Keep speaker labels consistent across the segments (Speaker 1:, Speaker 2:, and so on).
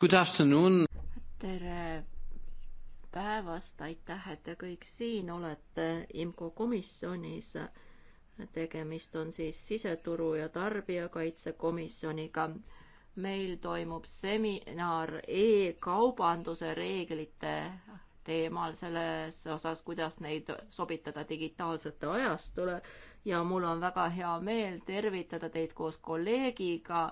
Speaker 1: Good afternoon.
Speaker 2: tere päevast, aitäh, et te kõik siin olete IMCO komisjonis. tegemist on siis siseturu ja tarbijakaitsekomisjoniga. meil toimub seminar e-kaubanduse reeglite teemal selles osas, kuidas neid sobitada digitaalsete ajastule ja mul on väga hea meel tervitada teid koos kolleegiga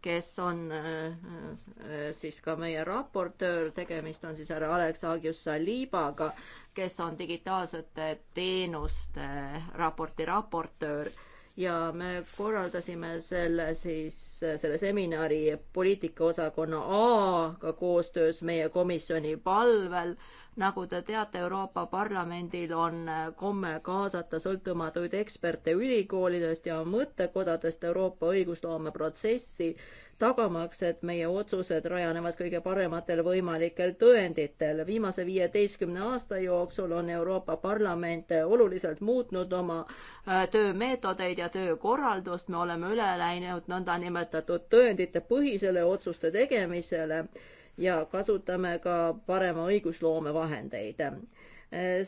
Speaker 2: kes on äh, äh, siis ka meie raportöör, tegemist on siis härra Alex Agius Salibaga, kes on digitaalsete teenuste raporti raportöör ja me korraldasime selle siis, selle seminari poliitikaosakonna A-ga koostöös meie komisjoni palvel. nagu te teate, Euroopa Parlamendil on komme kaasata sõltumatuid eksperte ülikoolidest ja mõttekodadest Euroopa õigusloomeprotsessi tagamaks, et meie otsused rajanevad kõige parematel võimalikel tõenditel. viimase viieteistkümne aasta jooksul on Euroopa Parlament oluliselt muutnud oma äh, töömeetodeid ja töökorraldust, me oleme üle läinud nõndanimetatud tõenditepõhisele otsuste tegemisele ja kasutame ka parema õigusloome vahendeid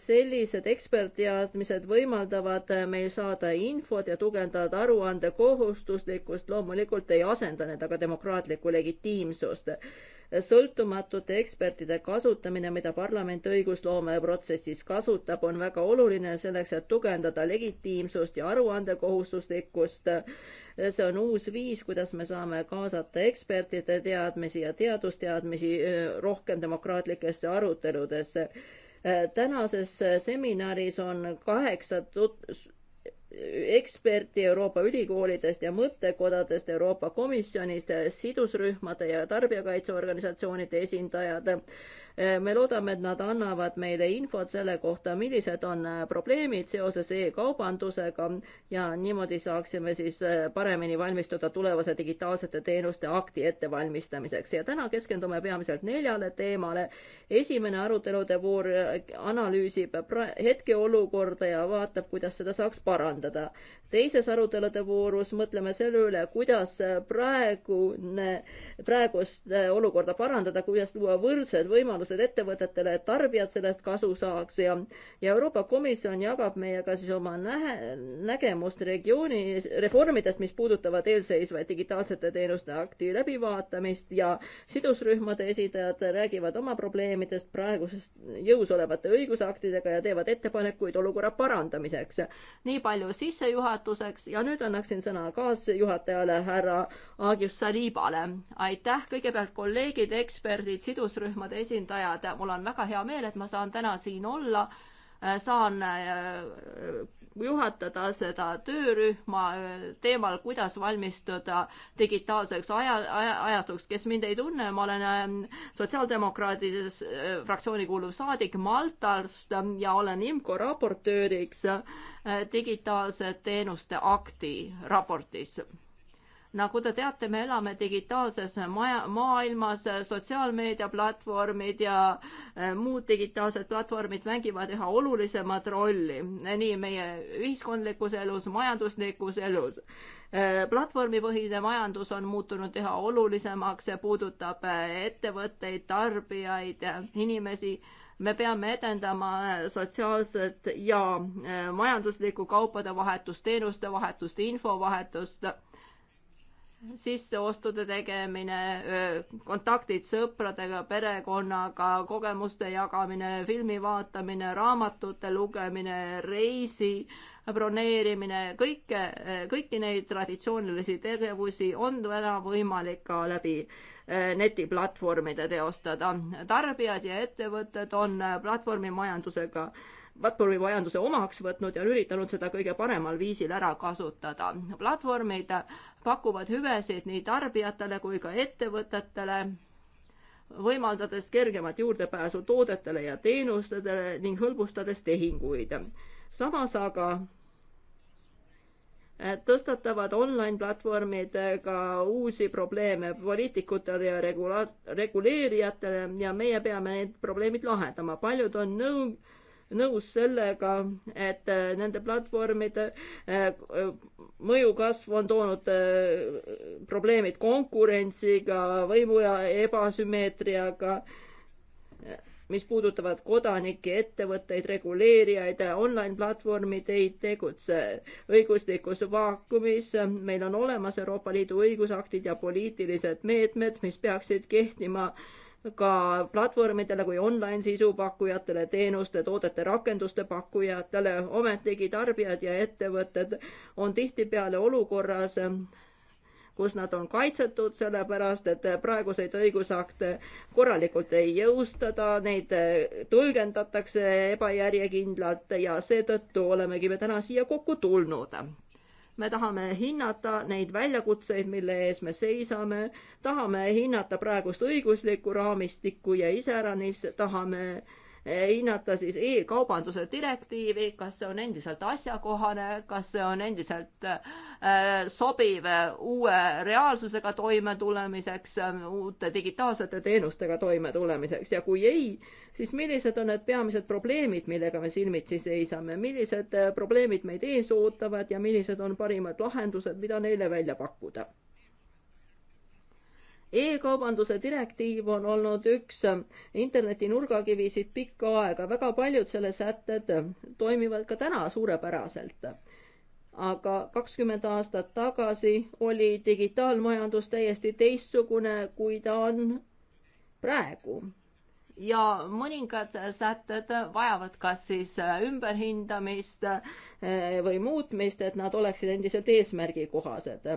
Speaker 2: sellised ekspertteadmised võimaldavad äh, meil saada infot ja tugevdavad aruande kohustuslikkust, loomulikult ei asenda need aga demokraatlikku legitiimsust. sõltumatute ekspertide kasutamine, mida parlament õigusloome protsessis kasutab, on väga oluline selleks, et tugevdada legitiimsust ja aruande kohustuslikkust. see on uus viis, kuidas me saame kaasata ekspertide teadmisi ja teadusteadmisi äh, rohkem demokraatlikesse aruteludesse Äh, tänases äh, seminaris on kaheksa eksperti Euroopa ülikoolidest ja mõttekodadest, Euroopa Komisjonist, äh, sidusrühmade ja tarbijakaitseorganisatsioonide esindajad. Eh, me loodame, et nad annavad meile infot selle kohta, millised on eh, probleemid seoses e-kaubandusega ja niimoodi saaksime siis eh, paremini valmistuda tulevase digitaalsete teenuste akti ettevalmistamiseks ja täna keskendume peamiselt neljale teemale. esimene arutelude voor analüüsib hetkeolukorda ja vaatab, kuidas seda saaks parandada. teises arutelude voorus mõtleme selle üle, kuidas praegune, praegust olukorda parandada, kuidas luua võrdsed võimalused võimalused ettevõtetele, et tarbijad sellest kasu saaks ja, ja Euroopa Komisjon jagab meiega siis oma nähe, nägemust regiooni reformidest, mis puudutavad eelseisvaid digitaalsete teenuste akti läbivaatamist ja sidusrühmade esindajad räägivad oma probleemidest praegusest jõus olevate õigusaktidega ja teevad ettepanekuid olukorra parandamiseks. nii palju sissejuhatuseks ja nüüd annaksin sõna kaasjuhatajale, härra Agius Salibale. aitäh kõigepealt kolleegid, eksperdid, sidusrühmade esindajad esindajad, mul on väga hea meel, et ma saan täna siin olla, äh, saan äh, juhatada seda töörühma äh, teemal, kuidas valmistuda digitaalseks aja, aja, ajastuks. kes mind ei tunne, ma olen ähm, sotsiaaldemokraadides fraktsiooni kuuluv saadik Maltast ähm, ja olen IMCO raportööriks digitaalse teenuste akti raportis nagu te teate, me elame digitaalses maja, maailmas, sotsiaalmeediaplatvormid ja eh, muud digitaalsed platvormid mängivad üha olulisemat rolli nii meie ühiskondlikus elus, majanduslikus elus. Eh, platvormipõhine majandus on muutunud üha olulisemaks, see puudutab eh, ettevõtteid, tarbijaid, inimesi me peame edendama sotsiaalset ja majanduslikku kaupade vahetust, teenuste vahetust, infovahetust sisseostude tegemine, kontaktid sõpradega, perekonnaga, kogemuste jagamine, filmi vaatamine, raamatute lugemine, reisi broneerimine, kõike, kõiki neid traditsioonilisi tegevusi on täna võimalik ka läbi netiplatvormide teostada. tarbijad ja ettevõtted on platvormimajandusega platvormimajanduse omaks võtnud ja on üritanud seda kõige paremal viisil ära kasutada. platvormid pakuvad hüvesid nii tarbijatele kui ka ettevõtetele, võimaldades kergemat juurdepääsu toodetele ja teenustele ning hõlbustades tehinguid. samas aga eh, tõstatavad online-platvormid ka uusi probleeme poliitikutele ja regula-, reguleerijatele ja meie peame need probleemid lahendama. paljud on nõu-, nõus sellega, et äh, nende platvormide äh, mõju kasv on toonud äh, probleemid konkurentsiga, võimu ja ebasümmeetriaga, mis puudutavad kodanikke, ettevõtteid, reguleerijaid, online-platvormid ei tegutse õiguslikus vaakumis. meil on olemas Euroopa Liidu õigusaktid ja poliitilised meetmed, mis peaksid kehtima äh, ka platvormidele kui online sisupakkujatele, teenuste, toodete, rakenduste pakkujatele. ometigi tarbijad ja ettevõtted on tihtipeale olukorras, kus nad on kaitsetud, sellepärast et praeguseid õigusakte korralikult ei jõustada, neid tõlgendatakse ebajärjekindlalt ja seetõttu olemegi me täna siia kokku tulnud me tahame hinnata neid väljakutseid, mille ees me seisame, tahame hinnata praegust õiguslikku raamistikku ja iseäranis tahame Eh, hinnata siis e-kaubanduse direktiivi, kas see on endiselt asjakohane, kas see on endiselt eh, sobiv eh, uue reaalsusega toimetulemiseks, uute digitaalsete teenustega toimetulemiseks ja kui ei, siis millised on need peamised probleemid, millega me silmitsi seisame, millised probleemid meid ees ootavad ja millised on parimad lahendused, mida neile välja pakkuda e-kaubanduse direktiiv on olnud üks interneti nurgakivisid pikka aega, väga paljud selle sätted toimivad ka täna suurepäraselt. aga kakskümmend aastat tagasi oli digitaalmajandus täiesti teistsugune, kui ta on praegu. ja mõningad sätted vajavad kas siis ümberhindamist või muutmist, et nad oleksid endiselt eesmärgikohased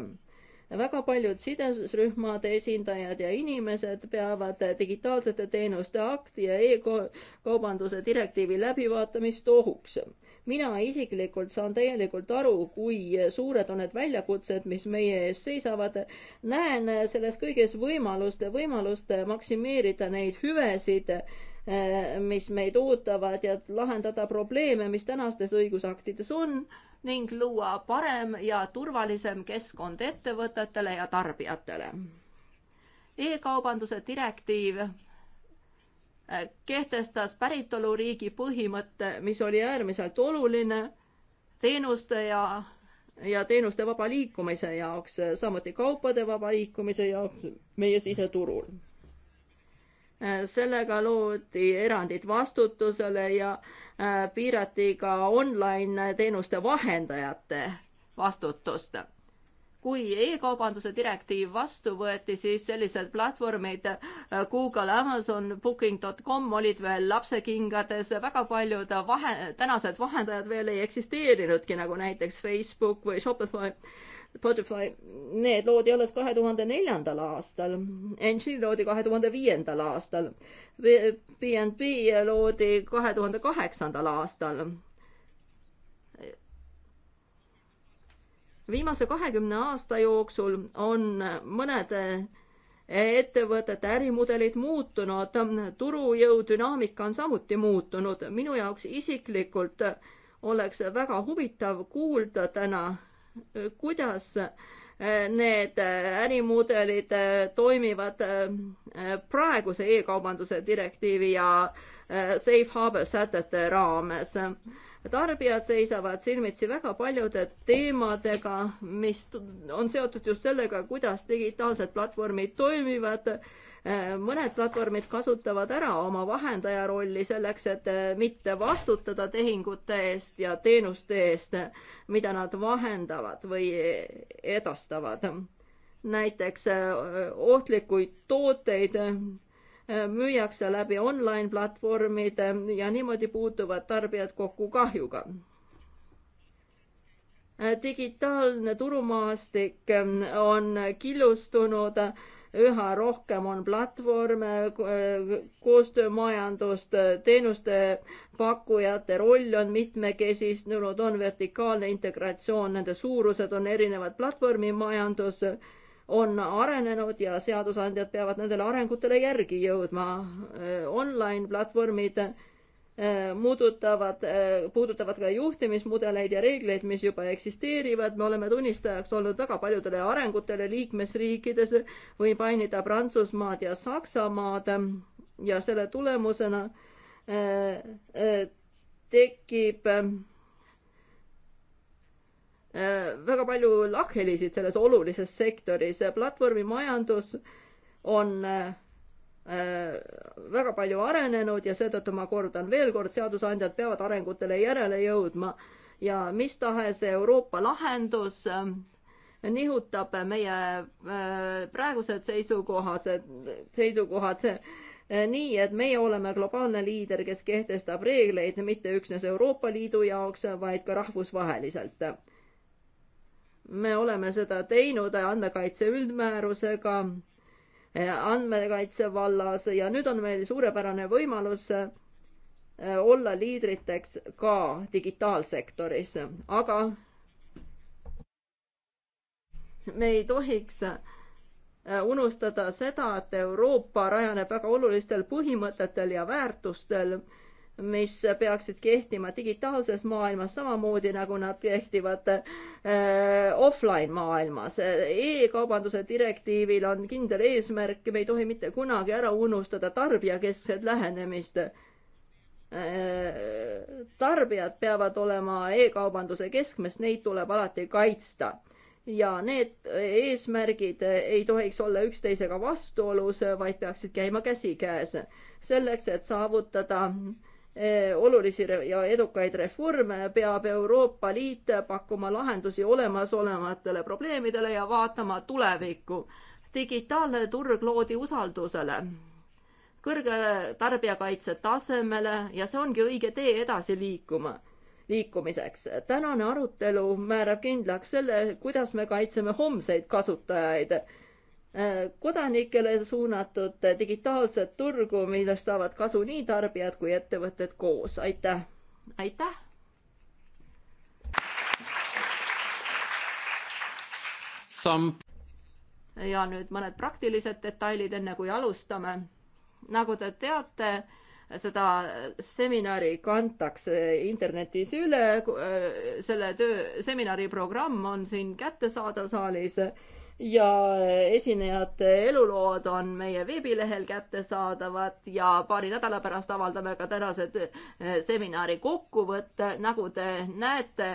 Speaker 2: väga paljud sidesrühmade esindajad ja inimesed peavad digitaalsete teenuste akti ja e-kaubanduse direktiivi läbivaatamist ohuks. mina isiklikult saan täielikult aru, kui suured on need väljakutsed, mis meie ees seisavad. näen selles kõiges võimalust, võimalust maksimeerida neid hüvesid, eh, mis meid ootavad ja lahendada probleeme, mis tänastes õigusaktides on ning luua parem ja turvalisem keskkond ettevõtetele ja tarbijatele e. e-kaubanduse direktiiv eh, kehtestas päritoluriigi põhimõtte, mis oli äärmiselt oluline teenuste ja, ja teenuste vaba liikumise jaoks, samuti kaupade vaba liikumise jaoks meie siseturul sellega loodi erandid vastutusele ja äh, piirati ka online teenuste vahendajate vastutust kui e-kaubanduse direktiiv vastu võeti, siis sellised platvormid äh, Google, Amazon, Booking.com olid veel lapsekingades, väga paljud vahe, tänased vahendajad veel ei eksisteerinudki, nagu näiteks Facebook või Shopify Spotify, need loodi alles kahe tuhande neljandal aastal, Engie loodi kahe tuhande viiendal aastal, BNB loodi kahe tuhande kaheksandal aastal. viimase kahekümne aasta jooksul on mõned ettevõtete ärimudelid muutunud, turujõu dünaamika on samuti muutunud. minu jaoks isiklikult oleks väga huvitav kuulda täna kuidas äh, need äh, ärimudelid äh, toimivad praeguse e-kaubanduse direktiivi ja safe harbor sätete raames. tarbijad seisavad silmitsi väga paljude teemadega, mis on seotud just sellega, kuidas digitaalsed platvormid toimivad mõned platvormid kasutavad ära oma vahendaja rolli selleks, et eh, mitte vastutada tehingute eest ja teenuste eest, mida nad vahendavad või edastavad. näiteks eh, ohtlikuid tooteid eh, müüakse läbi online platvormide ja niimoodi puutuvad tarbijad kokku kahjuga digitaalne turumaastik on killustunud üha rohkem on platvorme, eh, koostöömajandust, teenuste pakkujate roll on mitmekesistunud, on vertikaalne integratsioon, nende suurused on erinevad, platvormimajandus on arenenud ja seadusandjad peavad nendele arengutele järgi jõudma. Eh, online platvormid Äh, muudutavad, äh, puudutavad ka juhtimismudeleid ja reegleid, mis juba eksisteerivad, me oleme tunnistajaks olnud väga paljudele arengutele liikmesriikides, võib mainida Prantsusmaad ja Saksamaad ja selle tulemusena äh, tekib väga palju lahkhelisid selles olulises sektoris, platvormimajandus on Äh, väga palju arenenud ja seetõttu ma kordan veel kord, seadusandjad peavad arengutele järele jõudma ja mis tahes Euroopa lahendus äh, nihutab meie äh, praegused seisukohased, seisukohad nii, et meie oleme globaalne liider, kes kehtestab reegleid mitte üksnes Euroopa Liidu jaoks, vaid ka rahvusvaheliselt me oleme seda teinud andmekaitse üldmäärusega andmekaitse vallas ja nüüd on meil suurepärane võimalus äh, olla liidriteks ka digitaalsektoris, aga me ei tohiks äh, unustada seda, et Euroopa rajaneb väga olulistel põhimõtetel ja väärtustel mis peaksid kehtima digitaalses maailmas samamoodi, nagu nad kehtivad äh, offline maailmas e. e-kaubanduse direktiivil on kindel eesmärk, me ei tohi mitte kunagi ära unustada tarbijakeskset lähenemist äh,. tarbijad peavad olema e-kaubanduse keskmes, neid tuleb alati kaitsta ja need eesmärgid ei tohiks olla üksteisega vastuolus, vaid peaksid käima käsikäes selleks, et saavutada äh, Eh, olulisi ja edukaid reforme, peab Euroopa Liit pakkuma lahendusi olemasolevatele probleemidele ja vaatama tulevikku. digitaalne turg loodi usaldusele, kõrge tarbijakaitse tasemele ja see ongi õige tee edasi liikuma, liikumiseks. tänane arutelu määrab kindlaks selle, kuidas me kaitseme homseid kasutajaid Äh, kodanikele suunatud digitaalset turgu, millest saavad kasu nii tarbijad kui ettevõtted koos. aitäh! aitäh! Some... ja nüüd mõned praktilised detailid, enne kui alustame. nagu te teate, seda seminari kantakse internetis üle, äh, selle töö, seminari programm on siin kättesaadav saalis ja esinejate elulood on meie veebilehel kättesaadavad ja paari nädala pärast avaldame ka tänase eh, seminari kokkuvõtte, nagu te näete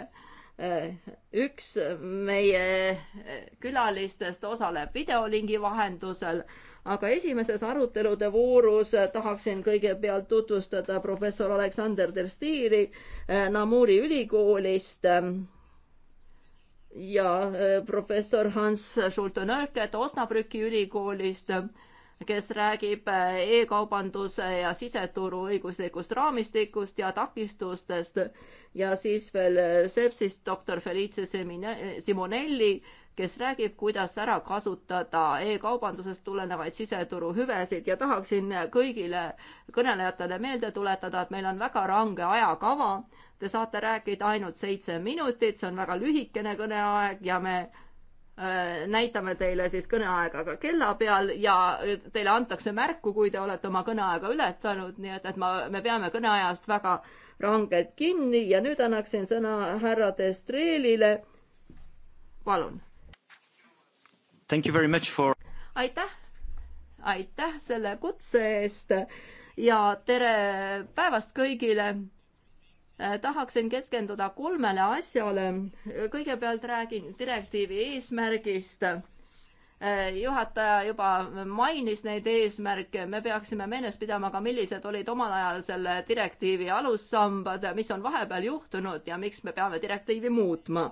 Speaker 2: eh, üks meie eh, külalistest osaleb videolingi vahendusel, aga esimeses arutelude voorus tahaksin kõigepealt tutvustada professor Aleksander Derstiili Namuri ülikoolist ja e, professor Hans Schulte-Nölke Osnabrüki ülikoolist, kes räägib e, e-kaubanduse ja siseturu õiguslikust raamistikust ja takistustest ja siis veel e, sepsist doktor Felice Simonelli, kes räägib, kuidas ära kasutada e-kaubandusest tulenevaid siseturu hüvesid ja tahaksin kõigile kõnelejatele meelde tuletada, et meil on väga range ajakava. Te saate rääkida ainult seitse minutit, see on väga lühikene kõneaeg ja me äh, näitame teile siis kõneaega ka kella peal ja äh, teile antakse märku, kui te olete oma kõneaega ületanud, nii et, et ma, me peame kõneajast väga rangelt kinni ja nüüd annaksin sõna härra Destreelile. palun
Speaker 3: For...
Speaker 2: aitäh, aitäh selle kutse eest ja tere päevast kõigile äh, tahaksin keskenduda kolmele asjale. kõigepealt räägin direktiivi eesmärgist. Äh, juhataja juba mainis neid eesmärke, me peaksime meeles pidama ka, millised olid omal ajal selle direktiivi alussambad, mis on vahepeal juhtunud ja miks me peame direktiivi muutma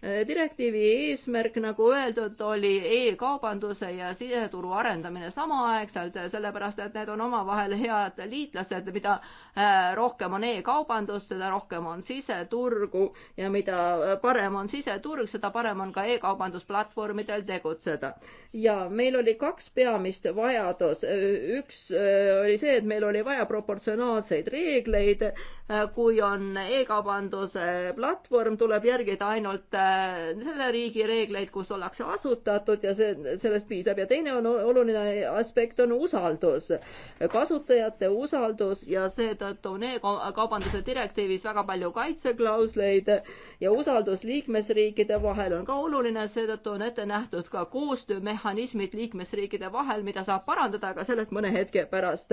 Speaker 2: Eh, direktiivi eesmärk, nagu öeldud, oli e-kaubanduse ja siseturu arendamine samaaegselt, sellepärast et need on omavahel head liitlased, mida eh, rohkem on e-kaubandust, seda rohkem on siseturgu ja mida parem on siseturg, seda parem on ka e-kaubandusplatvormidel tegutseda ja meil oli kaks peamist vajadus. üks oli see, et meil oli vaja proportsionaalseid reegleid. kui on e-kaubanduse platvorm, tuleb järgida ainult selle riigi reegleid, kus ollakse asutatud ja see, sellest piisab. ja teine on oluline aspekt on usaldus, kasutajate usaldus ja seetõttu on e-kaubanduse direktiivis väga palju kaitseklausleid ja usaldus liikmesriikide vahel on ka oluline, seetõttu on ette nähtud ka koostöömehhanism mehhanismid liikmesriikide vahel, mida saab parandada, aga sellest mõne hetke pärast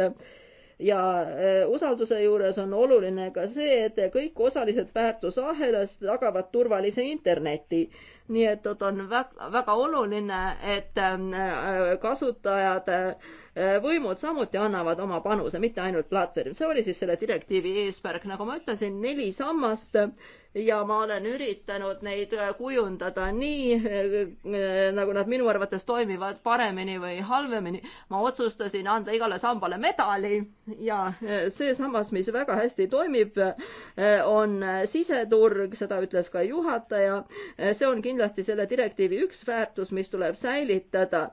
Speaker 2: ja e, usalduse juures on oluline ka see, et kõik osalised väärtusahelas tagavad turvalise interneti. nii et on väga, väga oluline, et e, kasutajad, e, võimud samuti annavad oma panuse, mitte ainult platvorm. see oli siis selle direktiivi eesmärk, nagu ma ütlesin, neli sammast ja ma olen üritanud neid äh, kujundada nii, äh, nagu nad minu arvates toimivad paremini või halvemini. ma otsustasin anda igale sambale medali ja äh, see sammas, mis väga hästi toimib, on siseturg, seda ütles ka juhataja. see on kindlasti selle direktiivi üks väärtus, mis tuleb säilitada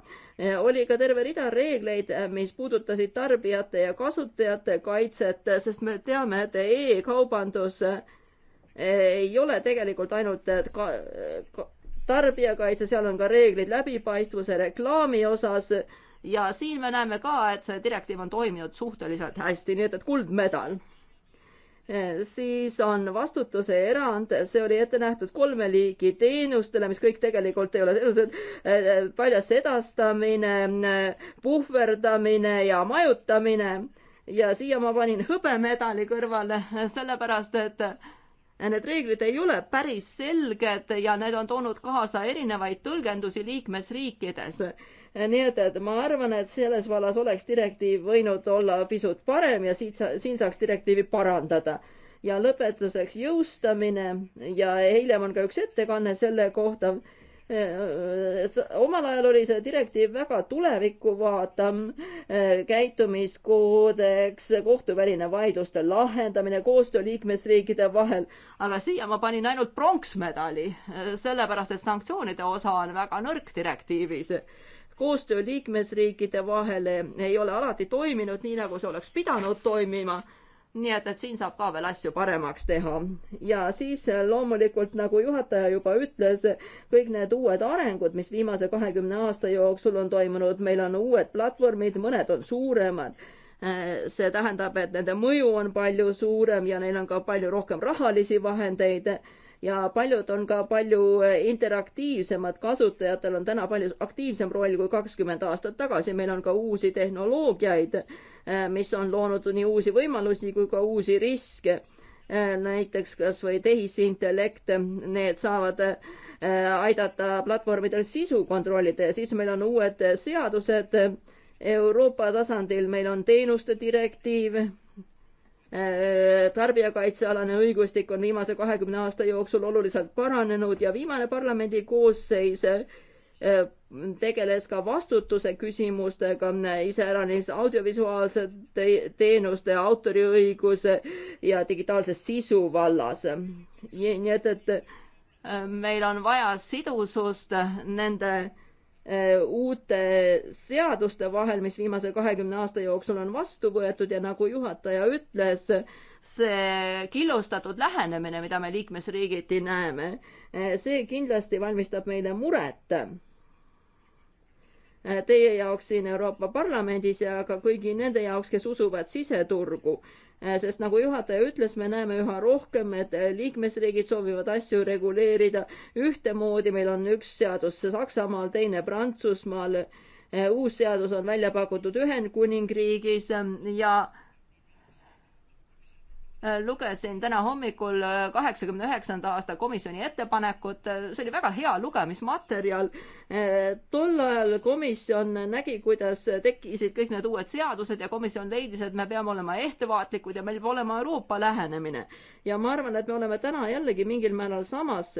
Speaker 2: oli ka terve rida reegleid, mis puudutasid tarbijate ja kasutajate kaitset, sest me teame, et e-kaubandus ei ole tegelikult ainult äh, ka, ka, tarbijakaitse, seal on ka reeglid läbipaistvuse reklaami osas ja siin me näeme ka, et see direktiiv on toiminud suhteliselt hästi, nii et, et kuldmedal. Äh, siis on vastutuse erand, see oli ette nähtud kolme liigi teenustele, mis kõik tegelikult ei ole teenused, äh, paljas edastamine, puhverdamine ja majutamine ja siia ma panin hõbemedali kõrvale, sellepärast et äh, Need reeglid ei ole päris selged ja need on toonud kaasa erinevaid tõlgendusi liikmesriikides. nii et, et ma arvan, et selles vallas oleks direktiiv võinud olla pisut parem ja siit, siin saaks direktiivi parandada. ja lõpetuseks jõustamine ja hiljem on ka üks ettekanne selle kohta Äh, äh, omal ajal oli see direktiiv väga tulevikku vaatav, äh, käitumiskoodeks, kohtuväline vaidluste lahendamine, koostöö liikmesriikide vahel, aga siia ma panin ainult pronksmedali, sellepärast et sanktsioonide osa on väga nõrk direktiivis. koostöö liikmesriikide vahel ei ole alati toiminud nii, nagu see oleks pidanud toimima nii et, et siin saab ka veel asju paremaks teha. ja siis eh, loomulikult, nagu juhataja juba ütles, kõik need uued arengud, mis viimase kahekümne aasta jooksul on toimunud, meil on uued platvormid, mõned on suuremad. Eh, see tähendab, et nende mõju on palju suurem ja neil on ka palju rohkem rahalisi vahendeid ja paljud on ka palju eh, interaktiivsemad, kasutajatel on täna palju aktiivsem roll kui kakskümmend aastat tagasi, meil on ka uusi tehnoloogiaid, eh, mis on loonud nii uusi võimalusi kui ka uusi riske. Eh, näiteks kas või tehisintellekt, need saavad aidata platvormidel sisu kontrollida ja siis meil on uued seadused Euroopa tasandil, meil on teenuste direktiiv Äh, tarbijakaitsealane õigustik on viimase kahekümne aasta jooksul oluliselt paranenud ja viimane parlamendi koosseis äh, tegeles ka vastutuse küsimustega, iseäranis audiovisuaalsete teenuste autoriõiguse ja digitaalse sisu vallas. nii et, et äh, meil on vaja sidusust nende Äh, uute seaduste vahel, mis viimase kahekümne aasta jooksul on vastu võetud ja nagu juhataja ütles, see killustatud lähenemine, mida me liikmesriigiti näeme, äh, see kindlasti valmistab meile muret. Äh, teie jaoks siin Euroopa Parlamendis ja ka kõigi nende jaoks, kes usuvad siseturgu Äh, sest nagu juhataja ütles, me näeme üha rohkem, et äh, liikmesriigid soovivad asju reguleerida ühtemoodi, meil on üks seadus Saksamaal, teine Prantsusmaal, äh, uus seadus on välja pakutud Ühendkuningriigis ähm, ja Äh, lugesin täna hommikul äh, kaheksakümne üheksanda aasta komisjoni ettepanekut, äh, see oli väga hea lugemismaterjal. tol ajal komisjon nägi, kuidas tekkisid kõik need uued seadused ja komisjon leidis, et me peame olema ettevaatlikud ja meil peab olema Euroopa lähenemine. ja ma arvan, et me oleme täna jällegi mingil määral samas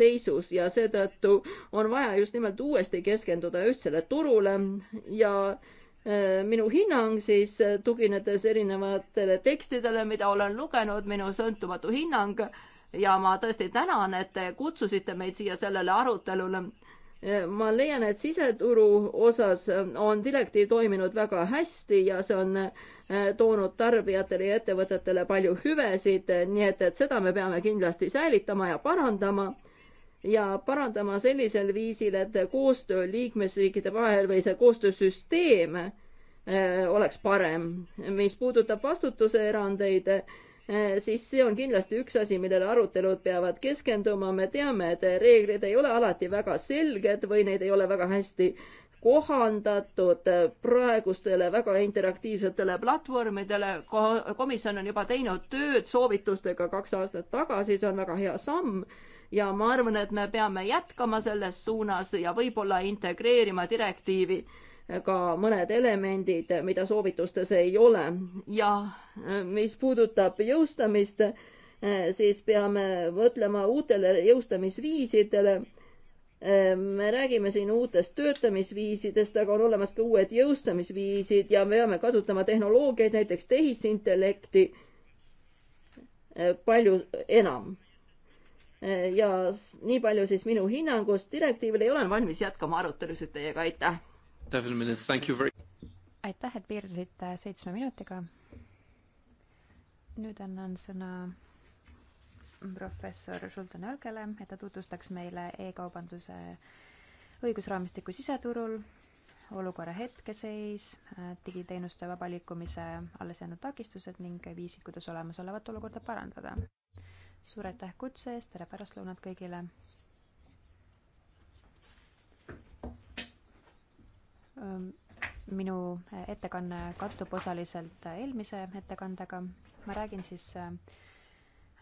Speaker 2: seisus ja seetõttu on vaja just nimelt uuesti keskenduda ühtsele turule ja Äh, minu hinnang siis äh, tuginedes erinevatele tekstidele, mida olen lugenud, minu sõltumatu hinnang ja ma tõesti tänan, et te kutsusite meid siia sellele arutelule. Äh, ma leian, et siseturu osas on direktiiv toiminud väga hästi ja see on toonud tarbijatele ja ettevõtetele palju hüvesid, nii et, et seda me peame kindlasti säilitama ja parandama ja parandama sellisel viisil, et koostöö liikmesriikide vahel või see koostöösüsteem äh, oleks parem. mis puudutab vastutuse erandeid, äh, siis see on kindlasti üks asi, millele arutelud peavad keskenduma. me teame, et reeglid ei ole alati väga selged või neid ei ole väga hästi kohandatud praegustele väga interaktiivsetele platvormidele. komisjon on juba teinud tööd soovitustega kaks aastat tagasi, see on väga hea samm ja ma arvan, et me peame jätkama selles suunas ja võib-olla integreerima direktiivi ka mõned elemendid, mida soovitustes ei ole. ja äh, mis puudutab jõustamist, äh, siis peame mõtlema uutele jõustamisviisidele äh, me räägime siin uutest töötamisviisidest, aga on olemas ka uued jõustamisviisid ja me peame kasutama tehnoloogiaid, näiteks tehisintellekti palju enam. Eh, ja nii palju siis minu hinnangust direktiivile ja olen valmis jätkama arutelusid teiega, aitäh!
Speaker 4: aitäh, et piirdusite seitsme minutiga. nüüd annan sõna professor Sultan Örgele, et ta tutvustaks meile e-kaubanduse õigusraamistiku siseturul, olukorra hetkeseis, digiteenuste vaba liikumise alles jäänud takistused ning viisid, kuidas olemasolevat olukorda parandada suur aitäh kutse eest, tere pärastlõunat kõigile. minu ettekanne kattub osaliselt eelmise ettekandega. ma räägin siis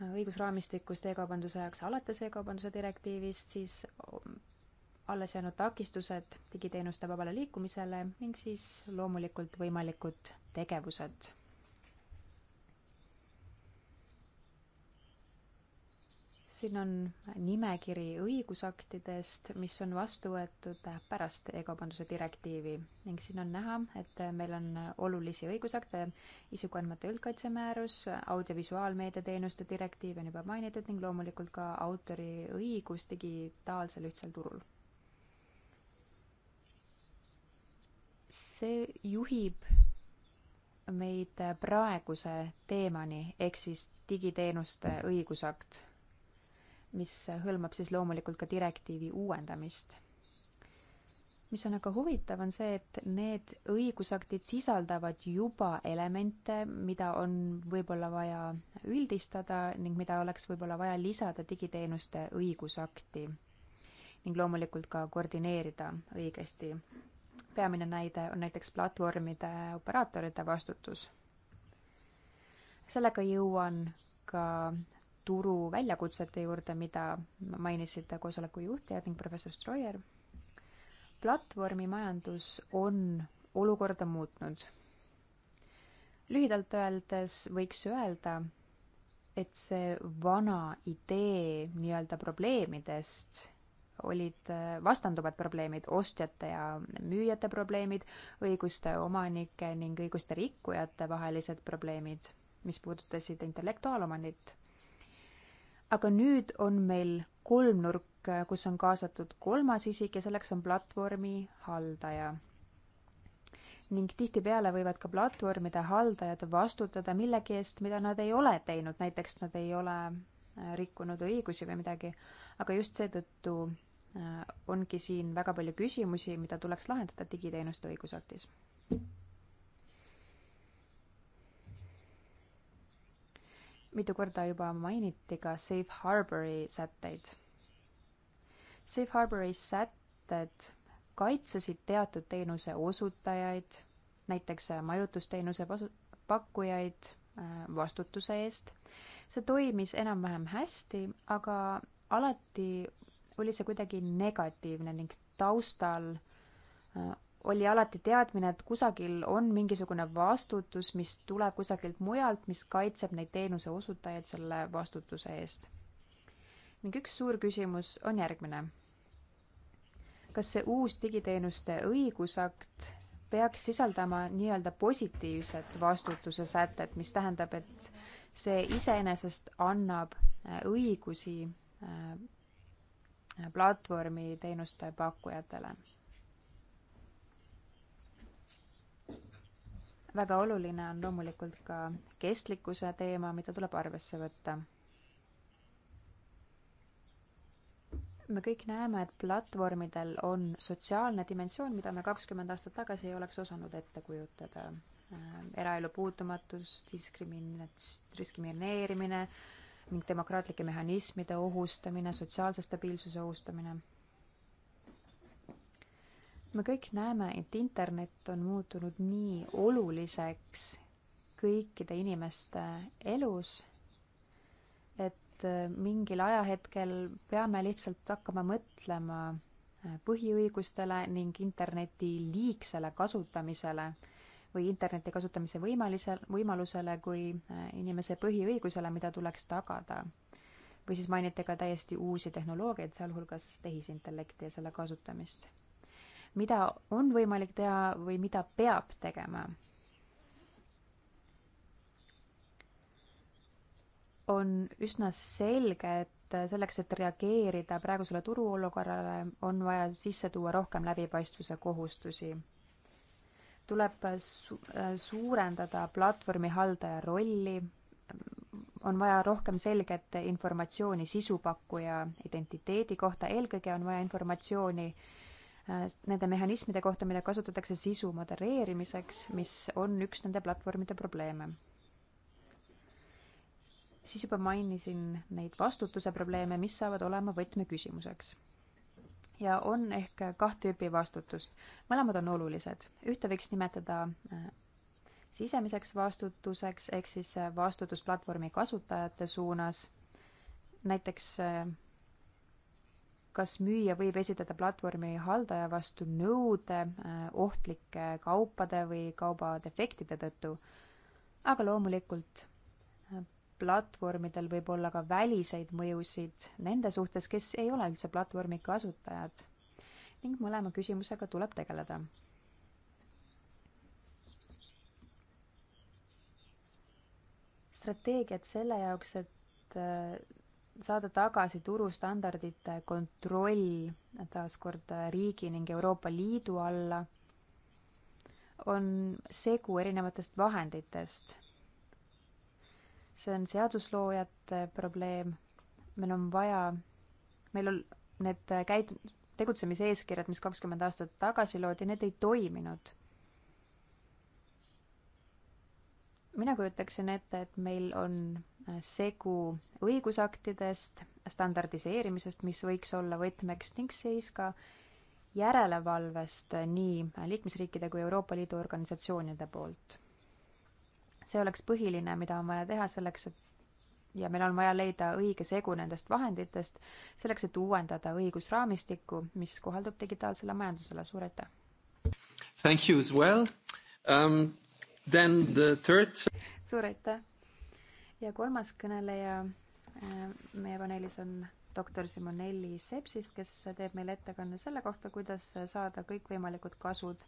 Speaker 4: õigusraamistikust e-kaubanduse jaoks alates e-kaubanduse direktiivist, siis alles jäänud takistused digiteenuste vabale liikumisele ning siis loomulikult võimalikud tegevused siin on nimekiri õigusaktidest, mis on vastu võetud pärast e-kaubanduse direktiivi ning siin on näha, et meil on olulisi õigusakte, isikuandmete üldkaitse määrus, audiovisuaalmeedia teenuste direktiiv on juba mainitud ning loomulikult ka autoriõigus digitaalsel ühtsel turul. see juhib meid praeguse teemani ehk siis digiteenuste õigusakt mis hõlmab siis loomulikult ka direktiivi uuendamist. mis on aga huvitav, on see, et need õigusaktid sisaldavad juba elemente, mida on võib-olla vaja üldistada ning mida oleks võib-olla vaja lisada digiteenuste õigusakti ning loomulikult ka koordineerida õigesti. peamine näide on näiteks platvormide operaatorite vastutus. sellega jõuan ka turu väljakutsete juurde, mida mainisite koosoleku juhtajad ning professor Stroyer. platvormimajandus on olukorda muutnud. lühidalt öeldes võiks öelda, et see vana idee nii-öelda probleemidest olid vastanduvad probleemid, ostjate ja müüjate probleemid, õiguste omanike ning õiguste rikkujate vahelised probleemid, mis puudutasid intellektuaalomandit aga nüüd on meil kolmnurk, kus on kaasatud kolmas isik ja selleks on platvormi haldaja ning tihtipeale võivad ka platvormide haldajad vastutada millegi eest, mida nad ei ole teinud, näiteks nad ei ole äh, rikkunud õigusi või midagi, aga just seetõttu äh, ongi siin väga palju küsimusi, mida tuleks lahendada digiteenuste õigusaktis. mitu korda juba mainiti ka Safe Harbori sätteid. Safe Harbori sätted kaitsesid teatud teenuse osutajaid, näiteks majutusteenuse pasu-, pakkujaid äh, vastutuse eest. see toimis enam-vähem hästi, aga alati oli see kuidagi negatiivne ning taustal äh, oli alati teadmine, et kusagil on mingisugune vastutus, mis tuleb kusagilt mujalt, mis kaitseb neid teenuse osutajaid selle vastutuse eest. ning üks suur küsimus on järgmine. kas see uus digiteenuste õigusakt peaks sisaldama nii-öelda positiivset vastutuse sätet, mis tähendab, et see iseenesest annab äh, õigusi äh, platvormi teenuste pakkujatele väga oluline on loomulikult ka kestlikkuse teema, mida tuleb arvesse võtta. me kõik näeme, et platvormidel on sotsiaalne dimensioon, mida me kakskümmend aastat tagasi ei oleks osanud ette kujutada. Äh, eraelu puutumatus, diskriminats-, diskrimineerimine ning demokraatlike mehhanismide ohustamine, sotsiaalse stabiilsuse ohustamine me kõik näeme, et internet on muutunud nii oluliseks kõikide inimeste elus, et äh, mingil ajahetkel peame lihtsalt hakkama mõtlema äh, põhiõigustele ning interneti liigsele kasutamisele või interneti kasutamise võimalisel, võimalusele kui äh, inimese põhiõigusele, mida tuleks tagada. või siis mainiti ka täiesti uusi tehnoloogiaid, sealhulgas tehisintellekti ja selle kasutamist mida on võimalik teha või mida peab tegema. on üsna selge, et selleks, et reageerida praegusele turuolukorrale, on vaja sisse tuua rohkem läbipaistvuse kohustusi tuleb su suurendada platvormi haldaja rolli, on vaja rohkem selget informatsiooni sisupakkuja identiteedi kohta, eelkõige on vaja informatsiooni Äh, nende mehhanismide kohta, mida kasutatakse sisu modereerimiseks, mis on üks nende platvormide probleeme. siis juba mainisin neid vastutuse probleeme, mis saavad olema võtmeküsimuseks ja on ehk kaht tüüpi vastutust. mõlemad on olulised, ühte võiks nimetada äh, sisemiseks vastutuseks ehk siis äh, vastutus platvormi kasutajate suunas, näiteks kas müüja võib esitada platvormi haldaja vastu nõude äh, ohtlike kaupade või kauba defektide tõttu. aga loomulikult äh, platvormidel võib olla ka väliseid mõjusid nende suhtes, kes ei ole üldse platvormi kasutajad ning mõlema küsimusega tuleb tegeleda. strateegiad selle jaoks, et äh, saada tagasi turustandardite kontroll taaskord riigi ning Euroopa Liidu alla, on segu erinevatest vahenditest. see on seadusloojate probleem, meil on vaja, meil on need käit-, tegutsemiseeskirjad, mis kakskümmend aastat tagasi loodi, need ei toiminud mina kujutaksin ette, et meil on segu õigusaktidest, standardiseerimisest, mis võiks olla võtmeks, ning seis ka järelevalvest nii liikmesriikide kui Euroopa Liidu organisatsioonide poolt. see oleks põhiline, mida on vaja teha selleks, et ja meil on vaja leida õige segu nendest vahenditest selleks, et uuendada õigusraamistikku, mis kohaldub digitaalsele majandusele. suur aitäh!
Speaker 1: Thank you as well um,. Then the third.
Speaker 4: suur aitäh! ja kolmas kõneleja äh, meie paneelis on doktor Simonelli Sepsist, kes teeb meile ettekande selle kohta, kuidas saada kõikvõimalikud kasud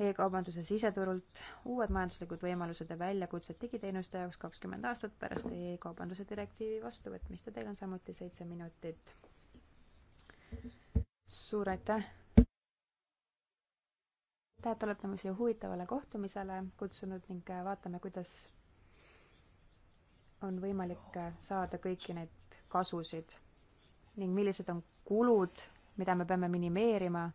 Speaker 4: e-kaubanduse siseturult, uued majanduslikud võimalused ja väljakutsed digiteenuste jaoks kakskümmend aastat pärast e-kaubanduse direktiivi vastuvõtmist ja teil on samuti seitse minutit. suur aitäh! aitäh, et olete mu siia huvitavale kohtumisele kutsunud ning vaatame, kuidas on võimalik äh, saada kõiki neid kasusid ning millised on kulud, mida me peame minimeerima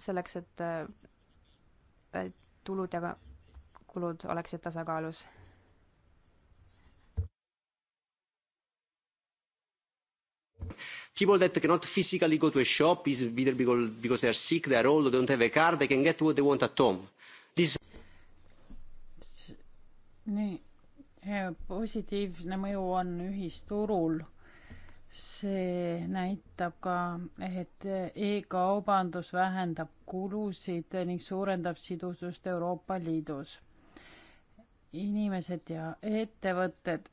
Speaker 4: selleks, et äh, tulud ja kulud oleksid tasakaalus people that cannot physically
Speaker 5: go to a shop is either because, because they are sick, they are old, or don't have a car, they can get what they want at home.
Speaker 3: This
Speaker 6: nii, positiivne mõju on ühisturul. see näitab ka, et e-kaubandus vähendab kulusid ning suurendab sidusust Euroopa Liidus. inimesed ja ettevõtted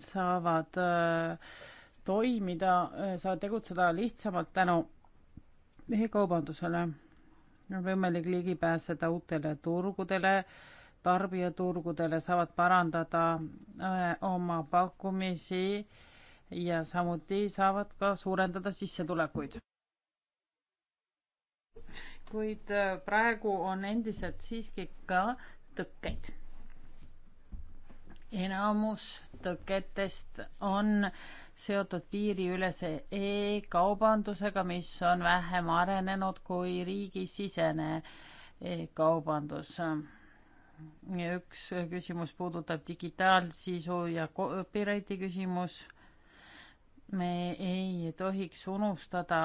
Speaker 6: saavad äh, toimida, äh, saavad tegutseda lihtsamalt tänu e-kaubandusele. on võimalik ligi pääseda uutele turgudele tarbijaturgudele, saavad parandada äh, oma pakkumisi ja samuti saavad ka suurendada sissetulekuid. kuid äh, praegu on endiselt siiski ka tõkkeid. enamus tõketest on seotud piiriülese e-kaubandusega, mis on vähem arenenud kui riigisisene e-kaubandus üks küsimus puudutab digitaalsisu ja copyrighti küsimus. me ei tohiks unustada,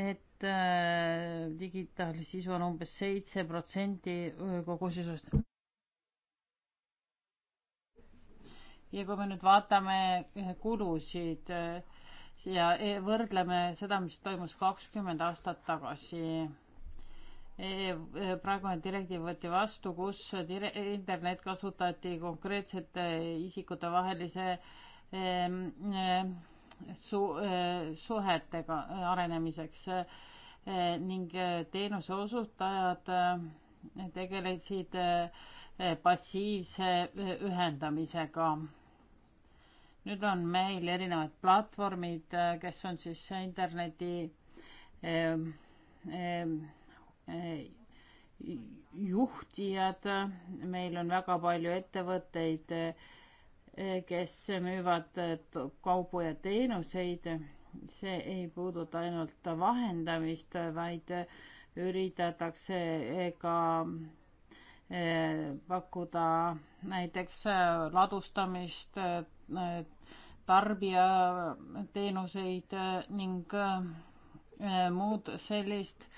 Speaker 6: et äh, digitaalsisu on umbes seitse protsenti kogu sisust. ja kui me nüüd vaatame äh, kulusid äh, ja e, võrdleme seda, mis toimus kakskümmend aastat tagasi praegune direktiiv võeti vastu, kus dire-, internet kasutati konkreetsete isikute vahelise ehm, ehm, su-, ehm, suhetega äh, arenemiseks ning äh, teenuse osutajad äh, tegelesid passiivse ühendamisega. nüüd on meil erinevad platvormid, kes on siis interneti juhtijad, meil on väga palju ettevõtteid, kes müüvad kaubu ja teenuseid. see ei puuduta ainult vahendamist, vaid üritatakse ka eh, pakkuda näiteks eh, ladustamist, eh, tarbijateenuseid ning muud sellist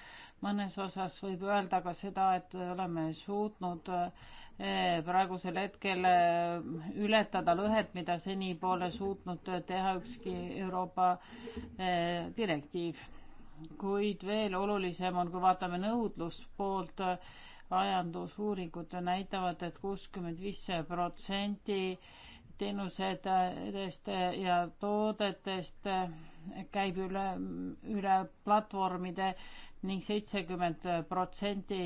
Speaker 6: mõnes osas võib öelda ka seda, et oleme suutnud eh, praegusel hetkel eh, ületada lõhet, mida seni pole suutnud teha ükski Euroopa eh, direktiiv. kuid veel olulisem on, kui vaatame nõudluspoolt, ajandusuuringud näitavad et, et kuuskümmend viis protsenti teenusetest ja toodetest käib üle, üle platvormide ning seitsekümmend protsenti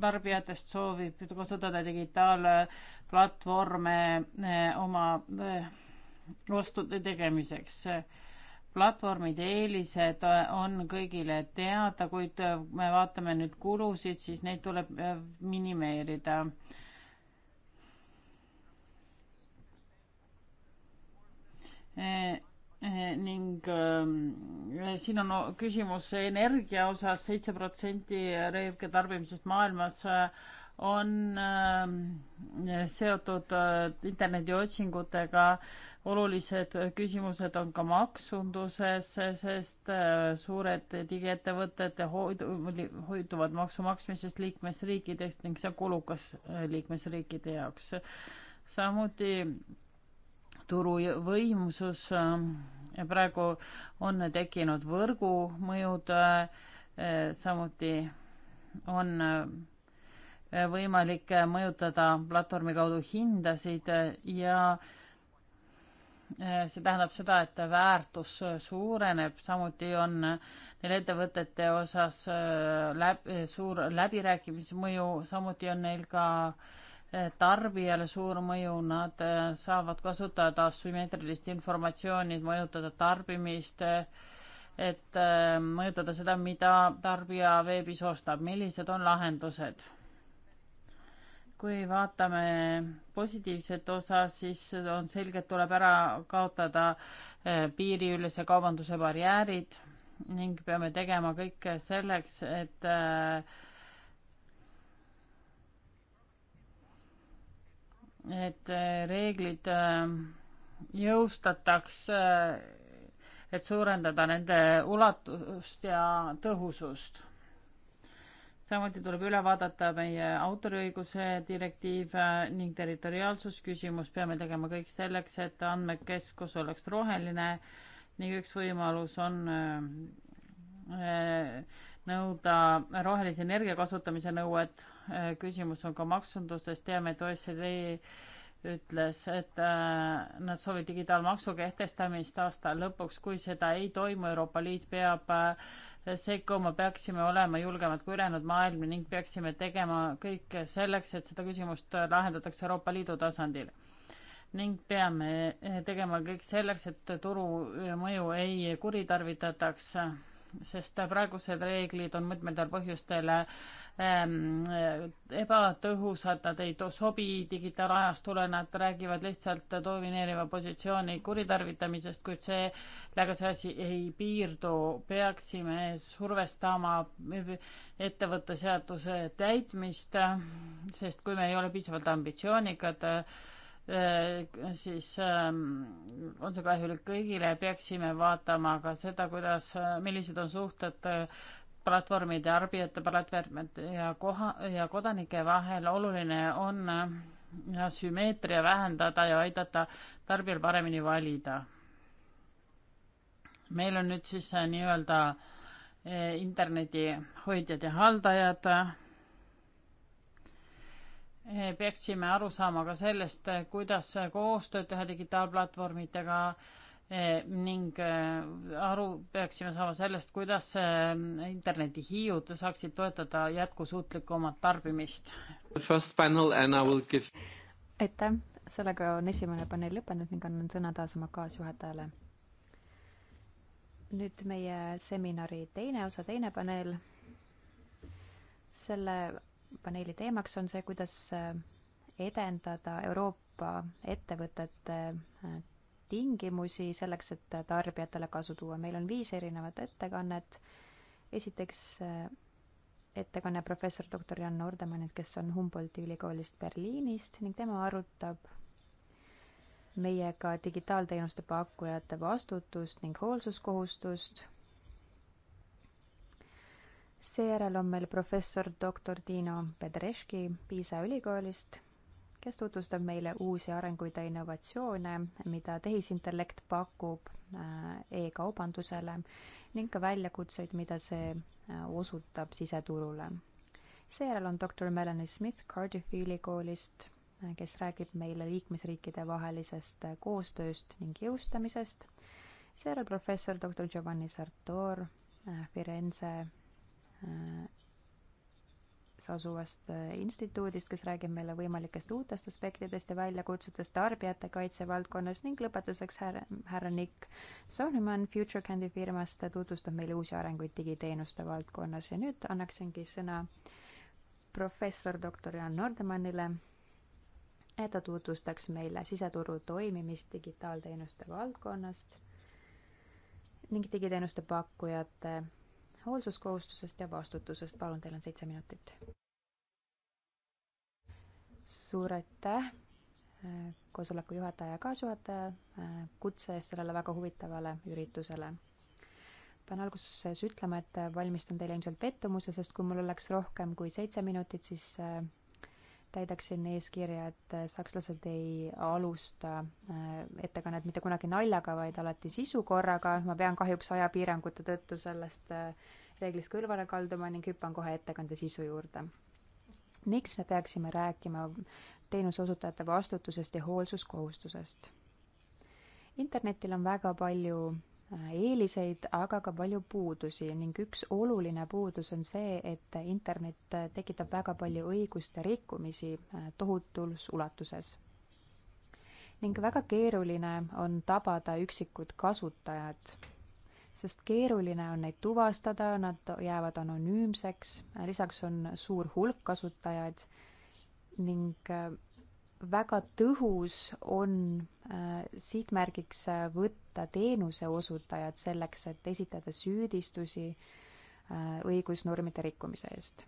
Speaker 6: tarbijatest soovib kasutada digitaalplatvorme eh, oma eh, ostude tegemiseks. platvormide eelised eh, on kõigile teada, kuid me vaatame nüüd kulusid, siis neid tuleb minimeerida Eh, ning äh, siin on küsimus energia osas, seitse protsenti energia tarbimisest maailmas äh, on äh, seotud internetiotsingutega. olulised küsimused on ka maksunduses, sest suured digiettevõtted hoidu, hoiduvad maksu maksmisest liikmesriikidest ning see on kulukas liikmesriikide jaoks. samuti turu võimsus. Äh, praegu on tekkinud võrgu mõjud, äh, samuti on äh, võimalik mõjutada platvormi kaudu hindasid ja see tähendab seda, et väärtus suureneb, samuti on neil ettevõtete osas läb, suur läbirääkimismõju, samuti on neil ka äh, tarbijale suur mõju, nad äh, saavad kasutada sümmeetrilist informatsiooni, et mõjutada tarbimist, et äh, mõjutada seda, mida tarbija veebis ostab, millised on lahendused. kui vaatame positiivset osa, siis on selge, et tuleb ära kaotada äh, piiriülese kaubanduse barjäärid ning peame tegema kõike selleks, et äh, et äh, reeglid äh, jõustatakse, äh, et suurendada nende ulatust ja tõhusust. samuti tuleb üle vaadata meie autoriõiguse direktiiv ning territoriaalsusküsimus. peame tegema kõik selleks, et andmekeskus oleks roheline ning üks võimalus on äh, nõuda rohelise energia kasutamise nõuet. Äh, küsimus on ka maksundusest, teame, et OECD ütles, et äh, nad soovivad digitaalmaksu kehtestamist aasta lõpuks, kui seda ei toimu, Euroopa Liit peab äh, sekkuma, peaksime olema julgemad kui ülejäänud maailm ning peaksime tegema kõik selleks, et seda küsimust lahendatakse Euroopa Liidu tasandil ning peame tegema kõik selleks, et turu mõju ei kuritarvitataks sest praegused reeglid on mitmendal põhjustel ähm, ebatõhusad, nad ei sobi digitaalajastule, nad räägivad lihtsalt domineeriva positsiooni kuritarvitamisest, kuid sellega see asi ei piirdu. peaksime survestama ettevõtte seaduse täitmist, sest kui me ei ole piisavalt ambitsioonikad äh,, Äh, siis ähm, on see kahjulik kõigile, peaksime vaatama ka seda, kuidas, äh, millised on suhted äh, platvormi tarbijate, platvormide ja koha ja kodanike vahel. oluline on sümmeetria vähendada ja aidata tarbijal paremini valida. meil on nüüd siis nii-öelda internetihoidjad ja haldajad Eh, peaksime aru saama ka sellest, eh, kuidas eh, koostööd teha digitaalplatvormidega ning aru peaksime saama sellest, kuidas internetihiiud saaksid toetada jätkusuutlikumat tarbimist.
Speaker 1: Give...
Speaker 4: aitäh, sellega on esimene paneel lõppenud ning annan sõna taas oma kaasjuhatajale. nüüd meie seminari teine osa, teine paneel. selle paneeli teemaks on see, kuidas äh, edendada Euroopa ettevõtete äh, tingimusi selleks, et tarbijatele kasu tuua. meil on viis erinevat ettekannet. esiteks äh, ettekanne professor doktor Jan Nordemannilt, kes on Humboldti ülikoolist Berliinist ning tema arutab meiega digitaalteenuste pakkujate vastutust ning hoolsuskohustust seejärel on meil professor doktor Tiina Pedreski Piisa ülikoolist, kes tutvustab meile uusi arenguid ja innovatsioone, mida tehisintellekt pakub äh, e-kaubandusele ning ka väljakutseid, mida see äh, osutab siseturule. seejärel on doktor Melanie Smith Cardiffi ülikoolist, äh, kes räägib meile liikmesriikide vahelisest koostööst ning jõustamisest. seejärel professor doktor Giovanni Sartor Firenze Äh, asuvast äh, instituudist, kes räägib meile võimalikest uutest aspektidest ja väljakutsetest tarbijate kaitse valdkonnas ning lõpetuseks härra, härra Nick Solomon Future Candy firmast tutvustab meile uusi arenguid digiteenuste valdkonnas ja nüüd annaksingi sõna professor doktor Jaan Nordemannile, et ta tutvustaks meile siseturu toimimist digitaalteenuste valdkonnast ning digiteenuste pakkujate hoolsuskohustusest ja vastutusest. palun, teil on seitse minutit. suur aitäh äh, koosoleku juhataja ja kaasjuhataja äh, kutse eest sellele väga huvitavale üritusele. pean alguses ütlema, et valmistan teile ilmselt pettumuse, sest kui mul oleks rohkem kui seitse minutit, siis äh, täidaksin eeskirja, et äh, sakslased ei alusta äh, ettekannet mitte kunagi naljaga, vaid alati sisukorraga. ma pean kahjuks ajapiirangute tõttu sellest äh, reeglist kõrvale kalduma ning hüppan kohe ettekande sisu juurde. miks me peaksime rääkima teenuseosutajate vastutusest ja hoolsuskohustusest? internetil on väga palju eeliseid, aga ka palju puudusi ning üks oluline puudus on see, et internet tekitab väga palju õiguste rikkumisi äh, tohutus ulatuses. ning väga keeruline on tabada üksikud kasutajad, sest keeruline on neid tuvastada, nad jäävad anonüümseks, lisaks on suur hulk kasutajaid ning äh, väga tõhus on äh, sihtmärgiks äh, võtta teenuseosutajad selleks, et esitada süüdistusi äh, õigusnormide rikkumise eest.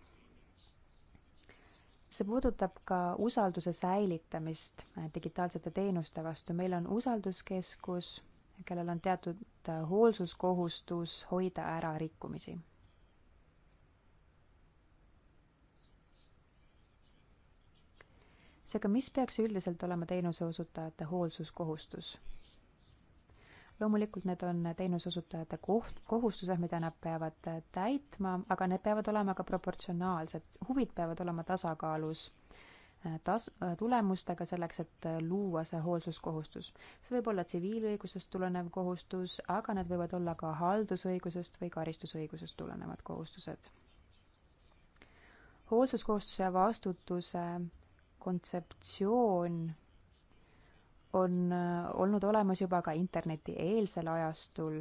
Speaker 4: see puudutab ka usalduse säilitamist digitaalsete teenuste vastu. meil on usalduskeskus, kellel on teatud hoolsuskohustus hoida ära rikkumisi seega, mis peaks üldiselt olema teenuseosutajate hoolsuskohustus? loomulikult need on teenuseosutajate koht, kohustused, mida nad peavad täitma, aga need peavad olema ka proportsionaalsed, huvid peavad olema tasakaalus eh, tas-, eh, tulemustega selleks, et luua see hoolsuskohustus. see võib olla tsiviilõigusest tulenev kohustus, aga need võivad olla ka haldusõigusest või karistusõigusest tulenevad kohustused. hoolsuskohustuse vastutuse kontseptsioon on äh, olnud olemas juba ka internetieelsel ajastul.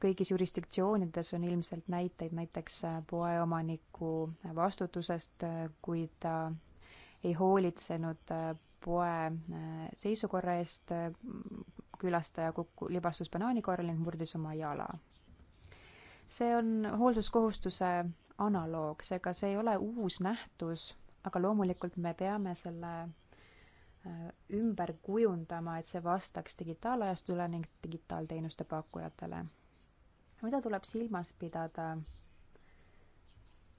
Speaker 4: kõigis jurisdiktsioonides on ilmselt näiteid näiteks äh, poeomaniku vastutusest, äh, kui ta ei hoolitsenud poe seisukorra eest, külastaja kukku, libastus banaani korral ning murdis oma jala. see on hoolsuskohustuse analoog, seega see ei ole uus nähtus aga loomulikult me peame selle äh, ümber kujundama, et see vastaks digitaalajastule ning digitaalteenuste pakkujatele. mida tuleb silmas pidada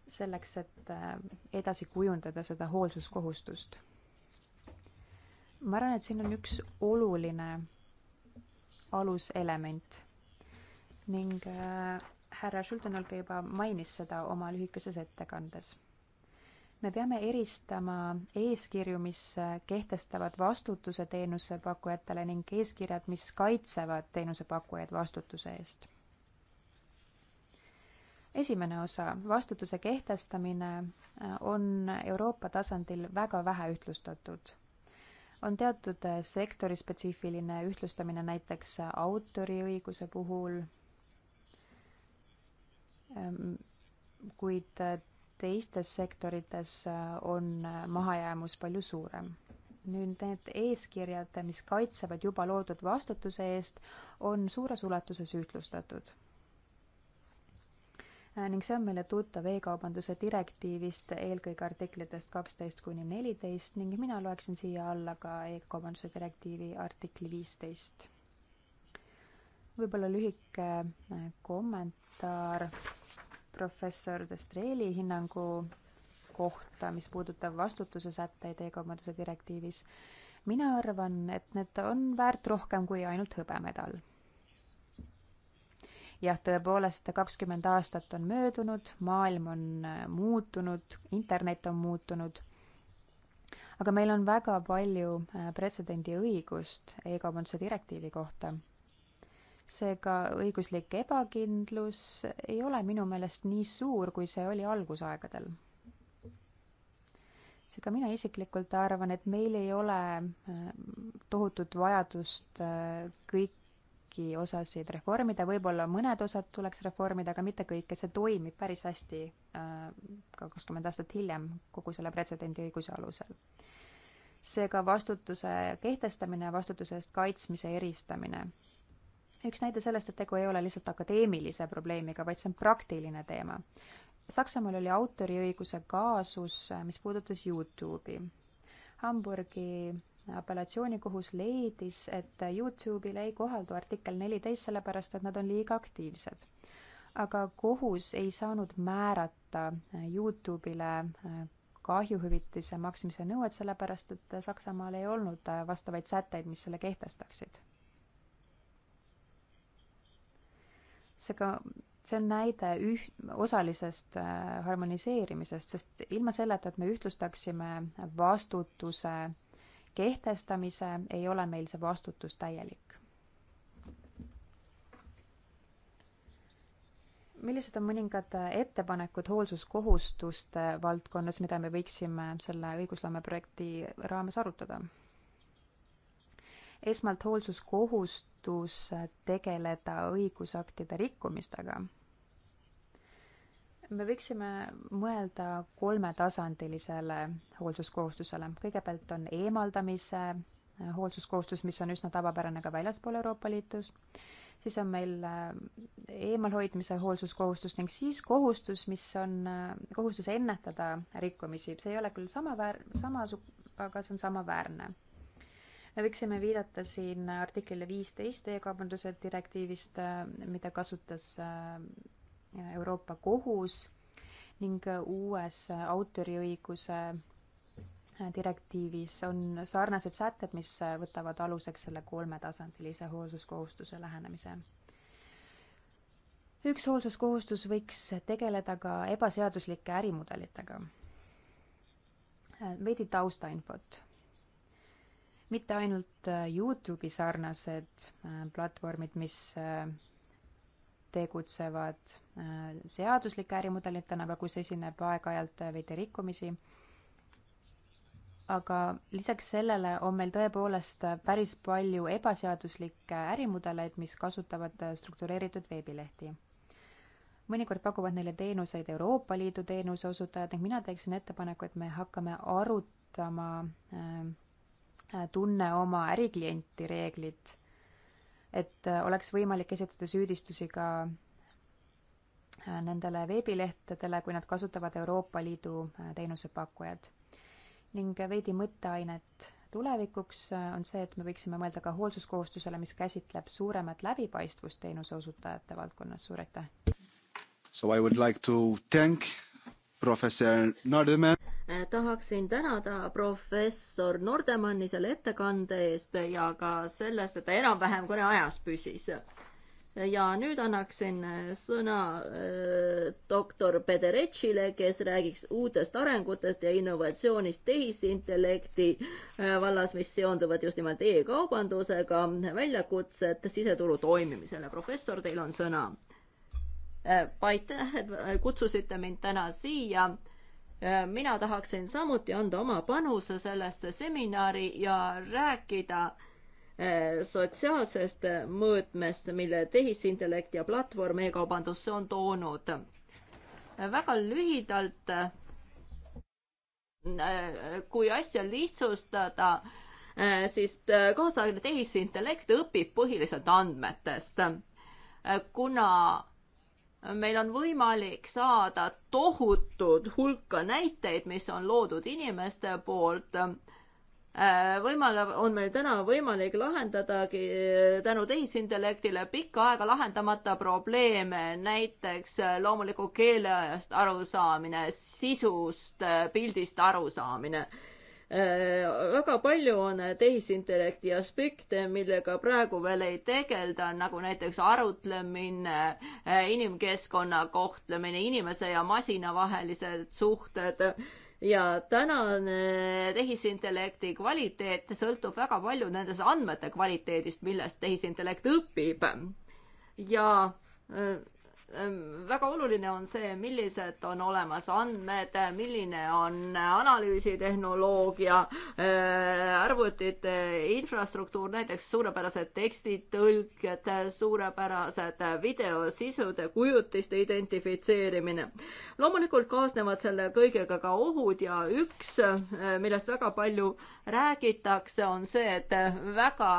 Speaker 4: selleks, et äh, edasi kujundada seda hoolsuskohustust? ma arvan, et siin on üks oluline aluselement ning äh, härra Schultenolke juba mainis seda oma lühikeses ettekandes me peame eristama eeskirju, mis kehtestavad vastutuse teenusepakkujatele ning eeskirjad, mis kaitsevad teenusepakkujaid vastutuse eest. esimene osa, vastutuse kehtestamine, on Euroopa tasandil väga vähe ühtlustatud on teatud sektorispetsiifiline ühtlustamine näiteks autoriõiguse puhul, ehm, kuid teistes sektorites äh, on äh, mahajäämus palju suurem. nüüd need eeskirjad, mis kaitsevad juba loodud vastutuse eest, on suures ulatuses ühtlustatud. Äh, ning see on meile tuttav e-kaubanduse direktiivist, eelkõige artiklitest kaksteist kuni neliteist ning mina loeksin siia alla ka e-kaubanduse direktiivi artikli viisteist. võib-olla lühike kommentaar professor Destreeli hinnangu kohta, mis puudutab vastutuse sätteid e-kaubanduse direktiivis. mina arvan, et need on väärt rohkem kui ainult hõbemedal. jah, tõepoolest, kakskümmend aastat on möödunud, maailm on äh, muutunud, internet on muutunud aga meil on väga palju äh, pretsedendi õigust e-kaubanduse direktiivi kohta seega õiguslik ebakindlus ei ole minu meelest nii suur, kui see oli algusaegadel. seega mina isiklikult arvan, et meil ei ole äh, tohutut vajadust äh, kõiki osasid reformida, võib-olla mõned osad tuleks reformida, aga mitte kõike, see toimib päris hästi äh, ka kakskümmend aastat hiljem kogu selle pretsedendi õiguse alusel seega vastutuse kehtestamine ja vastutuse eest kaitsmise eristamine üks näide sellest, et tegu ei ole lihtsalt akadeemilise probleemiga, vaid see on praktiline teema. Saksamaal oli autoriõiguse kaasus, mis puudutas Youtube'i. Hamburgi apellatsioonikohus leidis, et Youtube'ile ei kohaldu artikkel neliteist, sellepärast et nad on liiga aktiivsed. aga kohus ei saanud määrata Youtube'ile äh, kahjuhüvitise maksmise nõuet, sellepärast et Saksamaal ei olnud äh, vastavaid sätteid, mis selle kehtestaksid seega see on näide üh-, osalisest äh, harmoniseerimisest, sest ilma selleta, et me ühtlustaksime vastutuse kehtestamise, ei ole meil see vastutus täielik. millised on mõningad äh, ettepanekud hoolsuskohustuste valdkonnas, mida me võiksime selle õigusloome projekti raames arutada? esmalt hoolsuskohustus tegeleda õigusaktide rikkumistega. me võiksime mõelda kolmetasandilisele hoolsuskohustusele. kõigepealt on eemaldamise hoolsuskohustus, mis on üsna tavapärane ka väljaspool Euroopa Liitus, siis on meil äh, eemalhoidmise hoolsuskohustus ning siis kohustus, mis on äh, kohustus ennetada rikkumisi. see ei ole küll sama väär-, sama, aga see on samaväärne me võiksime viidata siin artiklile viisteist e-kaubanduse direktiivist, mida kasutas äh, Euroopa Kohus ning uues autoriõiguse äh, direktiivis on sarnased sätted, mis võtavad aluseks selle kolmetasandilise hoolsuskohustuse lähenemise. üks hoolsuskohustus võiks tegeleda ka ebaseaduslike ärimudelitega. Äh, veidi taustainfot mitte ainult äh, Youtube'i sarnased äh, platvormid, mis äh, tegutsevad seaduslike ärimudelitena, aga kus esineb aeg-ajalt veidi rikkumisi. aga lisaks sellele on meil tõepoolest päris palju ebaseaduslikke ärimudeleid, mis kasutavad struktureeritud veebilehti. mõnikord pakuvad neile teenuseid Euroopa Liidu teenuseosutajad ning mina teeksin ettepaneku, et me hakkame arutama äh, tunne oma äriklienti reeglid, et äh, oleks võimalik esitada süüdistusi ka äh, nendele veebilehtedele, kui nad kasutavad Euroopa Liidu äh, teenusepakkujad. ning veidi mõtteainet tulevikuks on see, et me võiksime mõelda ka hoolsuskohustusele, mis käsitleb suuremat läbipaistvust teenuse osutajate valdkonnas. suur aitäh!
Speaker 7: So I would like to thank professor Nordemann
Speaker 4: tahaksin tänada professor
Speaker 2: Nordemanni selle ettekande eest ja ka sellest, et ta enam-vähem kõneajas püsis. ja nüüd annaksin sõna äh, doktor Pederetšile, kes räägiks uutest arengutest ja innovatsioonist tehisintellekti äh, vallas, mis seonduvad just nimelt e-kaubandusega, väljakutsed siseturu toimimisele. professor, teil on sõna äh, aitäh, et kutsusite mind täna siia Äh, mina tahaksin samuti anda oma panuse sellesse seminari ja rääkida äh, sotsiaalsest mõõtmest, mille tehisintellekt ja platvorm e-kaubandusse on toonud. Äh, väga lühidalt, kui asja lihtsustada, siis kaasaegne tehisintellekt õpib põhiliselt andmetest. kuna meil on võimalik saada tohutut hulka näiteid, mis on loodud inimeste poolt. Äh, võimal-, on meil täna võimalik lahendadagi äh, tänu tehisintellektile pikka aega lahendamata probleeme, näiteks äh, loomuliku keelest arusaamine, sisust, pildist arusaamine Äh, väga palju on tehisintellekti aspekte, millega praegu veel ei tegelda, nagu näiteks arutlemine, äh, inimkeskkonna kohtlemine, inimese ja masina vahelised suhted ja tänane tehisintellekti kvaliteet sõltub väga palju nendest andmete kvaliteedist, millest tehisintellekt õpib. ja äh, Ehm, väga oluline on see, millised on olemas andmed, milline on analüüsitehnoloogia, ehm, arvutite infrastruktuur, näiteks suurepärased tekstitõlked, suurepärased videosisude, kujutiste identifitseerimine. loomulikult kaasnevad selle kõigega ka ohud ja üks, ehm, millest väga palju räägitakse, on see, et väga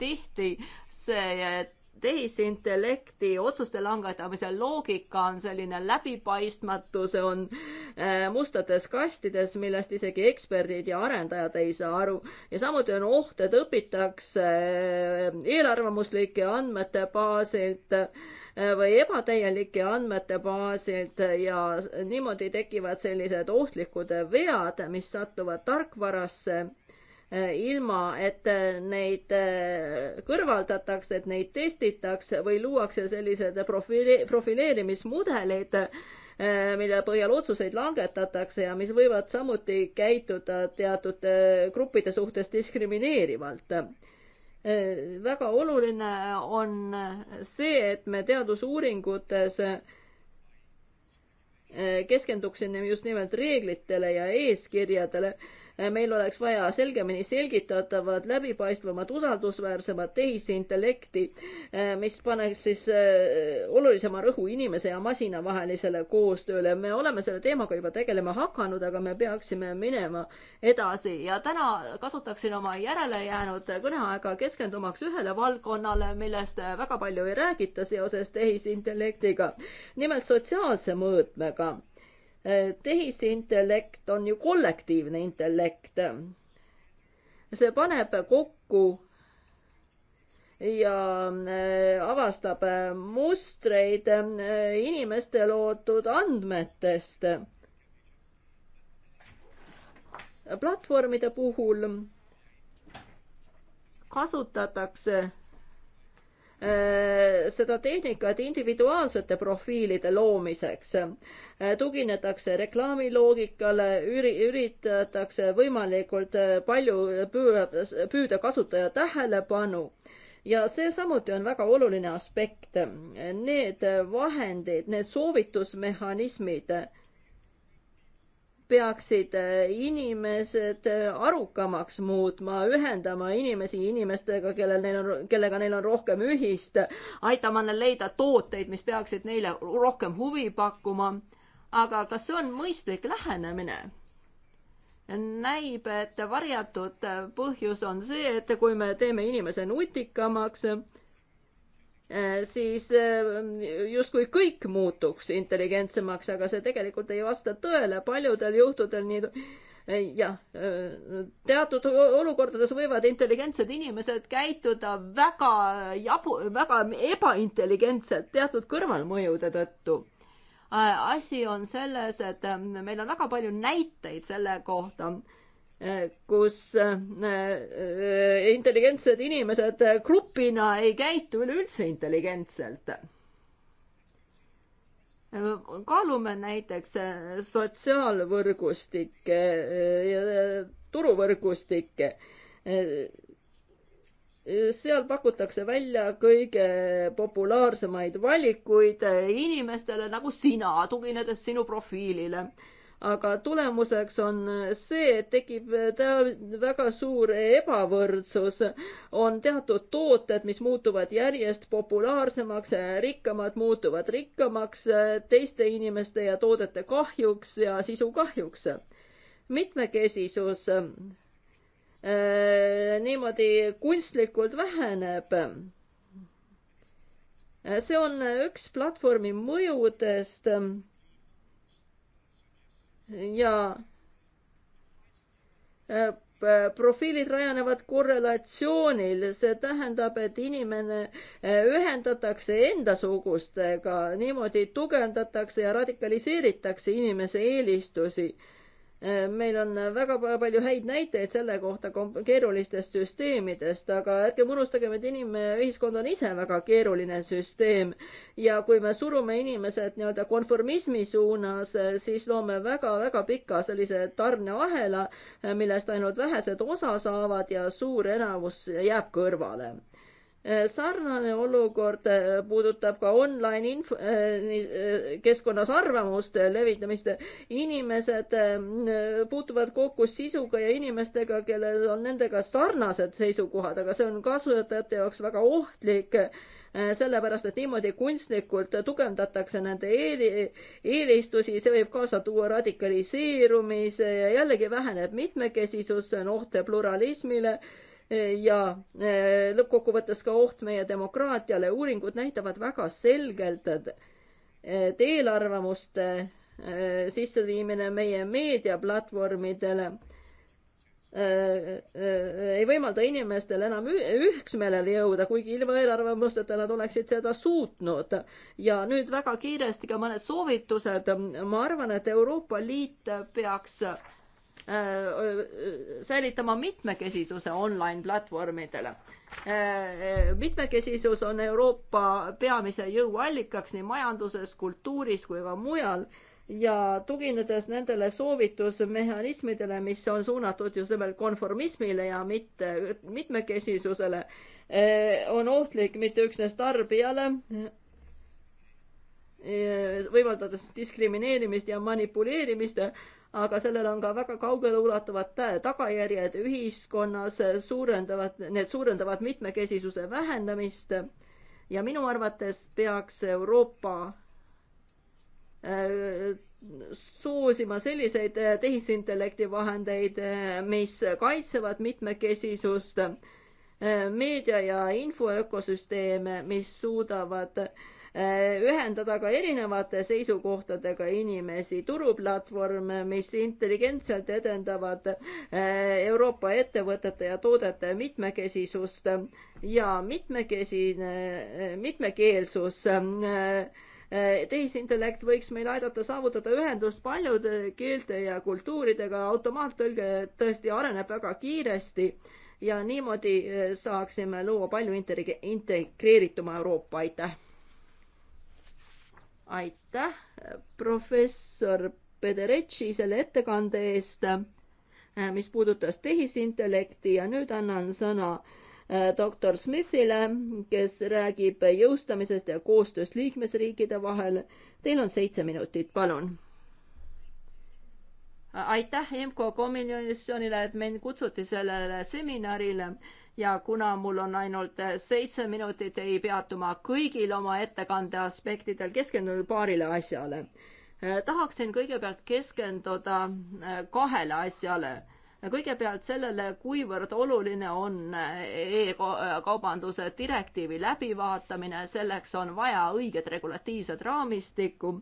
Speaker 2: tihti see, et tehisintellekti otsuste langetamise loogika on selline läbipaistmatu, see on äh, mustades kastides, millest isegi eksperdid ja arendajad ei saa aru. ja samuti on oht, et õpitakse äh, eelarvamuslike andmete baasilt äh, või ebatäielike andmete baasilt ja niimoodi tekivad sellised ohtlikud vead, mis satuvad tarkvarasse ilma, et neid äh, kõrvaldatakse, et neid testitakse või luuakse sellised profili-, profileerimismudelid, äh, mille põhjal otsuseid langetatakse ja mis võivad samuti käituda teatud äh, gruppide suhtes diskrimineerivalt väga oluline on see, et me teadusuuringutes keskenduksime just nimelt reeglitele ja eeskirjadele Eh, meil oleks vaja selgemini selgitatavat, läbipaistvamat, usaldusväärsemat tehisintellekti, eh, mis paneb siis eh, olulisema rõhu inimese ja masina vahelisele koostööle. me oleme selle teemaga juba tegelema hakanud, aga me peaksime minema edasi ja täna kasutaksin oma järelejäänud kõneaega keskendumaks ühele valdkonnale, millest väga palju ei räägita seoses tehisintellektiga, nimelt sotsiaalse mõõtmega tehisintellekt on ju kollektiivne intellekt. see paneb kokku ja äh, avastab äh, mustreid äh, inimeste loodud andmetest. platvormide puhul kasutatakse Äh, seda tehnikat individuaalsete profiilide loomiseks. Äh, tuginetakse reklaamiloogikale, üri-, üritatakse võimalikult äh, palju pöörata, püüda kasutaja tähelepanu ja see samuti on väga oluline aspekt. Need vahendid, need soovitusmehhanismid peaksid äh, inimesed äh, arukamaks muutma, ühendama inimesi inimestega, kellel neil on, kellega neil on rohkem ühist, aitama neil leida tooteid, mis peaksid neile rohkem huvi pakkuma. aga kas see on mõistlik lähenemine? näib, et varjatud äh, põhjus on see, et kui me teeme inimese nutikamaks, Äh, siis äh, justkui kõik muutuks intelligentsemaks, aga see tegelikult ei vasta tõele. paljudel juhtudel nii äh, jah, teatud olukordades võivad intelligentsed inimesed käituda väga jabu, väga ebaintelligentsed teatud kõrvalmõjude tõttu. asi on selles, et meil on väga palju näiteid selle kohta kus eh, intelligentsed inimesed grupina ei käitu üleüldse intelligentselt. kaalume näiteks sotsiaalvõrgustikke eh, ja turuvõrgustikke seal pakutakse välja kõige populaarsemaid valikuid inimestele nagu sina, tuginedes sinu profiilile aga tulemuseks on see, et tekib väga suur ebavõrdsus. on teatud tooted, mis muutuvad järjest populaarsemaks, rikkamad muutuvad rikkamaks teiste inimeste ja toodete kahjuks ja sisu kahjuks. mitmekesisus äh, niimoodi kunstlikult väheneb see on üks platvormi mõjudest äh, ja äh, profiilid rajanevad korrelatsioonil, see tähendab, et inimene äh, ühendatakse endasugustega, niimoodi tugevdatakse ja radikaliseeritakse inimese eelistusi meil on väga palju häid näiteid selle kohta keerulistest süsteemidest, aga ärgem unustagem, et inimühiskond on ise väga keeruline süsteem ja kui me surume inimesed nii-öelda konformismi suunas, siis loome väga-väga pika sellise tarneahela, millest ainult vähesed osa saavad ja suur enamus jääb kõrvale Äh, sarnane olukord äh, puudutab ka online info, äh, keskkonnas arvamuste levitamist. inimesed puutuvad kokku sisuga ja inimestega, kellel on nendega sarnased seisukohad, aga see on kasutajate jaoks väga ohtlik, sellepärast et niimoodi kunstlikult tugevdatakse nende eeli, eelistusi, see võib kaasa tuua radikaliseerumise ja jällegi väheneb mitmekesisus, see on oht pluralismile ja eh, lõppkokkuvõttes ka oht meie demokraatiale. uuringud näitavad väga selgelt, et eelarvamuste eh, sisseviimine meie meediaplatvormidele eh, ei võimalda inimestel enam üksmeelele jõuda, kuigi ilma eelarvamusteta nad oleksid seda suutnud. ja nüüd väga kiiresti ka mõned soovitused. ma arvan, et Euroopa Liit peaks Äh, säilitama mitmekesisuse online platvormidele. Äh, mitmekesisus on Euroopa peamise jõuallikaks nii majanduses, kultuuris kui ka mujal ja tuginedes nendele soovitusmehhanismidele, mis on suunatud just nimelt konformismile ja mitte mitmekesisusele, äh, on ohtlik mitte üksnes tarbijale, võimaldades diskrimineerimist ja manipuleerimist, aga sellel on ka väga kaugeleulatuvad tagajärjed ühiskonnas, suurendavad, need suurendavad mitmekesisuse vähenemist ja minu arvates peaks Euroopa äh, soosima selliseid äh, tehisintellekti vahendeid, äh, mis kaitsevad mitmekesisust, meedia ja infoökosüsteeme, mis suudavad Äh, ühendada ka erinevate seisukohtadega inimesi, turuplatvorme, mis intelligentselt edendavad äh, Euroopa ettevõtete ja toodete mitmekesisust ja mitmekesine, äh, mitmekeelsus tehisintellekt võiks meil aidata saavutada ühendust paljude keelte ja kultuuridega, automaattõlge tõesti areneb väga kiiresti ja niimoodi saaksime luua palju integreerituma Euroopa, aitäh! aitäh, professor Pederetši selle ettekande eest, äh, mis puudutas tehisintellekti ja nüüd annan sõna äh, doktor Smithile, kes räägib jõustamisest ja koostööst liikmesriikide vahel. Teil on seitse minutit, palun. aitäh IMCO komisjonile, et mind kutsuti sellele seminarile ja kuna mul on ainult eh, seitse minutit, ei peatu ma kõigil oma ettekande aspektidel, keskendun paarile asjale. Eh, tahaksin kõigepealt keskenduda eh, kahele asjale. kõigepealt sellele, kuivõrd oluline on e-kaubanduse direktiivi läbivaatamine, selleks on vaja õiget regulatiivset raamistikku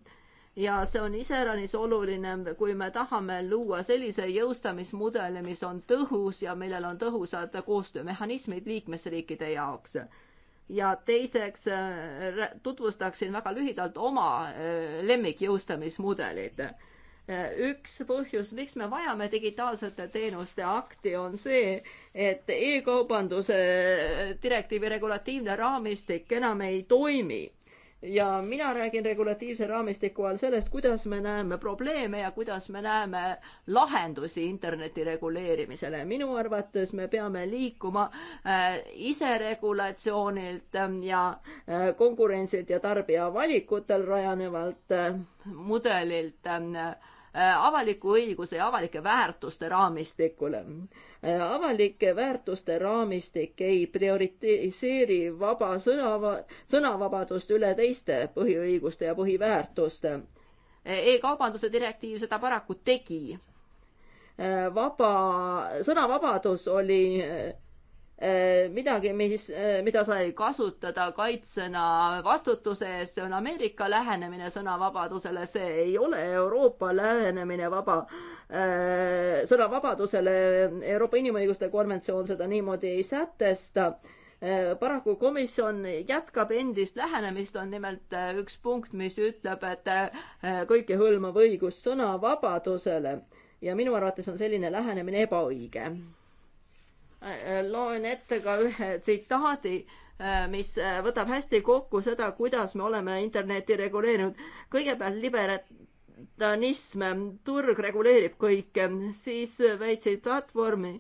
Speaker 2: ja see on iseäranis oluline, kui me tahame luua sellise jõustamismudeli, mis on tõhus ja millel on tõhusad koostöömehhanismid liikmesriikide jaoks. ja teiseks äh, tutvustaksin väga lühidalt oma äh, lemmikjõustamismudelid äh, üks põhjus, miks me vajame digitaalsete teenuste akti, on see, et e-kaubanduse direktiivi regulatiivne raamistik enam ei toimi ja mina räägin regulatiivse raamistiku all sellest, kuidas me näeme probleeme ja kuidas me näeme lahendusi interneti reguleerimisele. minu arvates me peame liikuma äh, iseregulatsioonilt ähm, ja äh, konkurentsilt ja tarbija valikutel rajanevalt äh, mudelilt ähm, Äh, avaliku õiguse ja avalike väärtuste raamistikule. Äh, avalike väärtuste raamistik ei prioritiseeri vaba sõna, sõnavabadust üle teiste põhiõiguste ja põhiväärtuste e. e-kaubanduse direktiiv seda paraku tegi. vaba, sõnavabadus oli Eh, midagi, mis, eh, mida sai kasutada kaitsena vastutuse eest, see on Ameerika lähenemine sõnavabadusele, see ei ole Euroopa lähenemine vaba äh,, sõnavabadusele. Euroopa Inimõiguste Konventsioon seda niimoodi ei sätesta äh,. paraku komisjon jätkab endist lähenemist, on nimelt üks punkt, mis ütleb, et äh, kõikehõlmav õigus sõnavabadusele ja minu arvates on selline lähenemine ebaõige Äh, loen ette ka ühe tsitaadi, äh, mis äh, võtab hästi kokku seda, kuidas me oleme Internetti reguleerinud. kõigepealt liberet-, kapitalism, turg reguleerib kõike, siis väitsid platvormi,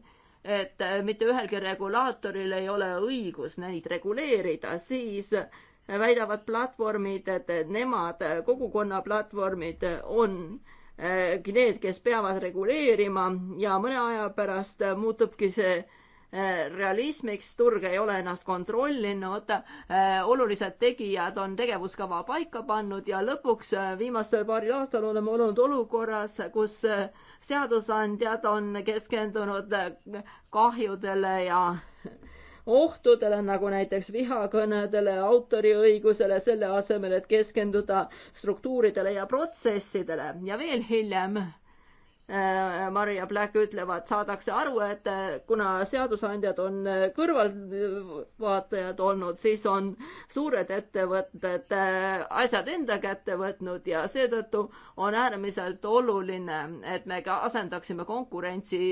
Speaker 2: et mitte ühelgi regulaatoril ei ole õigus neid reguleerida, siis väidavad platvormid, et nemad, kogukonna platvormid on need, kes peavad reguleerima ja mõne aja pärast muutubki see realismiks, turg ei ole ennast kontrollinud, äh, olulised tegijad on tegevuskava paika pannud ja lõpuks äh, viimasel paaril aastal oleme olnud olukorras, kus äh, seadusandjad on keskendunud kahjudele ja ohtudele, nagu näiteks vihakõnedele, autoriõigusele, selle asemel, et keskenduda struktuuridele ja protsessidele ja veel hiljem Äh, Maria Black ütlevad, saadakse aru, et äh, kuna seadusandjad on äh, kõrvalvaatajad olnud, siis on suured ettevõtted asjad enda kätte võtnud ja seetõttu on äärmiselt oluline, et me ka asendaksime konkurentsi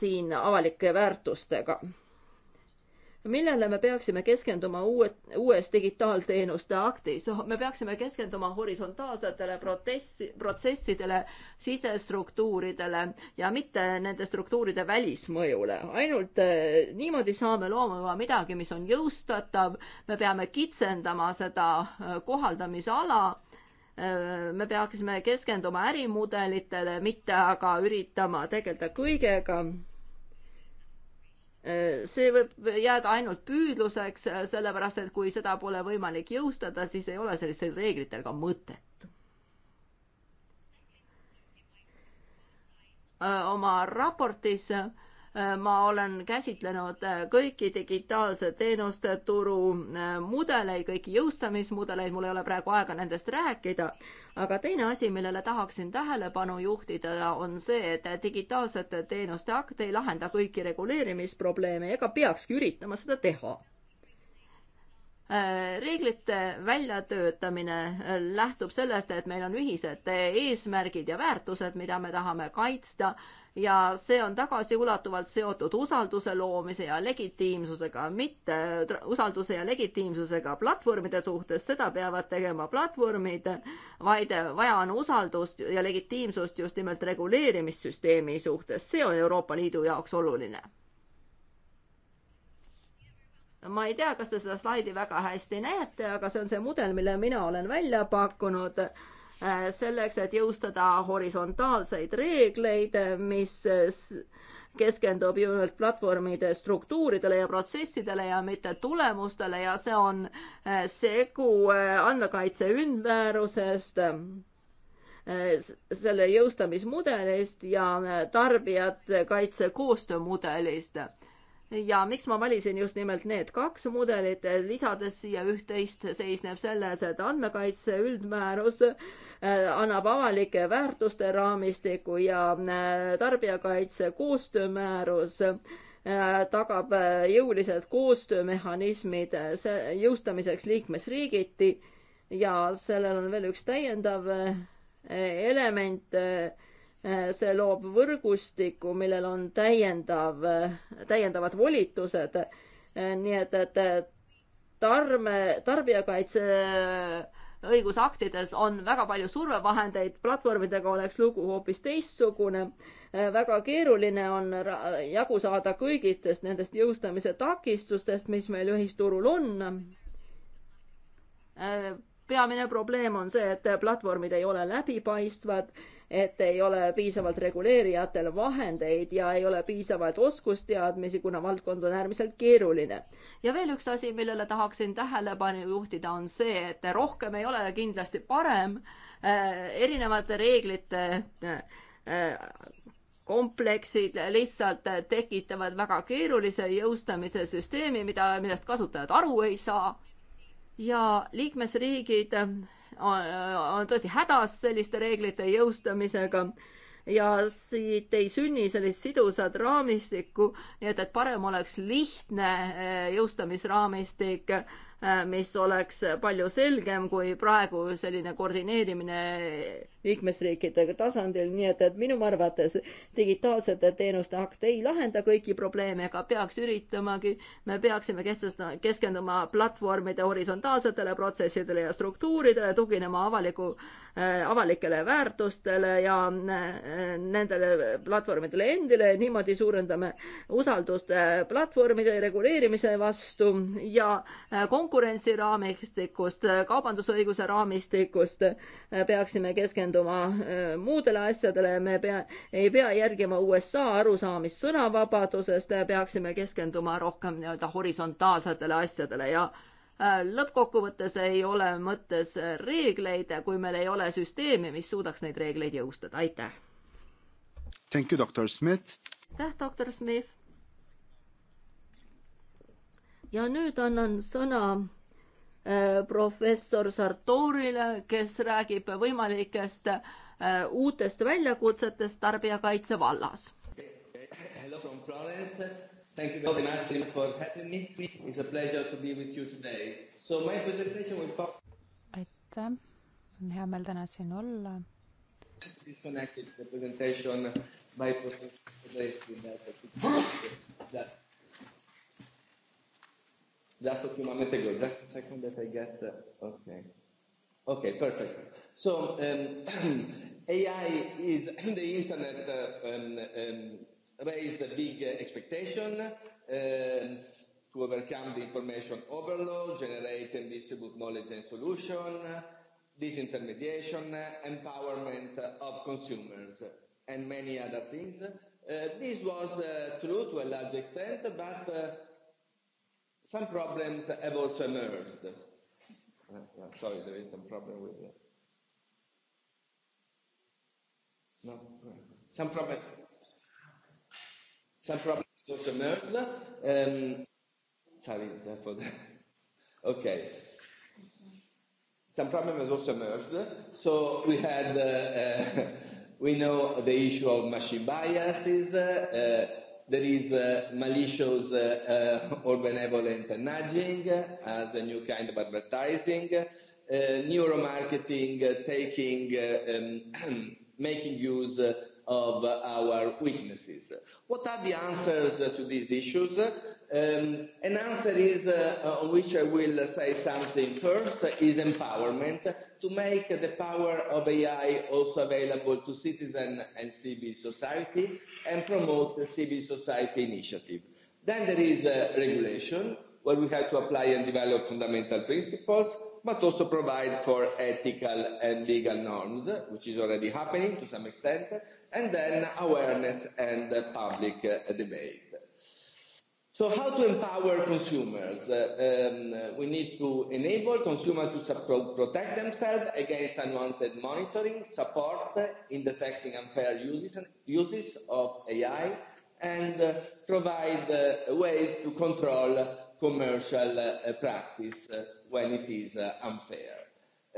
Speaker 2: siin avalike väärtustega millele me peaksime keskenduma uue, uues digitaalteenuste aktis? me peaksime keskenduma horisontaalsetele protsess, protsessidele, sisestruktuuridele ja mitte nende struktuuride välismõjule. ainult eh, niimoodi saame looma midagi, mis on jõustatav, me peame kitsendama seda eh, kohaldamisala eh, me peaksime keskenduma ärimudelitele, mitte aga üritama tegeleda kõigega see võib jääda ainult püüdluseks, sellepärast et kui seda pole võimalik jõustada, siis ei ole sellistel reeglitel ka mõtet. oma raportis äh, ma olen käsitlenud äh, kõiki digitaalse teenuste turu äh, mudeleid, kõiki jõustamismudeleid, mul ei ole praegu aega nendest rääkida, aga teine asi, millele tahaksin tähelepanu juhtida, on see, et digitaalsete teenuste akt ei lahenda kõiki reguleerimisprobleeme ega peakski üritama seda teha. Äh, reeglite väljatöötamine äh, lähtub sellest, et meil on ühised äh, eesmärgid ja väärtused, mida me tahame kaitsta ja see on tagasiulatuvalt seotud usalduse loomise ja legitiimsusega, mitte usalduse ja legitiimsusega platvormide suhtes, seda peavad tegema platvormid, vaid vaja on usaldust ja legitiimsust just nimelt reguleerimissüsteemi suhtes, see on Euroopa Liidu jaoks oluline. ma ei tea, kas te seda slaidi väga hästi näete, aga see on see mudel, mille mina olen välja pakkunud Äh, selleks, et jõustada horisontaalseid reegleid, mis keskendub ju nimelt platvormide struktuuridele ja protsessidele ja mitte tulemustele ja see on äh, segu äh, andmekaitse üldmäärusest, selle jõustamismudelist ja tarbijate kaitse koostöömudelist ja miks ma valisin just nimelt need kaks mudelit, lisades siia üht-teist, seisneb selles, et andmekaitse üldmäärus äh, annab avalike väärtuste raamistiku ja äh, tarbijakaitse koostöömäärus äh, tagab jõulised koostöömehhanismid jõustamiseks liikmesriigiti ja sellel on veel üks täiendav element Eh, see loob võrgustiku, millel on täiendav, eh, täiendavad volitused. Eh, nii et, et tarme, tarbijakaitse õigusaktides on väga palju survevahendeid, platvormidega oleks lugu hoopis teistsugune. väga keeruline on jagu saada kõigitest nendest jõustamise takistustest, mis meil ühisturul on. peamine probleem on see, et platvormid ei ole läbipaistvad et ei ole piisavalt reguleerijatel vahendeid ja ei ole piisavalt oskusteadmisi, kuna valdkond on äärmiselt keeruline. ja veel üks asi, millele tahaksin tähelepanu juhtida, on see, et rohkem ei ole kindlasti parem äh, erinevate reeglite äh, kompleksid lihtsalt tekitavad väga keerulise jõustamise süsteemi, mida, millest kasutajad aru ei saa. ja liikmesriigid on tõesti hädas selliste reeglite jõustamisega ja siit ei sünni sellist sidusat raamistikku, nii et, et parem oleks lihtne eh, jõustamisraamistik, eh, mis oleks palju selgem kui praegu selline koordineerimine liikmesriikide tasandil, nii et, et minu arvates digitaalsete teenuste akt ei lahenda kõiki probleeme ega peaks üritamagi, me peaksime keskenduma platvormide horisontaalsetele protsessidele ja struktuuridele, tuginema avaliku äh,, avalikele väärtustele ja äh, nendele platvormidele endile, niimoodi suurendame usaldust äh, platvormide reguleerimise vastu ja äh, konkurentsiraamistikust, kaubandusõiguse raamistikust äh, peaksime keskenduma keskenduma äh, muudele asjadele, me pea, ei pea järgima USA arusaamist sõnavabadusest, peaksime keskenduma rohkem nii-öelda horisontaalsetele asjadele ja äh, lõppkokkuvõttes ei ole mõttes reegleid, kui meil ei ole süsteemi, mis suudaks neid reegleid jõustada, aitäh.
Speaker 7: Thank you, doktor Smith.
Speaker 2: aitäh, doktor Smith. ja nüüd annan sõna Äh, professor Sartorile, kes räägib võimalikest äh, uutest väljakutsetest tarbijakaitse vallas.
Speaker 5: Hello from Florence. Thank you very much for having me. It's a pleasure to be with you today. So my presentation will talk.
Speaker 4: aitäh, on hea meel täna siin olla.
Speaker 5: Disconnected the presentation by professor just a few moments ago. Just a second that I get. Uh, okay. Okay, perfect. So um, AI is the internet uh, um, um, raised a big uh, expectation um, to overcome the information overload, generate and distribute knowledge and solution, disintermediation, empowerment of consumers, and many other things. Uh, this was uh, true to a large extent, but uh, some problems have also emerged. Uh, yeah, sorry, there is some problem with that. No, some problem. Some problems also emerged. Um, sorry for that. Okay. Some problem has also emerged. So we had, uh, uh, we know the issue of machine biases, uh, uh, There is uh, malicious uh, uh, or benevolent nudging as a new kind of advertising. Neuromarketing taking um, making use of our weaknesses. What are the answers to these issues? Um, an answer is, uh, on which I will say something first, is empowerment to make the power of AI also available to citizens and civil society and promote the civil society initiative. Then there is uh, regulation, where we have to apply and develop fundamental principles, but also provide for ethical and legal norms, which is already happening to some extent, and then awareness and uh, public uh, debate. So how to empower consumers? Uh, um, we need to enable consumers to pro- protect themselves against unwanted monitoring, support in detecting unfair uses, and uses of AI, and uh, provide uh, ways to control commercial uh, practice uh, when it is uh, unfair.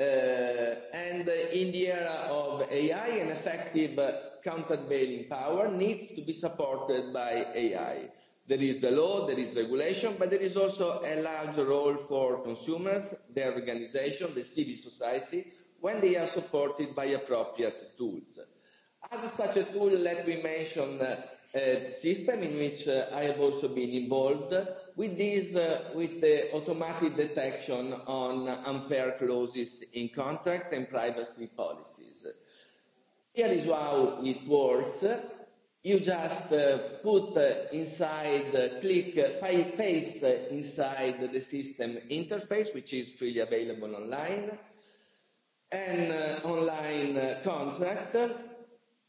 Speaker 5: Uh, and uh, in the era of AI, an effective uh, countervailing power needs to be supported by AI There is the law, there is regulation, but there is also a large role for consumers, their organization, the civil society, when they are supported by appropriate tools. As such a tool, let me mention uh, uh, system in which uh, I have also been involved with this, uh, with the automatic detection on unfair clauses in contracts and privacy policies. Here is how it works you just uh, put uh, inside, uh, click, uh, paste uh, inside the system interface, which is freely available online, an uh, online uh, contract,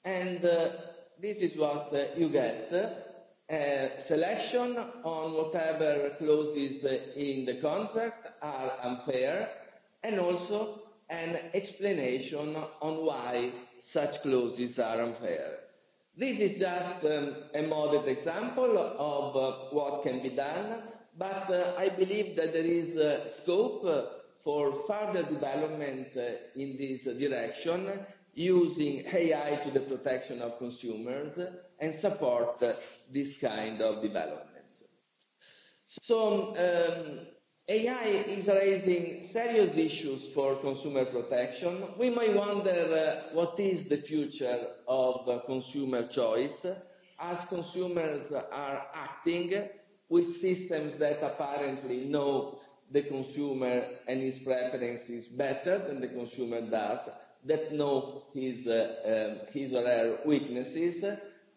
Speaker 5: and uh, this is what uh, you get. Uh, selection on whatever clauses uh, in the contract are unfair, and also an explanation on why such clauses are unfair This is just um, a modest example of uh, what can be done, but uh, I believe that there is uh, scope uh, for further development uh, in this direction using AI to the protection of consumers and support uh, this kind of developments. So um, AI is raising serious issues for consumer protection. We may wonder uh, what is the future of uh, consumer choice as consumers are acting with systems that apparently know the consumer and his preferences better than the consumer does, that know his, uh, um, his or her weaknesses,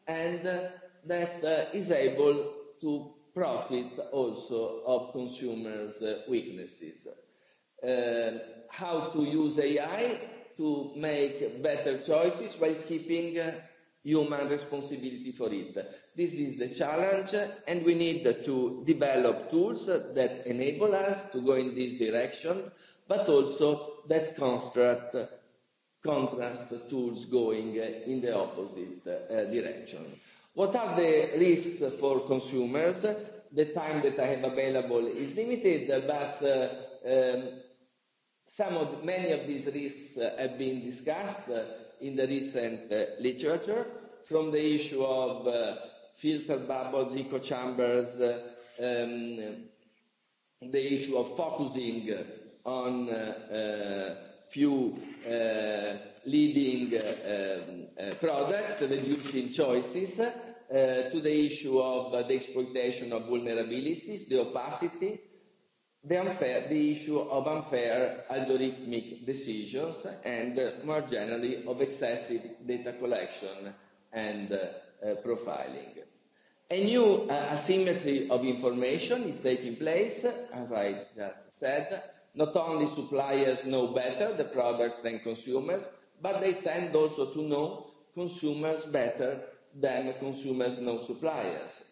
Speaker 5: and uh, that uh, is able to profit also of consumers' weaknesses. Uh, how to use AI to make better choices while keeping uh, human responsibility for it. This is the challenge, and we need to develop tools that enable us to go in this direction, but also that construct contrast tools going in the opposite uh, direction. What are the risks for consumers? The time that I have available is limited, but uh, um, some of many of these risks uh, have been discussed uh, in the recent uh, literature, from the issue of uh, filter bubbles, echo chambers, uh, um, the issue of focusing on uh, uh, few uh, leading uh, um, uh, products, reducing choices, uh, to the issue of uh, the exploitation of vulnerabilities, the opacity, the, unfair, the issue of unfair algorithmic decisions, and uh, more generally of excessive data collection and uh, uh, profiling. A new uh, asymmetry of information is taking place, as I just said. Not only suppliers know better the products than consumers, but they tend also to know consumers better than consumers, non-suppliers.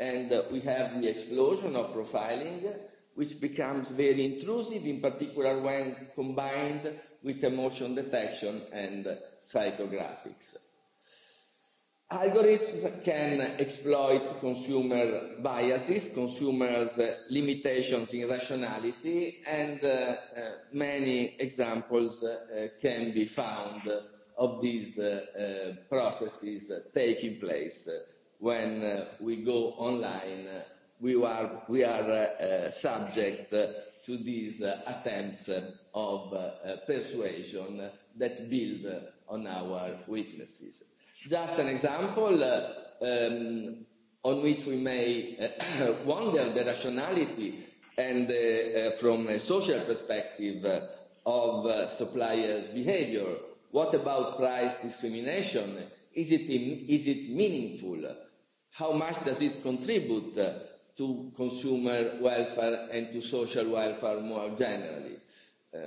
Speaker 5: Uh, we have the explosion of profiling, which becomes very intrusive, in particular when combined with emotion detection and psychographics. Algorithms can exploit consumer biases, consumers' uh, limitations in rationality, and uh, many examples can be found of these uh, uh, processes uh, taking place uh, when uh, we go online. Uh, we are, we are uh, uh, subject uh, to these uh, attempts uh, of uh, uh, persuasion uh, that build uh, on our weaknesses. Just an example uh, um, on which we may uh, wonder the rationality and uh, uh, from a social perspective uh, of uh, suppliers' behavior What about price discrimination? Is it, in, is it meaningful? How much does it contribute to consumer welfare and to social welfare more generally? Uh,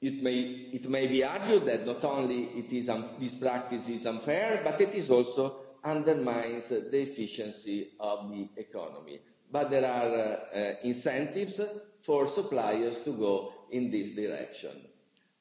Speaker 5: it, may, it may be argued that not only it is um, this practice is unfair, but it is also undermines the efficiency of the economy. But there are uh, uh, incentives for suppliers to go in this direction.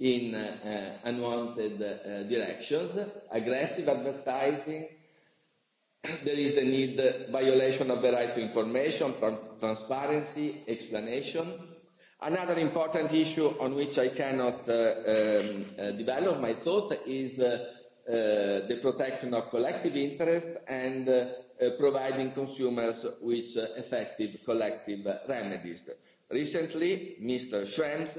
Speaker 5: in uh, unwanted uh, directions, aggressive advertising. there is the need uh, violation of the right to information, tran- transparency, explanation. Another important issue on which I cannot uh, um, uh, develop my thought is uh, uh, the protection of collective interest and uh, uh, providing consumers with uh, effective collective remedies. Recently, Mr. Schrems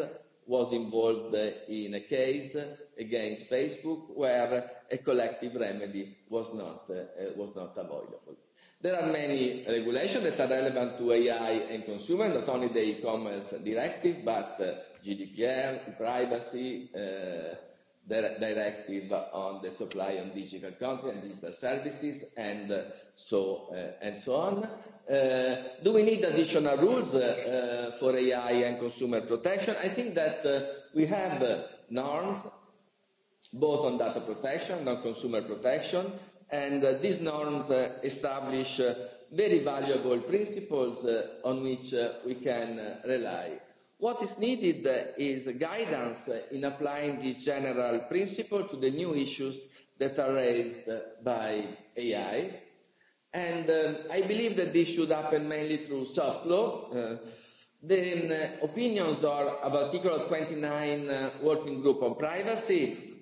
Speaker 5: was involved in a case against Facebook where a collective remedy was not, uh, was not avoidable. There are many regulations that are relevant to AI and consumer, not only the e-commerce directive, but uh, GDPR, privacy, uh, directive on the supply on digital content and digital services and uh, so uh, and so on. Uh, do we need additional rules uh, uh, for AI and consumer protection? I think that uh, we have uh, norms both on data protection and on consumer protection, and uh, these norms uh, establish uh, very valuable principles uh, on which uh, we can uh, rely What is needed is guidance in applying this general principle to the new issues that are raised by AI. And um, I believe that this should happen mainly through soft law. Uh, the uh, opinions are of Article 29 uh, Working Group on Privacy,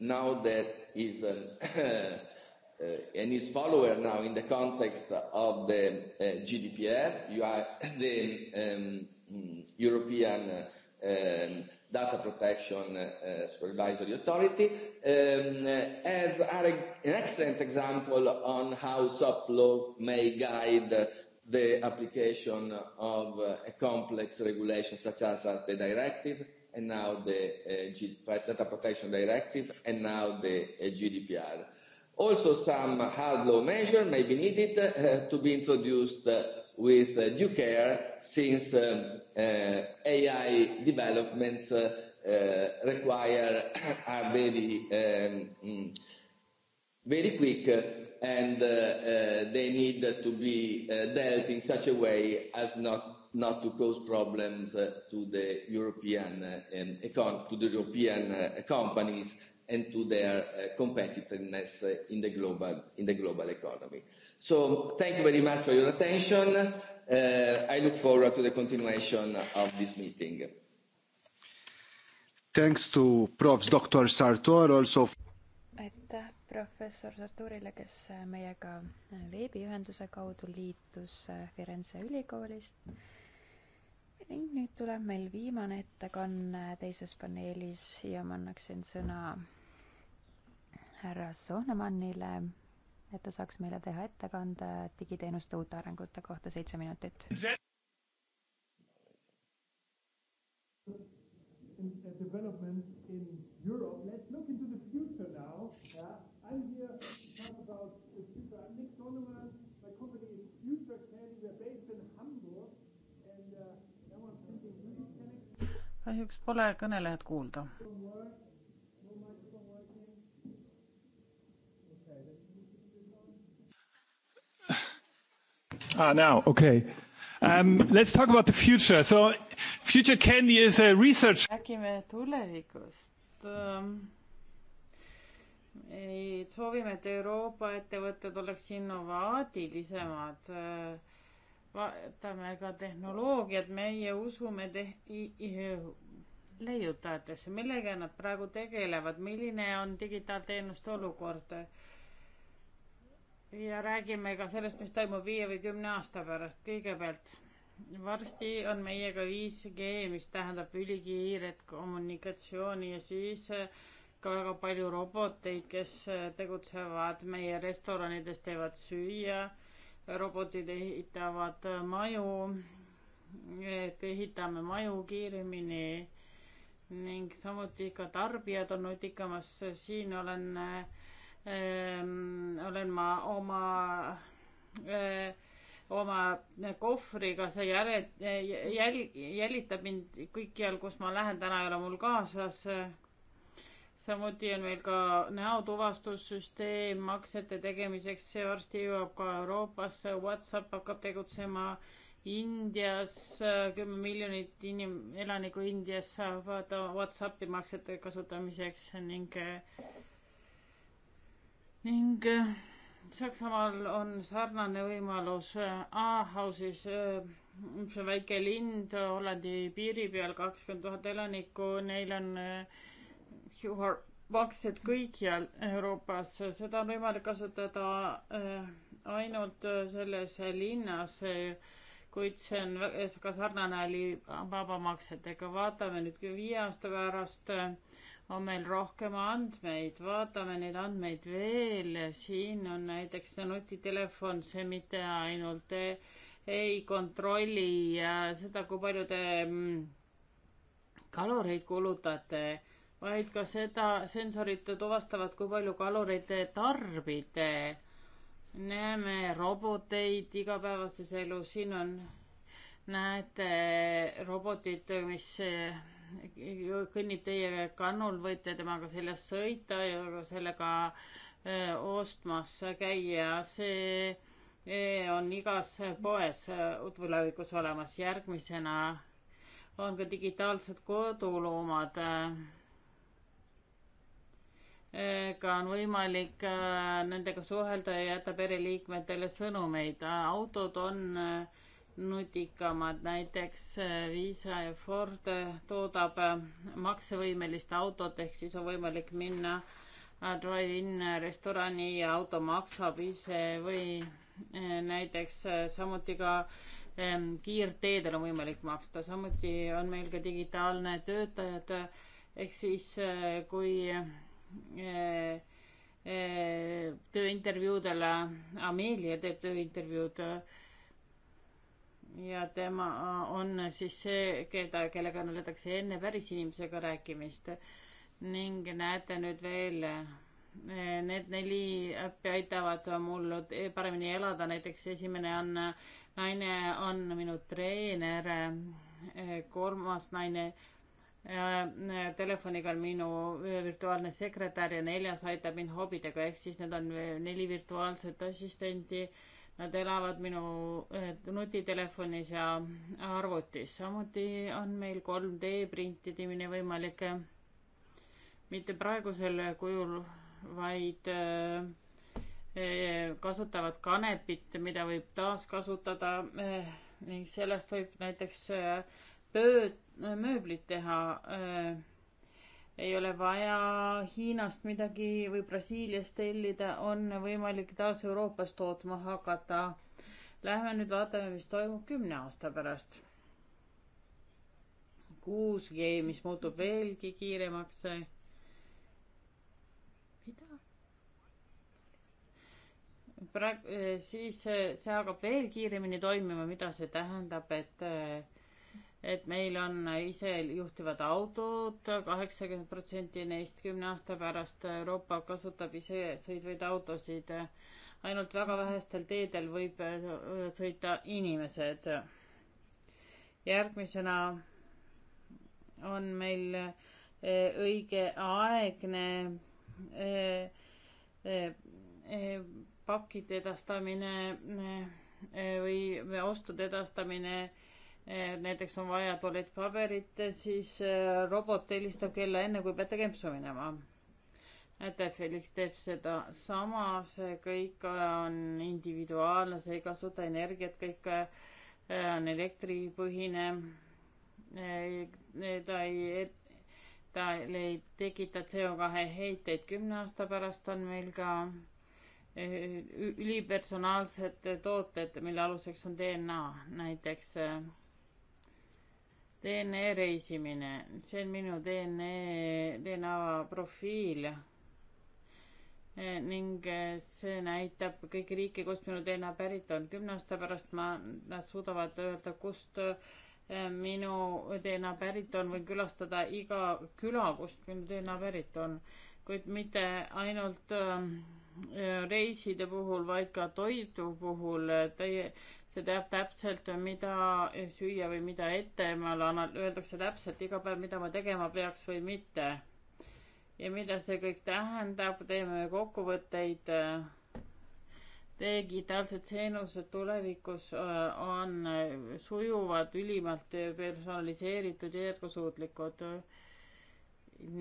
Speaker 5: now that is um, an, uh, and his follower now in the context of the uh, GDPR. You are the um, um, European uh, um, Data Protection uh, Supervisory Authority, um, as are a, an excellent example on how soft law may guide the application of uh, a complex regulation such as, as the directive and now the uh, G- Data Protection Directive and now the uh, GDPR. Also some hard law measure may be needed uh, to be introduced uh, with uh, due care since um, uh, AI developments uh, uh, require are very um, mm, very quick uh, and uh, uh, they need to be uh, dealt in such a way as not not to cause problems uh, to the European uh, um, econ- to the European uh, companies and to their uh, competitiveness uh, in the global in the global economy. Uh, So thank you very much for your attention.
Speaker 4: Uh,
Speaker 5: I look forward to the continuation of this meeting.
Speaker 7: Thanks to Prof. Dr. Sartor also.
Speaker 4: Aitäh professor Sartorile, kes meiega veebiühenduse kaudu liitus Firenze ülikoolist. ning nüüd tuleb meil viimane ettekanne teises paneelis ja ma annaksin sõna härra Sohnemannile et ta saaks meile teha ettekande digiteenuste uute arengute kohta seitse minutit.
Speaker 7: And development in Europe. Let's look into the future now. Yeah, I'm here
Speaker 1: to talk about the future. I'm Nick Donovan. My company is Future Candy. We're based
Speaker 6: in Hamburg. And uh, now I'm thinking really connected. kahjuks pole kõnelejat kuulda. Work
Speaker 3: Ah, now, okay.
Speaker 1: Um, let's talk about the future. So, future candy is a research.
Speaker 6: räägime tulevikust um,. ei, soovime, et Euroopa ettevõtted oleks innovaatilisemad. Uh, vaatame ka tehnoloogiat, meie usume teh-, leiutajatesse, millega nad praegu tegelevad, milline on digitaalteenuste olukord ja räägime ka sellest, mis toimub viie või kümne aasta pärast. kõigepealt varsti on meiega 5G, mis tähendab ülikiiret kommunikatsiooni ja siis äh, ka väga palju roboteid, kes äh, tegutsevad meie restoranides, teevad süüa, robotid ehitavad äh, maju, et ehitame maju kiiremini ning samuti ka tarbijad on nutikamas. siin olen äh, Ehm, olen ma oma, eh, oma kohvriga, see jäle, jäl-, jälitab mind kõikjal, kus ma lähen, täna ei ole mul kaasas. samuti on meil ka näotuvastussüsteem maksete tegemiseks, see varsti jõuab ka Euroopasse, Whatsapp hakkab tegutsema Indias kümme miljonit inim-, elanikku Indias saavad Whatsappi maksete kasutamiseks ning eh, ning äh, Saksamaal on sarnane võimalus äh, Ahausis, mis äh, on väike lind Hollandi piiri peal, kakskümmend tuhat elanikku, neil on maksed kõikjal Euroopas, seda on võimalik kasutada ainult selles linnas, kuid see on ka sarnane oli vabamaksetega. vaatame nüüd viie aasta pärast äh, on meil rohkem andmeid, vaatame neid andmeid veel, siin on näiteks nutitelefon, see mitte ainult ei kontrolli äh, seda, kui palju te mm, kaloreid kulutate, vaid ka seda, sensorid tuvastavad, kui palju kaloreid te tarbite. näeme roboteid igapäevases elus, siin on, näete robotid, mis kõnnib teie kannul, võite temaga seljas sõita ja sellega äh, ostmas käia, see äh, on igas poes tulevikus olemas. järgmisena on ka digitaalsed koduloomad. Äh, ka on võimalik nendega suhelda ja jätta pereliikmetele sõnumeid. autod on äh, nutikamad, näiteks äh, Visa ja Ford äh, toodab äh, maksevõimelist autot, ehk siis on võimalik minna drive-in restorani ja auto maksab ise või näiteks samuti ka ähm, kiirteedel on võimalik maksta, samuti on meil ka digitaalne töötajad, ehk siis kui tööintervjuudele, Amelia teeb tööintervjuud ja tema äh, on siis see, keda, kellega nõeldakse enne päris inimesega rääkimist. ning näete nüüd veel, äh, need neli äppi aitavad mul paremini elada, näiteks esimene on, naine on minu treener, äh, kolmas naine telefoniga on minu virtuaalne sekretär ja neljas aitab mind hobidega, ehk siis need on neli virtuaalset assistenti Nad elavad minu eh, nutitelefonis ja arvutis. samuti on meil 3D printimine võimalik eh, mitte praegusel kujul, vaid eh, kasutavad kanepit, mida võib taaskasutada ning sellest võib näiteks pööd, mööblit teha ei ole vaja Hiinast midagi või Brasiiliast tellida, on võimalik taas Euroopas tootma hakata. Lähme nüüd vaatame, mis toimub kümne aasta pärast. 6G, mis muutub veelgi kiiremaks. mida? praegu, eh, siis eh, see hakkab veel kiiremini toimima, mida see tähendab, et eh, et meil on isejuhtivad autod, kaheksakümmend protsenti neist kümne aasta pärast Euroopa kasutab ise sõitvaid autosid. ainult väga vähestel teedel võib äh, sõita inimesed. järgmisena on meil äh, õigeaegne äh, pakkide edastamine või ostude edastamine Eh, näiteks on vaja tualettpaberit, eh, siis eh, robot helistab kella enne, kui peate kempsu minema. näete, Felix teeb seda sama, see kõik on individuaalne, see ei kasuta energiat, kõik on elektripõhine. ta ei, ta ei tekita CO2 heiteid, kümne aasta pärast on meil ka ülipersonaalsed tooted, mille aluseks on DNA, näiteks DNA e reisimine, see on minu DNA, e, DNA profiil eh, ning eh, see näitab kõiki riike, kust minu DNA pärit on. kümne aasta pärast ma, nad suudavad öelda, kust eh, minu DNA pärit on, võin külastada iga küla, kust minu DNA pärit on. kuid mitte ainult reiside puhul, vaid ka toidu puhul, täie see teab täpselt, mida süüa või mida ette, mulle öeldakse täpselt iga päev, mida ma tegema peaks või mitte. ja mida see kõik tähendab, teeme kokkuvõtteid. digitaalsed teenused tulevikus äh, on äh, sujuvad, ülimalt personaliseeritud ja jätkusuutlikud.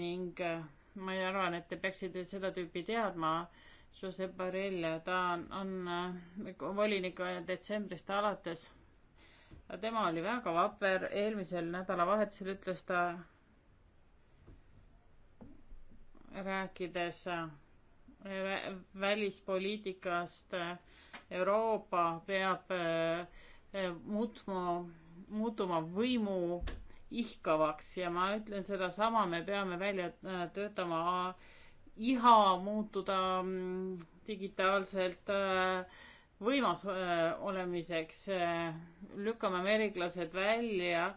Speaker 6: ning äh, ma arvan, et te peaksite seda tüüpi teadma Josep Barrell, ta on, on äh, volinik detsembrist alates. tema oli väga vapper, eelmisel nädalavahetusel ütles ta, rääkides äh, välispoliitikast, äh, Euroopa peab muutma, muutuma võimu ihkavaks ja ma ütlen sedasama, me peame välja töötama äh, iha muutuda mm, digitaalselt äh, võimas äh, olemiseks. Äh, lükkame ameeriklased välja.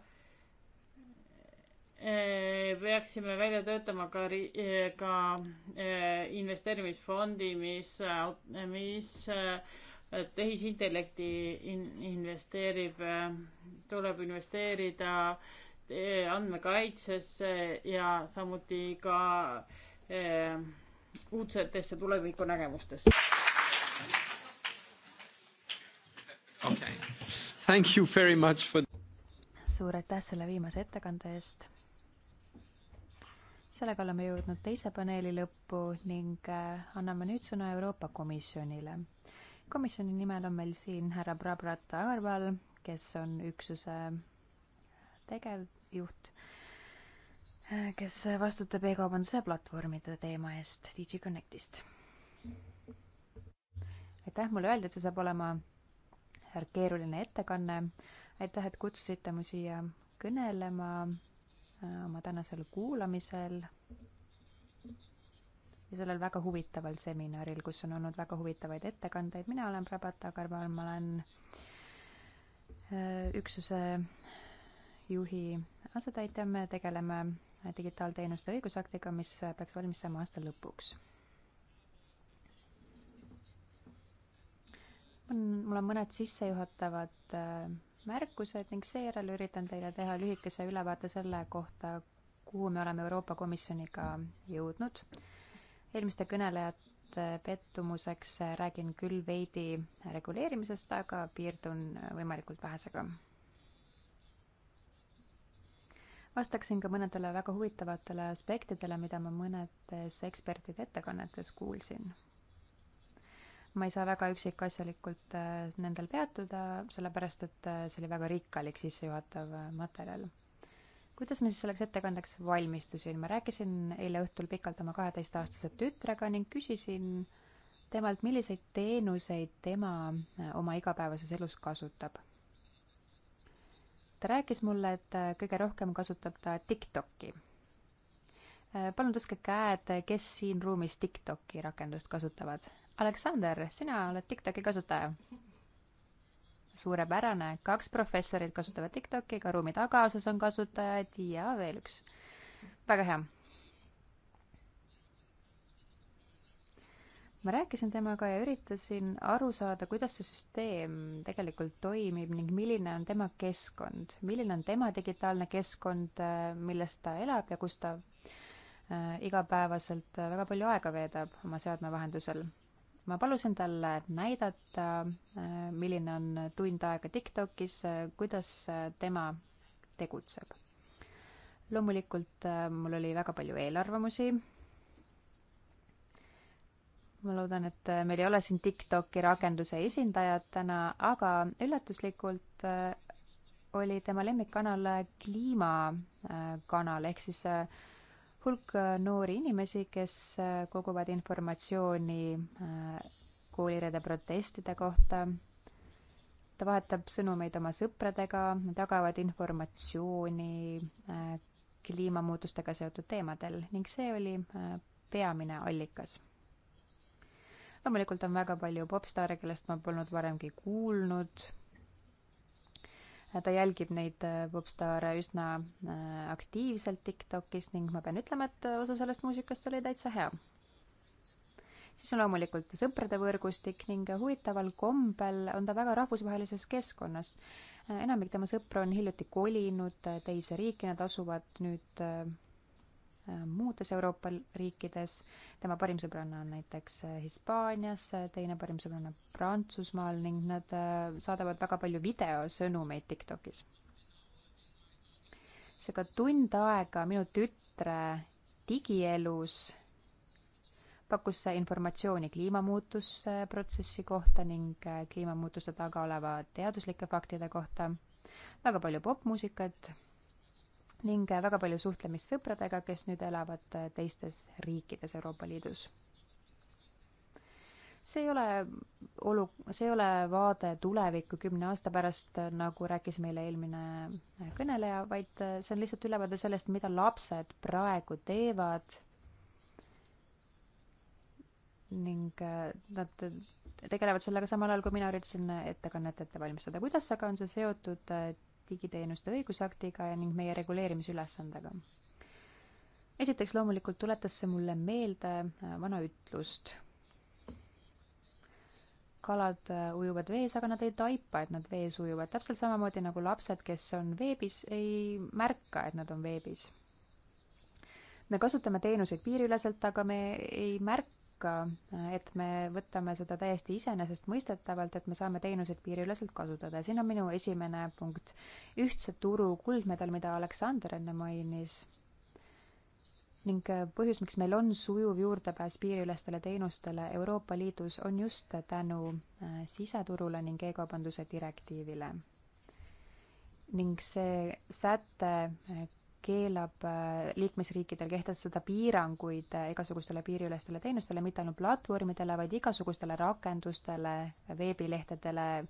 Speaker 6: peaksime välja töötama ka, ka investeerimisfondi, mis, mis tehisintellekti in, investeerib, tuleb investeerida andmekaitsesse ja samuti ka äh, Äh, uudsetesse tulevikunägemustesse.
Speaker 5: okei okay.,
Speaker 1: thank you very much for.
Speaker 4: suur aitäh selle viimase ettekande eest. sellega oleme jõudnud teise paneeli lõppu ning äh, anname nüüd sõna Euroopa Komisjonile. komisjoni nimel on meil siin härra Prabrat Agarval, kes on üksuse tegevjuht kes vastutab e-kaubanduse platvormide teema eest DigiConnectist. aitäh, mulle öeldi, et see saab olema keeruline ettekanne. aitäh, et kutsusite mu siia kõnelema äh, oma tänasel kuulamisel ja sellel väga huvitaval seminaril, kus on olnud väga huvitavaid ettekandeid. mina olen Prabhat Agarwal, ma olen äh, üksuse juhi asetäitja, me tegeleme digitaalteenuste õigusaktiga, mis peaks valmis saama aasta lõpuks. mul on mõned sissejuhatavad äh, märkused ning seejärel üritan teile teha lühikese ülevaate selle kohta, kuhu me oleme Euroopa Komisjoniga jõudnud. eelmiste kõnelejate pettumuseks räägin küll veidi reguleerimisest, aga piirdun võimalikult vähesega vastaksin ka mõnedele väga huvitavatele aspektidele, mida ma mõnedes ekspertide ettekannetes kuulsin. ma ei saa väga üksikasjalikult äh, nendel peatuda, sellepärast et äh, see oli väga rikkalik sissejuhatav äh, materjal. kuidas ma siis selleks ettekandeks valmistusin, ma rääkisin eile õhtul pikalt oma kaheteistaastase tütrega ning küsisin temalt, milliseid teenuseid tema oma igapäevases elus kasutab ta rääkis mulle, et äh, kõige rohkem kasutab ta TikTok'i. Äh, palun tõstke käed, kes siin ruumis TikTok'i rakendust kasutavad. Aleksander, sina oled TikTok'i kasutaja? suurepärane, kaks professorit kasutavad TikTok'i, ka ruumi tagaosas on kasutajaid ja veel üks. väga hea ma rääkisin temaga ja üritasin aru saada, kuidas see süsteem tegelikult toimib ning milline on tema keskkond, milline on tema digitaalne keskkond, äh, milles ta elab ja kus ta äh, igapäevaselt äh, väga palju aega veedab oma seadme vahendusel. ma palusin talle näidata, milline on tund aega Tiktokis, kuidas tema tegutseb. loomulikult mul oli väga palju eelarvamusi ma loodan, et äh, meil ei ole siin Tiktoki rakenduse esindajad täna, aga üllatuslikult äh, oli tema lemmikkanal äh, Kliimakanal ehk siis hulk noori inimesi, kes koguvad informatsiooni koolirede protestide kohta. ta vahetab sõnumeid oma sõpradega, jagavad informatsiooni kliimamuutustega seotud teemadel ning see oli peamine allikas loomulikult on väga palju popstaare, kellest ma polnud varemgi kuulnud. ta jälgib neid äh, popstaare üsna äh, aktiivselt Tiktokis ning ma pean ütlema, et äh, osa sellest muusikast oli täitsa hea. siis on loomulikult sõprade võrgustik ning huvitaval kombel on ta väga rahvusvahelises keskkonnas. enamik tema sõpru on hiljuti kolinud teise riiki, nad asuvad nüüd Äh, muudes Euroopa riikides. tema parim sõbranna on näiteks äh, Hispaanias, äh, teine parim sõbranna Prantsusmaal ning nad saadavad väga palju videosõnumeid Tiktokis. seega tund aega minu tütre digielus pakkus informatsiooni kliimamuutuse protsessi kohta ning kliimamuutuste taga oleva teaduslike faktide kohta, väga palju popmuusikat ning väga palju suhtlemist sõpradega, kes nüüd elavad teistes riikides Euroopa Liidus. see ei ole olu, see ei ole vaade tulevikku kümne aasta pärast, nagu rääkis meile eelmine kõneleja, vaid see on lihtsalt ülevaade sellest, mida lapsed praegu teevad ning nad tegelevad sellega samal ajal, kui mina üritasin ettekannet ette valmistada. kuidas aga on see seotud digiteenuste õigusaktiga ning meie reguleerimisülesandega. esiteks loomulikult tuletas see mulle meelde äh, vana ütlust. kalad äh, ujuvad vees, aga nad ei taipa, et nad vees ujuvad, täpselt samamoodi nagu lapsed, kes on veebis, ei märka, et nad on veebis me kasutame teenuseid piiriüleselt, aga me ei märka, loogika, et me võtame seda täiesti iseenesestmõistetavalt, et me saame teenuseid piiriüleselt kasutada. siin on minu esimene punkt. ühtse turu kuldmedal, mida Aleksander enne mainis, ning põhjus, miks meil on sujuv juurdepääs piiriülestele teenustele Euroopa Liidus, on just tänu äh, siseturule ning e-kaubanduse direktiivile. ning see säte keelab äh, liikmesriikidel kehtestada piiranguid äh, igasugustele piiriülestele teenustele, mitte ainult platvormidele, vaid igasugustele rakendustele, veebilehtedele e,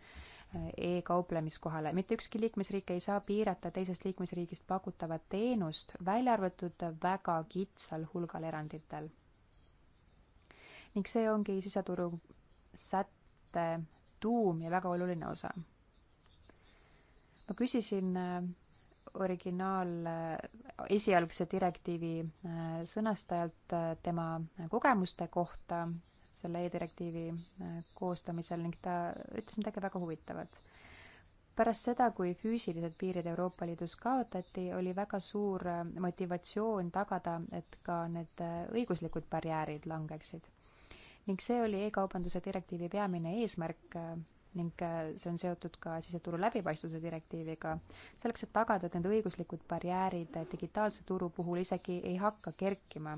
Speaker 4: e-kauplemiskohale. mitte ükski liikmesriik ei saa piirata teisest liikmesriigist pakutavat teenust, välja arvatud väga kitsal hulgal eranditel. ning see ongi siseturu sätte tuum ja väga oluline osa. ma küsisin originaal, esialgse direktiivi äh, sõnastajalt äh, tema kogemuste kohta selle e-direktiivi äh, koostamisel ning ta ütles midagi väga huvitavat. pärast seda, kui füüsilised piirid Euroopa Liidus kaotati, oli väga suur motivatsioon tagada, et ka need õiguslikud barjäärid langeksid ning see oli e-kaubanduse direktiivi peamine eesmärk, ning äh, see on seotud ka siseturu läbipaistvuse direktiiviga, selleks, et tagada, et need õiguslikud barjäärid digitaalse turu puhul isegi ei hakka kerkima.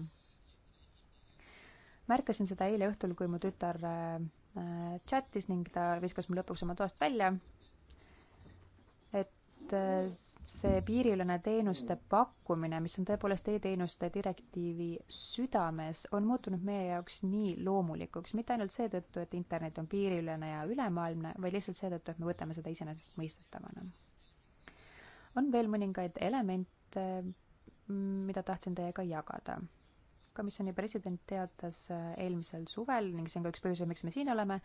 Speaker 4: märkasin seda eile õhtul, kui mu tütar äh, äh chat'is ning ta viskas mu lõpuks oma toast välja et äh, see piiriülene teenuste pakkumine, mis on tõepoolest e-teenuste direktiivi südames, on muutunud meie jaoks nii loomulikuks, mitte ainult seetõttu, et internet on piiriülene ja ülemaailmne, vaid lihtsalt seetõttu, et me võtame seda iseenesestmõistetavana. on veel mõningaid elemente, äh, mida tahtsin teiega jagada komisjoni president teatas äh, eelmisel suvel ning see on ka üks põhjuseid, miks me siin oleme,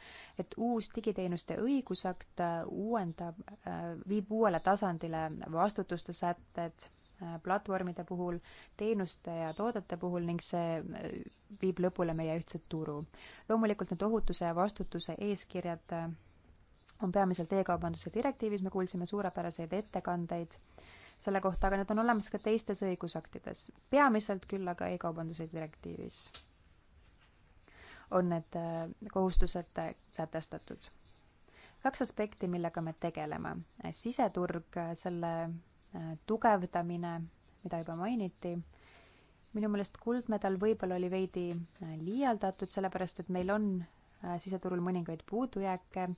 Speaker 4: et uus digiteenuste õigusakt äh, uuendab, äh, viib uuele tasandile vastutuste sätted platvormide puhul, teenuste ja toodete puhul ning see viib lõpule meie ühtse turu. loomulikult need ohutuse ja vastutuse eeskirjad on peamiselt e-kaubanduse direktiivis, me kuulsime suurepäraseid ettekandeid äh, selle kohta, aga need on olemas ka teistes õigusaktides, peamiselt küll aga e-kaubanduse direktiivis on need äh, kohustused äh, sätestatud. kaks aspekti, millega me tegeleme. siseturg, äh, selle tugevdamine, mida juba mainiti, minu meelest kuldmedal võib-olla oli veidi liialdatud, sellepärast et meil on siseturul mõningaid puudujääke,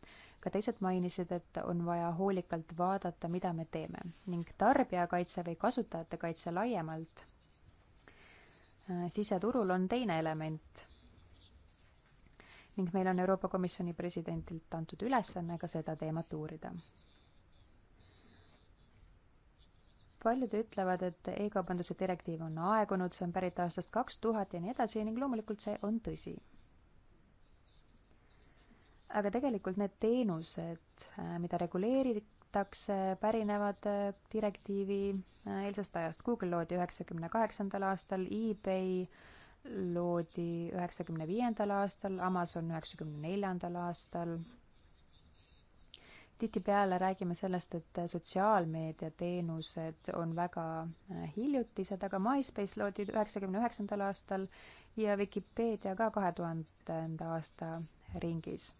Speaker 4: ka teised mainisid, et on vaja hoolikalt vaadata, mida me teeme ning tarbijakaitse või kasutajate kaitse laiemalt äh, siseturul on teine element ning meil on Euroopa Komisjoni presidendilt antud ülesanne ka seda teemat uurida. paljud ütlevad, et e-kaubanduse direktiiv on aegunud, see on pärit aastast kaks tuhat ja nii edasi ning loomulikult see on tõsi aga tegelikult need teenused, äh, mida reguleeritakse, pärinevad äh, direktiivi äh, eilsest ajast. Google loodi üheksakümne kaheksandal aastal, eBay loodi üheksakümne viiendal aastal, Amazon üheksakümne neljandal aastal. tihtipeale räägime sellest, et sotsiaalmeediateenused on väga hiljutised, aga MySpace loodi üheksakümne üheksandal aastal ja Vikipeedia ka kahe tuhandenda aasta ringis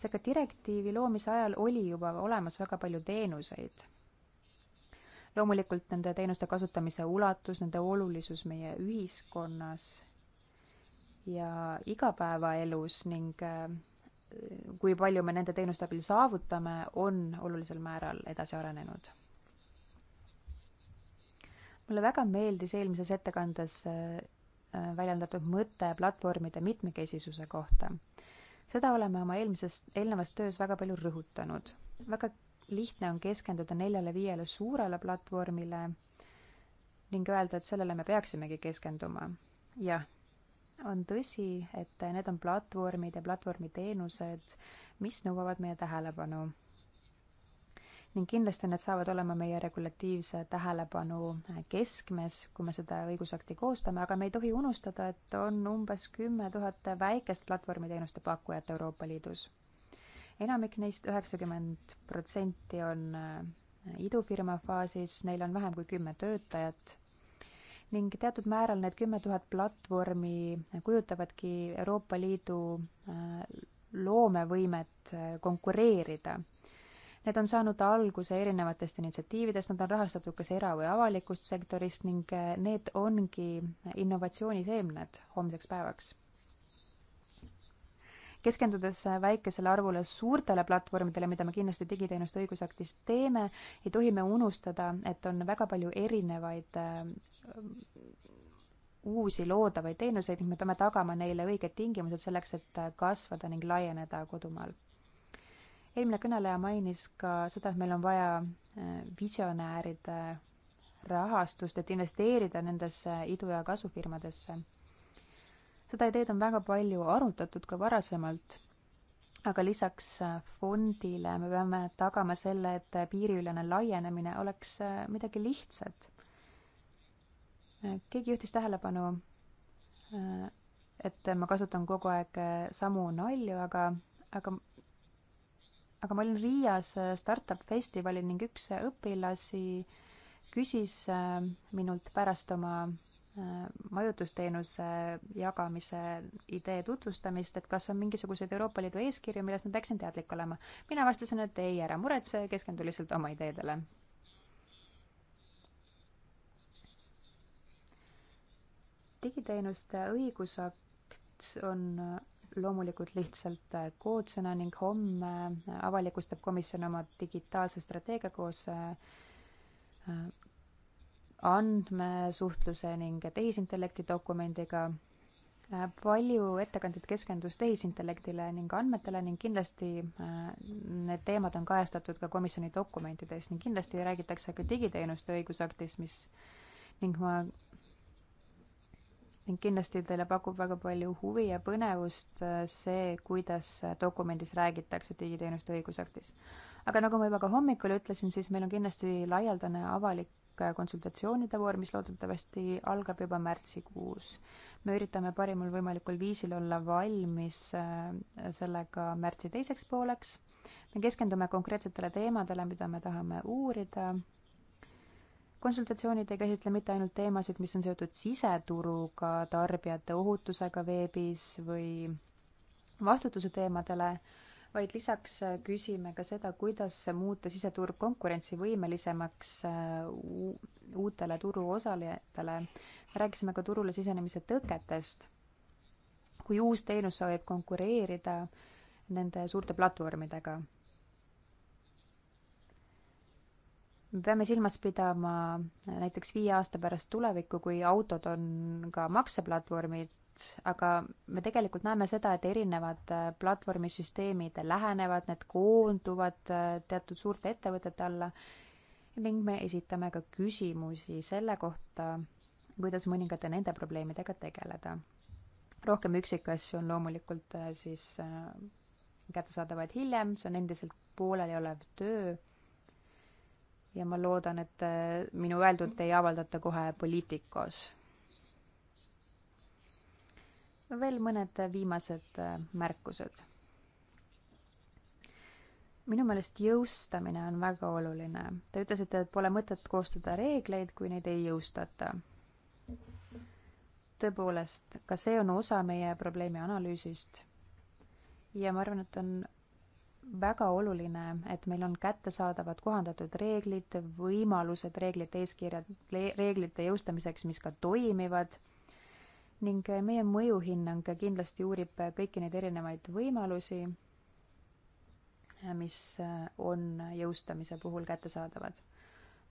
Speaker 4: seega direktiivi loomise ajal oli juba olemas väga palju teenuseid. loomulikult nende teenuste kasutamise ulatus, nende olulisus meie ühiskonnas ja igapäevaelus ning äh, kui palju me nende teenuste abil saavutame, on olulisel määral edasi arenenud mulle väga meeldis eelmises ettekandes äh, äh, väljendatud mõte platvormide mitmekesisuse kohta seda oleme oma eelmises, eelnevas töös väga palju rõhutanud. väga lihtne on keskenduda neljale-viiele suurele platvormile ning öelda, et sellele me peaksimegi keskenduma. jah, on tõsi, et need on platvormid ja platvormiteenused, mis nõuavad meie tähelepanu ning kindlasti need saavad olema meie regulatiivse tähelepanu keskmes, kui me seda õigusakti koostame, aga me ei tohi unustada, et on umbes kümme tuhat väikest platvormiteenuste pakkujat Euroopa Liidus. enamik neist, üheksakümmend protsenti, on äh, idufirma faasis, neil on vähem kui kümme töötajat ning teatud määral need kümme tuhat platvormi kujutavadki Euroopa Liidu äh, loomevõimet äh, konkureerida Need on saanud alguse erinevatest initsiatiividest, nad on rahastatud kas era- või avalikust sektorist ning eh, need ongi innovatsiooniseemned homseks päevaks. keskendudes eh, väikesele arvule suurtele platvormidele, mida me kindlasti digiteenuste õigusaktis teeme, ei tohi me unustada, et on väga palju erinevaid eh, uusi loodavaid teenuseid ning me peame tagama neile õiged tingimused selleks, et kasvada ning laieneda kodumaal eelmine kõneleja mainis ka seda, et meil on vaja äh, visionääride rahastust, et investeerida nendesse idu- ja kasvufirmadesse. seda ideed on väga palju arutatud ka varasemalt, aga lisaks äh, fondile me peame tagama selle, et piiriülene laienemine oleks äh, midagi lihtsat. keegi juhtis tähelepanu, et ma kasutan kogu aeg samu nalju, aga, aga aga ma olin Riias äh, startup festivalil ning üks äh, õpilasi küsis äh, minult pärast oma majutusteenuse jagamise idee tutvustamist, et kas on mingisuguseid Euroopa Liidu eeskirju, millest ma peaksin teadlik olema. mina vastasin, et ei, ära muretse, keskendu lihtsalt oma ideedele. digiteenuste õigusakt on loomulikult lihtsalt äh, koodsõna ning homme äh, avalikustab komisjon oma digitaalse strateegia koos äh, andmesuhtluse ning tehisintellekti dokumendiga. palju ettekandjaid keskendus tehisintellektile ning andmetele ning kindlasti need teemad on kajastatud ka komisjoni dokumentides ning kindlasti räägitakse ka digiteenuste õigusaktist, mis ning ma ning kindlasti teile pakub väga palju huvi ja põnevust äh, see, kuidas äh, dokumendis räägitakse digiteenuste õigusaktis. aga nagu ma juba ka hommikul ütlesin, siis meil on kindlasti laialdane avalik äh, konsultatsioonide voor, mis loodetavasti algab juba märtsikuus. me üritame parimal võimalikul viisil olla valmis sellega märtsi teiseks pooleks. me keskendume konkreetsetele teemadele, mida me tahame uurida konsultatsioonid ei käsitle mitte ainult teemasid, mis on seotud siseturuga, tarbijate ohutusega veebis või vastutuse teemadele, vaid lisaks küsime ka seda, kuidas muuta siseturg konkurentsivõimelisemaks äh, uutele turuosalejatele. rääkisime ka turule sisenemise tõketest. kui uus teenus soovib konkureerida nende suurte platvormidega me peame silmas pidama näiteks viie aasta pärast tulevikku, kui autod on ka makseplatvormid, aga me tegelikult näeme seda, et erinevad äh, platvormisüsteemid lähenevad, need koonduvad äh, teatud suurte ettevõtete alla ning me esitame ka küsimusi selle kohta, kuidas mõningate nende probleemidega tegeleda. rohkem üksikasju on loomulikult äh, siis kättesaadavad hiljem, see on endiselt pooleliolev töö ja ma loodan, et äh, minu öeldut ei avaldata kohe Poliitikos. veel mõned viimased äh, märkused. minu meelest jõustamine on väga oluline. Te ütlesite, et pole mõtet koostada reegleid, kui neid ei jõustata. tõepoolest, ka see on osa meie probleemi analüüsist. ja ma arvan, et on väga oluline, et meil on kättesaadavad kohandatud reeglid, võimalused reeglite eeskirjad, reeglite jõustamiseks, mis ka toimivad ning meie mõjuhinnang kindlasti uurib kõiki neid erinevaid võimalusi, mis on jõustamise puhul kättesaadavad.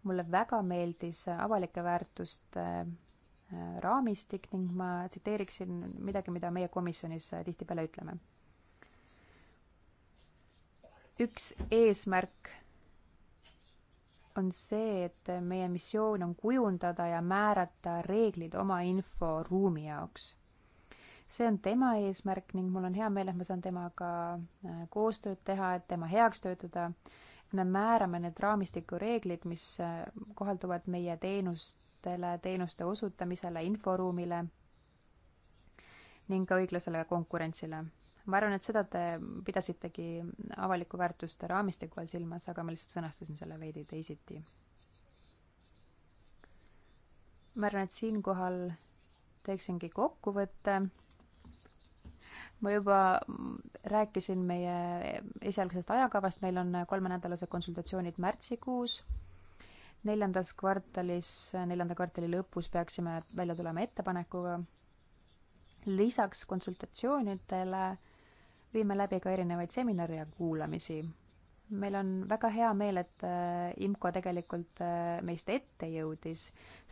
Speaker 4: mulle väga meeldis avalike väärtuste äh, raamistik ning ma tsiteeriksin midagi, mida meie komisjonis tihtipeale ütleme üks eesmärk on see, et meie missioon on kujundada ja määrata reeglid oma inforuumi jaoks. see on tema eesmärk ning mul on hea meel, et ma saan temaga äh, koostööd teha, et tema heaks töötada. me määrame need raamistikureeglid, mis äh, kohalduvad meie teenustele, teenuste osutamisele, inforuumile ning ka õiglasele konkurentsile ma arvan, et seda te pidasitegi avaliku väärtuste raamistiku all silmas, aga ma lihtsalt sõnastasin selle veidi teisiti. ma arvan, et siinkohal teeksingi kokkuvõtte. ma juba rääkisin meie esialgsest ajakavast, meil on kolmenädalased konsultatsioonid märtsikuus. neljandas kvartalis, neljanda kvartali lõpus peaksime välja tulema ettepanekuga lisaks konsultatsioonidele viime läbi ka erinevaid seminare ja kuulamisi. meil on väga hea meel, et äh, IMCO tegelikult äh, meist ette jõudis,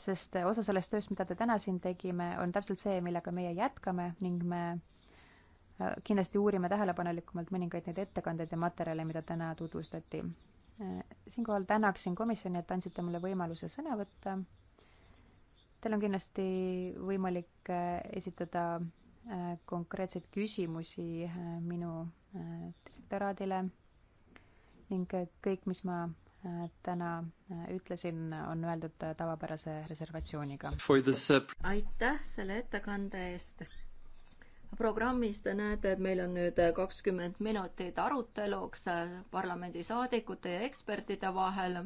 Speaker 4: sest osa sellest tööst, mida te täna siin tegime, on täpselt see, millega meie jätkame ning me äh, kindlasti uurime tähelepanelikumalt mõningaid neid ettekandeid ja materjale, mida täna tutvustati. siinkohal tänaksin komisjoni, et andsite mulle võimaluse sõna võtta. Teil on kindlasti võimalik esitada Äh, konkreetseid küsimusi äh, minu äh, direktoraadile ning kõik, mis ma täna ütlesin, on öeldud tavapärase reservatsiooniga. aitäh selle
Speaker 2: ettekande eest. programmis te näete, et meil on nüüd kakskümmend minutit aruteluks parlamendisaadikute ja ekspertide vahel.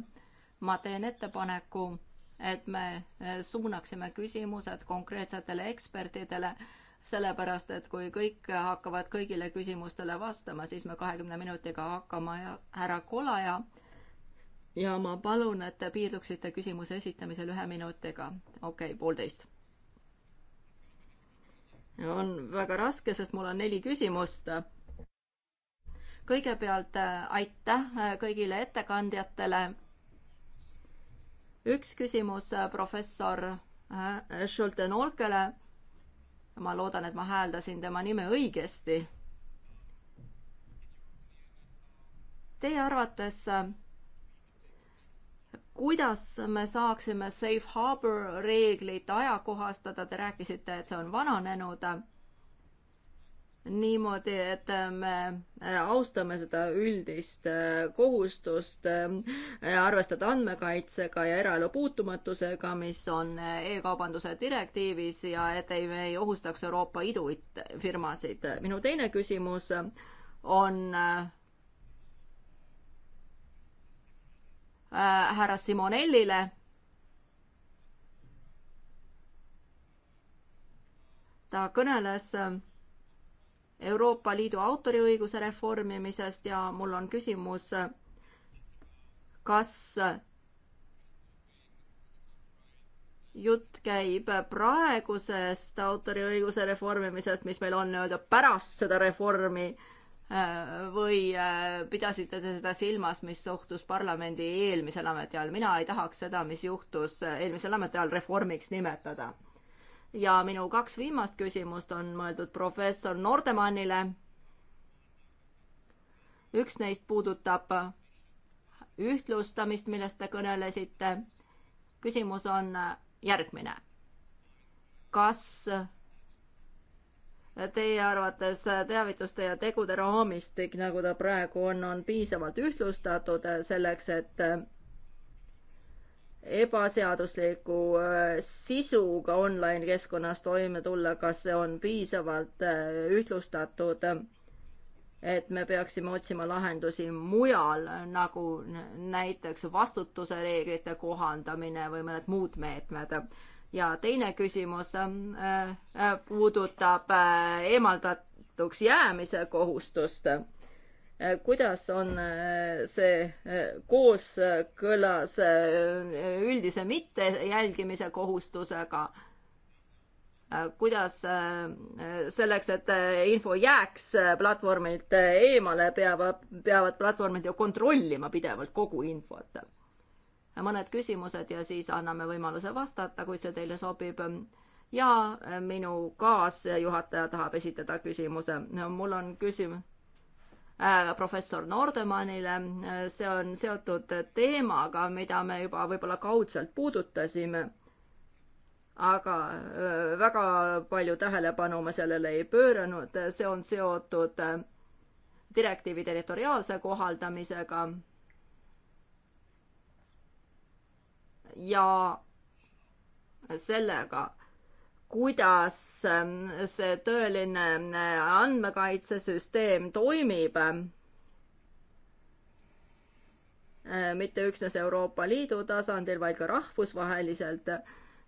Speaker 2: ma teen ettepaneku, et me suunaksime küsimused konkreetsetele ekspertidele sellepärast et kui kõik hakkavad kõigile küsimustele vastama, siis me kahekümne minutiga hakkama ja härra Kolaja ja ma palun, et te piirduksite küsimuse esitamisel ühe minutiga. okei okay,, poolteist. on väga raske, sest mul on neli küsimust. kõigepealt äh, aitäh äh, kõigile ettekandjatele. üks küsimus äh, professor Schulten-Olkele ma loodan, et ma hääldasin tema nime õigesti. Teie arvates, kuidas me saaksime safe harbor reeglit ajakohastada, te rääkisite, et see on vananenud niimoodi, et me äh, austame seda üldist äh, kohustust äh, arvestada andmekaitsega ja eraelu puutumatusega, mis on e-kaubanduse direktiivis ja et ei, me ei ohustaks Euroopa iduit firmasid. minu teine küsimus on härra Simonellile ta kõneles Euroopa Liidu autoriõiguse reformimisest ja mul on küsimus, kas jutt käib praegusest autoriõiguse reformimisest, mis meil on nii-öelda pärast seda reformi või äh, pidasite te seda silmas, mis suhtus parlamendi eelmisel ametiajal? mina ei tahaks seda, mis juhtus eelmisel ametiajal, reformiks nimetada ja minu kaks viimast küsimust on mõeldud professor Nordemannile. üks neist puudutab ühtlustamist, millest te kõnelesite. küsimus on järgmine. kas teie arvates teavituste ja tegude raamistik, nagu ta praegu on, on piisavalt ühtlustatud selleks, et ebaseadusliku äh, sisuga online keskkonnas toime tulla, kas see on piisavalt äh, ühtlustatud, et me peaksime otsima lahendusi mujal, nagu näiteks vastutuse reeglite kohandamine või mõned muud meetmed. ja teine küsimus äh, puudutab eemaldat töötuks jäämise kohustust. Äh, kuidas on äh, see äh, kooskõlas üldise mittejälgimise kohustusega, kuidas selleks, et info jääks platvormilt eemale, peavad, peavad platvormid ju kontrollima pidevalt kogu infot. mõned küsimused ja siis anname võimaluse vastata, kui see teile sobib ja minu kaasjuhataja tahab esitada küsimuse. mul on küsimus Äh, professor Nordemannile. see on seotud teemaga, mida me juba võib-olla kaudselt puudutasime. aga äh, väga palju tähelepanu me sellele ei pööranud, see on seotud äh, direktiivi territoriaalse kohaldamisega. ja sellega kuidas ähm, see tõeline äh, andmekaitsesüsteem toimib. Äh, mitte üksnes Euroopa Liidu tasandil, vaid ka rahvusvaheliselt.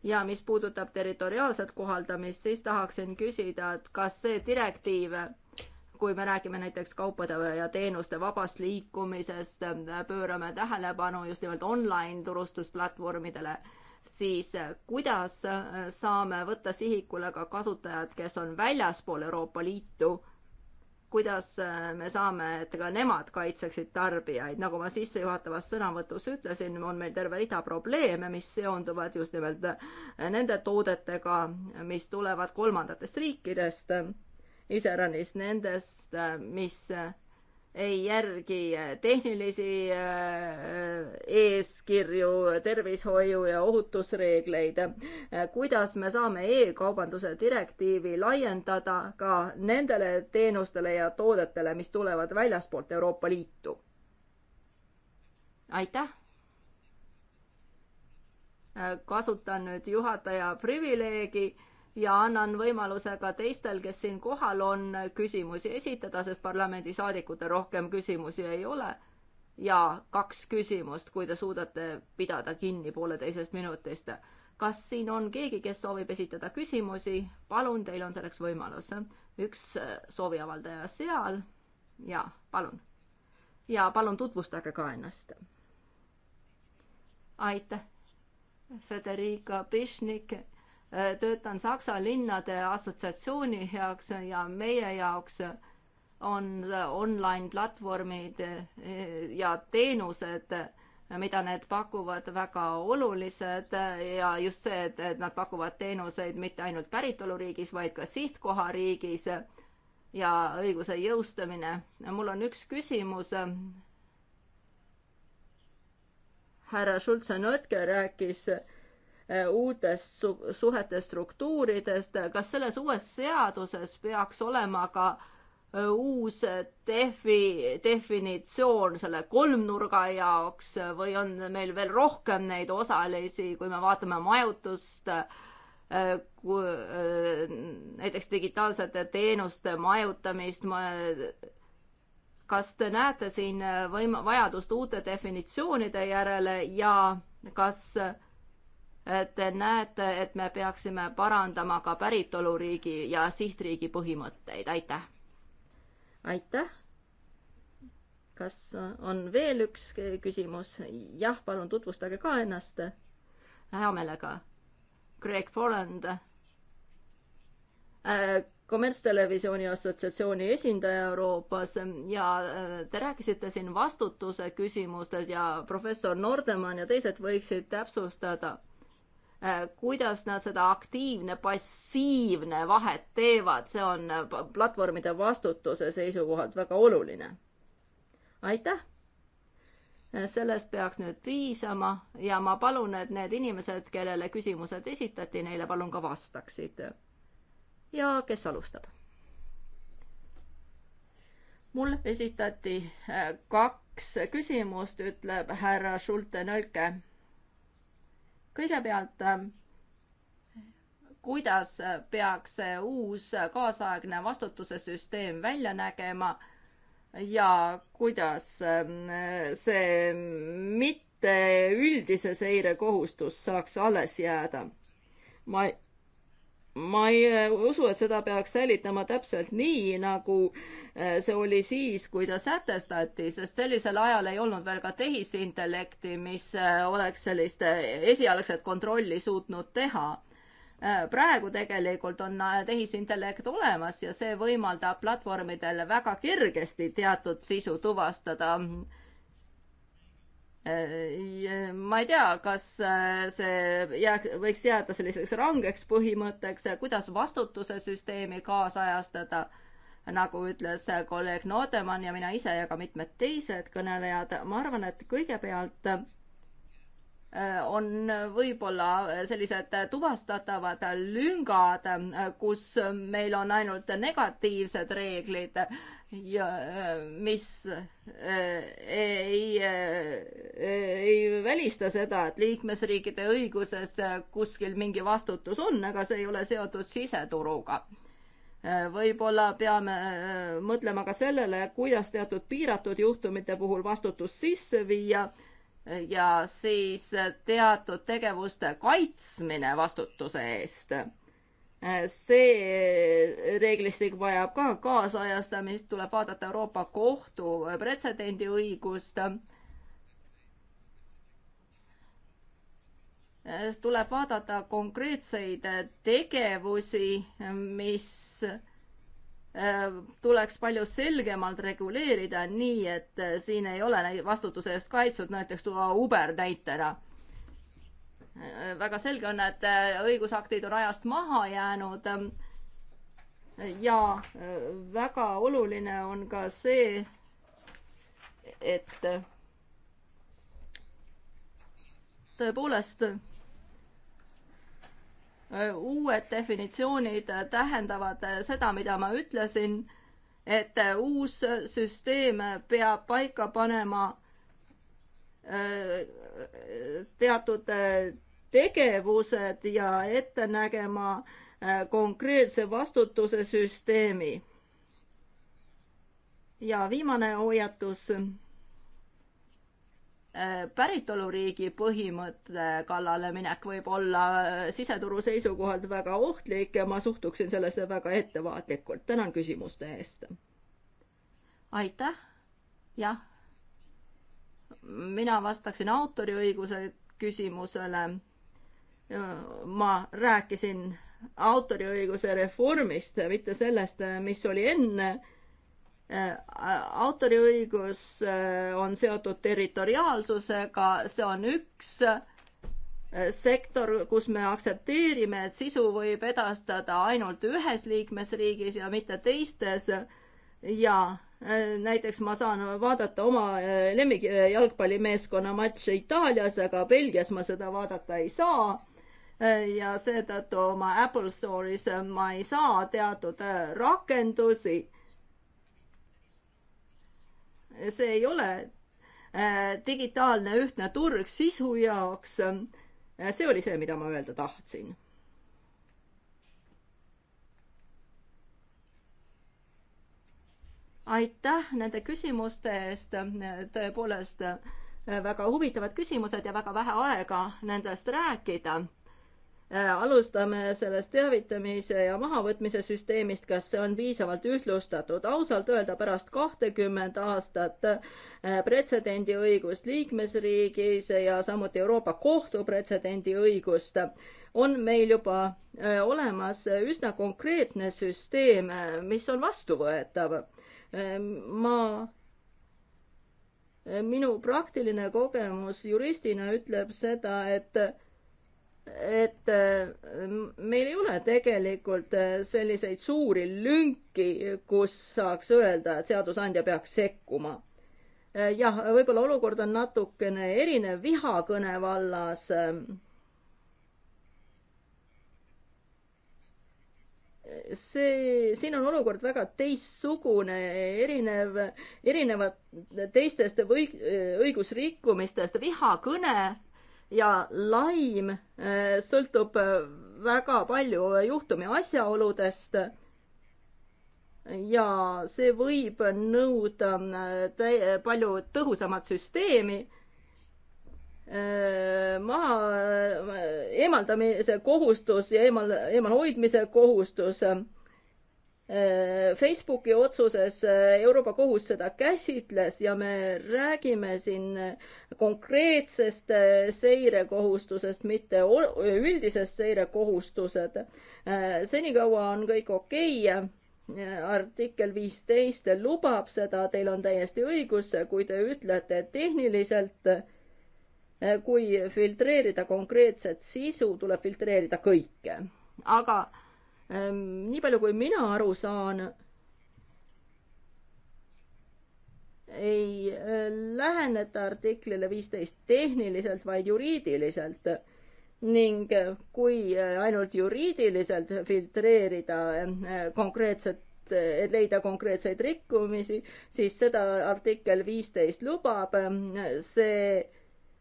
Speaker 2: ja mis puudutab territoriaalset kohaldamist, siis tahaksin küsida, et kas see direktiiv, kui me räägime näiteks kaupade ja teenuste vabast liikumisest, äh, pöörame tähelepanu just nimelt online turustusplatvormidele siis äh, kuidas äh, saame võtta sihikule ka kasutajad, kes on väljaspool Euroopa Liitu, kuidas äh, me saame, et ka nemad kaitseksid tarbijaid, nagu ma sissejuhatavas sõnavõtus ütlesin, on meil terve rida probleeme, mis seonduvad just nimelt nende toodetega, mis tulevad kolmandatest riikidest, iseäranis nendest, mis ei järgi äh, tehnilisi äh, äh, eeskirju, tervishoiu ja ohutusreegleid. kuidas me saame e-kaubanduse direktiivi laiendada ka nendele teenustele ja toodetele, mis tulevad väljaspoolt Euroopa Liitu? aitäh! kasutan nüüd juhataja privileegi ja annan võimaluse ka teistel, kes siin kohal on, küsimusi esitada, sest parlamendisaadikutel rohkem küsimusi ei ole. ja kaks küsimust, kui te suudate pidada kinni pooleteisest minutist. kas siin on keegi, kes soovib esitada küsimusi? palun, teil on selleks võimalus. üks sooviavaldaja seal. ja palun. ja palun tutvustage ka ennast. aitäh. Federica Pišnik Äh, töötan Saksa linnade assotsiatsiooni heaks ja meie jaoks on äh, online platvormid äh, ja teenused, mida need pakuvad, väga olulised ja just see, et, et nad pakuvad teenuseid mitte ainult päritoluriigis, vaid ka sihtkohariigis ja õiguse jõustamine. mul on üks küsimus härra Schulze-Notke rääkis uutest suhete struktuuridest, kas selles uues seaduses peaks olema ka uus defi-, definitsioon selle kolmnurga jaoks või on meil veel rohkem neid osalisi, kui me vaatame majutust, näiteks digitaalsete teenuste majutamist, kas te näete siin võim-, vajadust uute definitsioonide järele ja kas äh, te näete, et me peaksime parandama ka päritoluriigi ja sihtriigi põhimõtteid, aitäh. aitäh. kas on veel üks küsimus? jah, palun tutvustage ka ennast. hea meelega. Greg Poland äh, kommertstelevisiooni assotsiatsiooni esindaja Euroopas ja äh, te rääkisite siin vastutuse küsimustest ja professor Nordemann ja teised võiksid täpsustada, Äh, kuidas nad seda aktiivne-passiivne vahet teevad, see on äh, platvormide vastutuse seisukohalt väga oluline. aitäh! Äh, sellest peaks nüüd piisama ja ma palun, et need inimesed, kellele küsimused esitati, neile palun ka vastaksid. ja kes alustab? mul esitati kaks küsimust, ütleb härra Schulte-Nölke kõigepealt, ähm, kuidas peaks see uus kaasaegne vastutuse süsteem välja nägema ja kuidas ähm, see mitte üldise seire kohustus saaks alles jääda? ma ma ei äh, usu, et seda peaks säilitama täpselt nii, nagu äh, see oli siis, kui ta sätestati, sest sellisel ajal ei olnud veel ka tehisintellekti, mis äh, oleks sellist esialgset kontrolli suutnud teha. praegu tegelikult on tehisintellekt olemas ja see võimaldab platvormidel väga kergesti teatud sisu tuvastada Äh, ma ei tea, kas äh, see jää, võiks jääda selliseks rangeks põhimõtteks, äh, kuidas vastutuse süsteemi kaasajastada, nagu ütles kolleeg Nodemann ja mina ise ja ka mitmed teised kõnelejad, ma arvan, et kõigepealt on võib-olla sellised tuvastatavad lüngad, kus meil on ainult negatiivsed reeglid ja äh, mis äh, ei, äh, ei välista seda, et liikmesriikide õiguses kuskil mingi vastutus on, aga see ei ole seotud siseturuga. võib-olla peame mõtlema ka sellele, kuidas teatud piiratud juhtumite puhul vastutus sisse viia ja siis teatud tegevuste kaitsmine vastutuse eest see eh, reeglistik vajab ka kaasajastamist, tuleb vaadata Euroopa Kohtu eh, pretsedendiõigust. Eh, tuleb vaadata konkreetseid tegevusi, mis tuleks palju selgemalt reguleerida, nii et siin ei ole vastutuse eest kaitstud, näiteks tuua Uber näitena Äh, väga selge on, et äh, õigusaktid on ajast maha jäänud. ja äh, väga oluline on ka see, et tõepoolest uued definitsioonid tähendavad seda, mida ma ütlesin, et uus süsteem peab paika panema teatud tegevused ja ette nägema äh, konkreetse vastutuse süsteemi. ja viimane hoiatus äh, päritoluriigi põhimõtte kallale minek võib olla äh, siseturu seisukohalt väga ohtlik ja ma suhtuksin sellesse väga ettevaatlikult. tänan küsimuste eest. aitäh. jah. mina vastaksin autoriõiguse küsimusele ma rääkisin autoriõiguse reformist, mitte sellest, mis oli enne. Äh, autoriõigus äh, on seotud territoriaalsusega, see on üks äh, sektor, kus me aktsepteerime, et sisu võib edastada ainult ühes liikmesriigis ja mitte teistes. ja näiteks ma saan vaadata oma lemmikjalgpallimeeskonna matše Itaalias, aga Belgias ma seda vaadata ei saa ja seetõttu oma Apple Store'is ma ei saa teatud äh, rakendusi. see ei ole äh, digitaalne ühtne turg sisu jaoks. see oli see, mida ma öelda tahtsin aitäh nende küsimuste eest, tõepoolest äh, väga huvitavad küsimused ja väga vähe aega nendest rääkida. Äh, alustame sellest teavitamise ja mahavõtmise süsteemist, kas see on piisavalt ühtlustatud. ausalt öelda pärast kahtekümmend aastat äh, pretsedendi õigust liikmesriigis ja samuti Euroopa Kohtu pretsedendi õigust on meil juba äh, olemas üsna konkreetne süsteem, mis on vastuvõetav. ma minu praktiline kogemus juristina ütleb seda, et et äh, meil ei ole tegelikult äh, selliseid suuri lünki, kus saaks öelda, et seadusandja peaks sekkuma. Äh, jah, võib-olla olukord on natukene erinev vihakõne vallas. see, siin on olukord väga teistsugune, erinev, erinevad teistest või õigusrikkumistest vihakõne ja laim eh, sõltub eh, väga palju juhtumi asjaoludest. ja see võib nõuda eh, palju tõhusamat süsteemi maha eemaldamise kohustus ja eemal, eemalhoidmise kohustus Äh, Facebooki otsuses äh, Euroopa Kohus seda käsitles ja me räägime siin äh, konkreetsest seirekohustusest, mitte üldisest seirekohustused. senikaua on kõik okei okay. artikkel viisteist lubab seda, teil on täiesti õigus, kui te ütlete, et tehniliselt kui filtreerida konkreetset sisu, tuleb filtreerida kõike. aga Ehm, nii palju, kui mina aru saan, ei eh, läheneta artiklile viisteist tehniliselt, vaid juriidiliselt ning eh, kui eh, ainult juriidiliselt filtreerida konkreetset et leida konkreetseid rikkumisi, siis seda artikkel viisteist lubab, ehm, see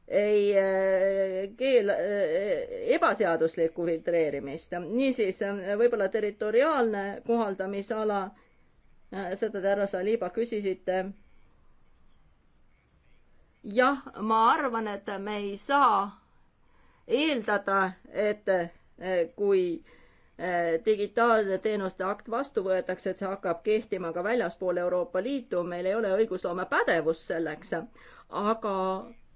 Speaker 2: ei äh, keel-, äh, ebaseaduslikku filtreerimist. niisiis, äh, võib-olla territoriaalne kohaldamisala, seda te, härra Saliba, küsisite. jah, ma arvan, et me ei saa eeldada, et kui digitaalse teenuste akt vastu võetakse, et see hakkab kehtima ka väljaspool Euroopa Liitu, meil ei ole õigusloome pädevust selleks, aga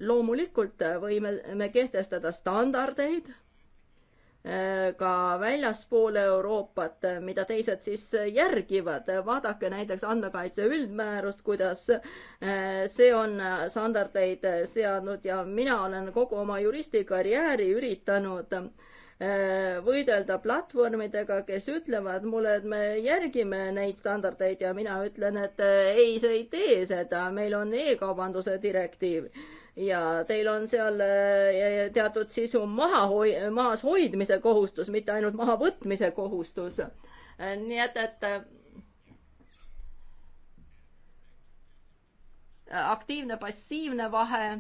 Speaker 2: loomulikult äh, võime me kehtestada standardeid äh, ka väljaspool Euroopat, äh, mida teised siis järgivad. vaadake näiteks andmekaitse üldmäärust, kuidas see on standardeid seadnud ja mina olen kogu oma juristikarjääri üritanud võidelda platvormidega, kes ütlevad mulle, et me järgime neid standardeid ja mina ütlen, et ei, see ei tee seda, meil on e-kaubanduse direktiiv ja teil on seal eh, teatud sisu maha hoi-, maas hoidmise kohustus, mitte ainult mahavõtmise kohustus. Eh, nii et, et eh, aktiivne, passiivne vahe.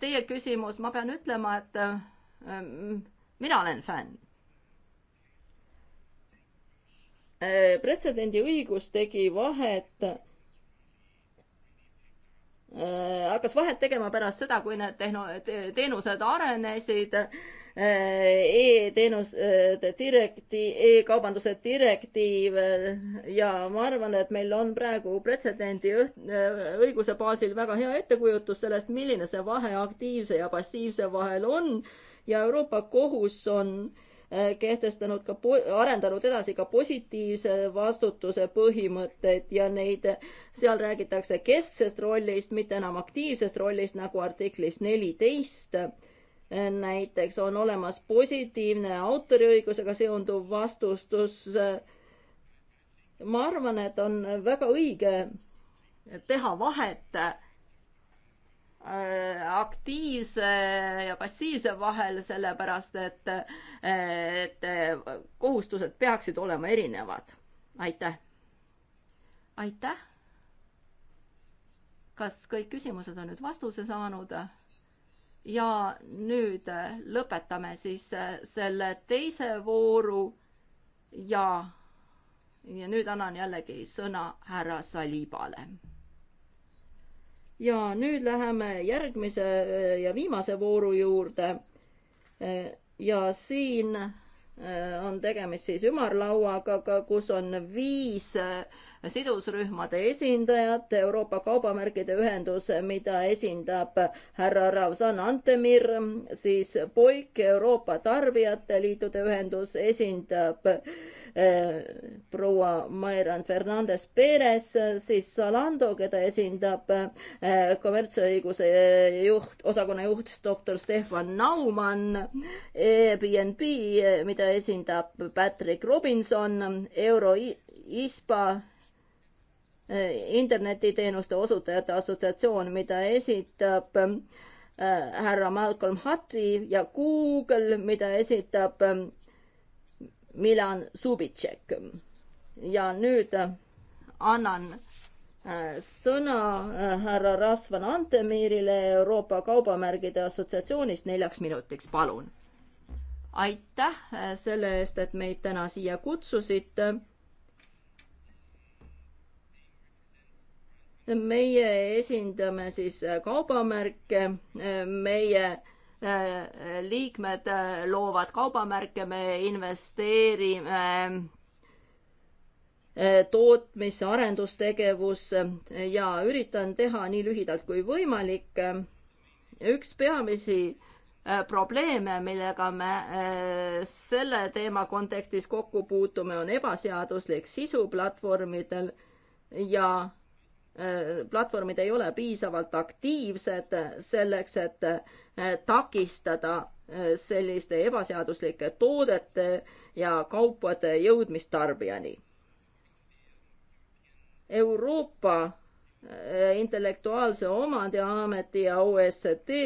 Speaker 2: Teie küsimus, ma pean ütlema, et mina olen fänn. pretsedendi õigus tegi vahet Äh, hakkas vahet tegema pärast seda, kui need tehno-, teenused arenesid e, e-teenus, äh, direktiiv e, e-kaubanduse direktiiv ja ma arvan, et meil on praegu pretsedendi õiguse baasil väga hea ettekujutus sellest, milline see vahe aktiivse ja passiivse vahel on ja Euroopa Kohus on äh, Eh, kehtestanud ka, arendanud edasi ka positiivse vastutuse põhimõtteid ja neid, seal räägitakse kesksest rollist, mitte enam aktiivsest rollist nagu artiklis neliteist. Eh, näiteks on olemas positiivne autoriõigusega seonduv vastustus. ma arvan, et on väga õige teha vahet Äh, aktiivse ja passiivse vahel, sellepärast et, et kohustused peaksid olema erinevad. aitäh. aitäh. kas kõik küsimused on nüüd vastuse saanud? ja nüüd lõpetame siis äh, selle teise vooru ja, ja nüüd annan jällegi sõna härra Salibale ja nüüd läheme järgmise äh, ja viimase vooru juurde. Äh, ja siin äh, on tegemist siis ümarlauaga, kus on viis sidusrühmade esindajat, Euroopa Kaubamärkide Ühendus, mida esindab härra Ravzan Antemir, siis Poik Euroopa Tarbijate Liitude Ühendus esindab äh, proua Mairan Fernandez Perez, siis Zalando, keda esindab äh, kommertsõiguse juht, osakonna juht doktor Stefan Naumann, Airbnb, mida esindab Patrick Robinson, Euro ISPA äh, internetiteenuste osutajate assotsiatsioon, mida esitab äh, härra Malcolm Hatti ja Google, mida esitab Milan Subitšek. ja nüüd äh, annan äh, sõna äh, härra Rasvan Antemirile Euroopa Kaubamärgide Assotsiatsioonist neljaks minutiks, palun. aitäh selle eest, et meid täna siia kutsusite meie esindame siis kaubamärke, meie liikmed äh, loovad kaubamärke, me investeerime äh, tootmisse, arendustegevusse ja üritan teha nii lühidalt kui võimalik. üks peamisi äh, probleeme, millega me selle teema kontekstis kokku puutume, on ebaseaduslik sisu platvormidel ja platvormid ei ole piisavalt aktiivsed selleks, et eh, takistada eh, selliste ebaseaduslike toodete ja kaupade jõudmist tarbijani. Euroopa eh, Intellektuaalse Omandi Ameti ja OSCD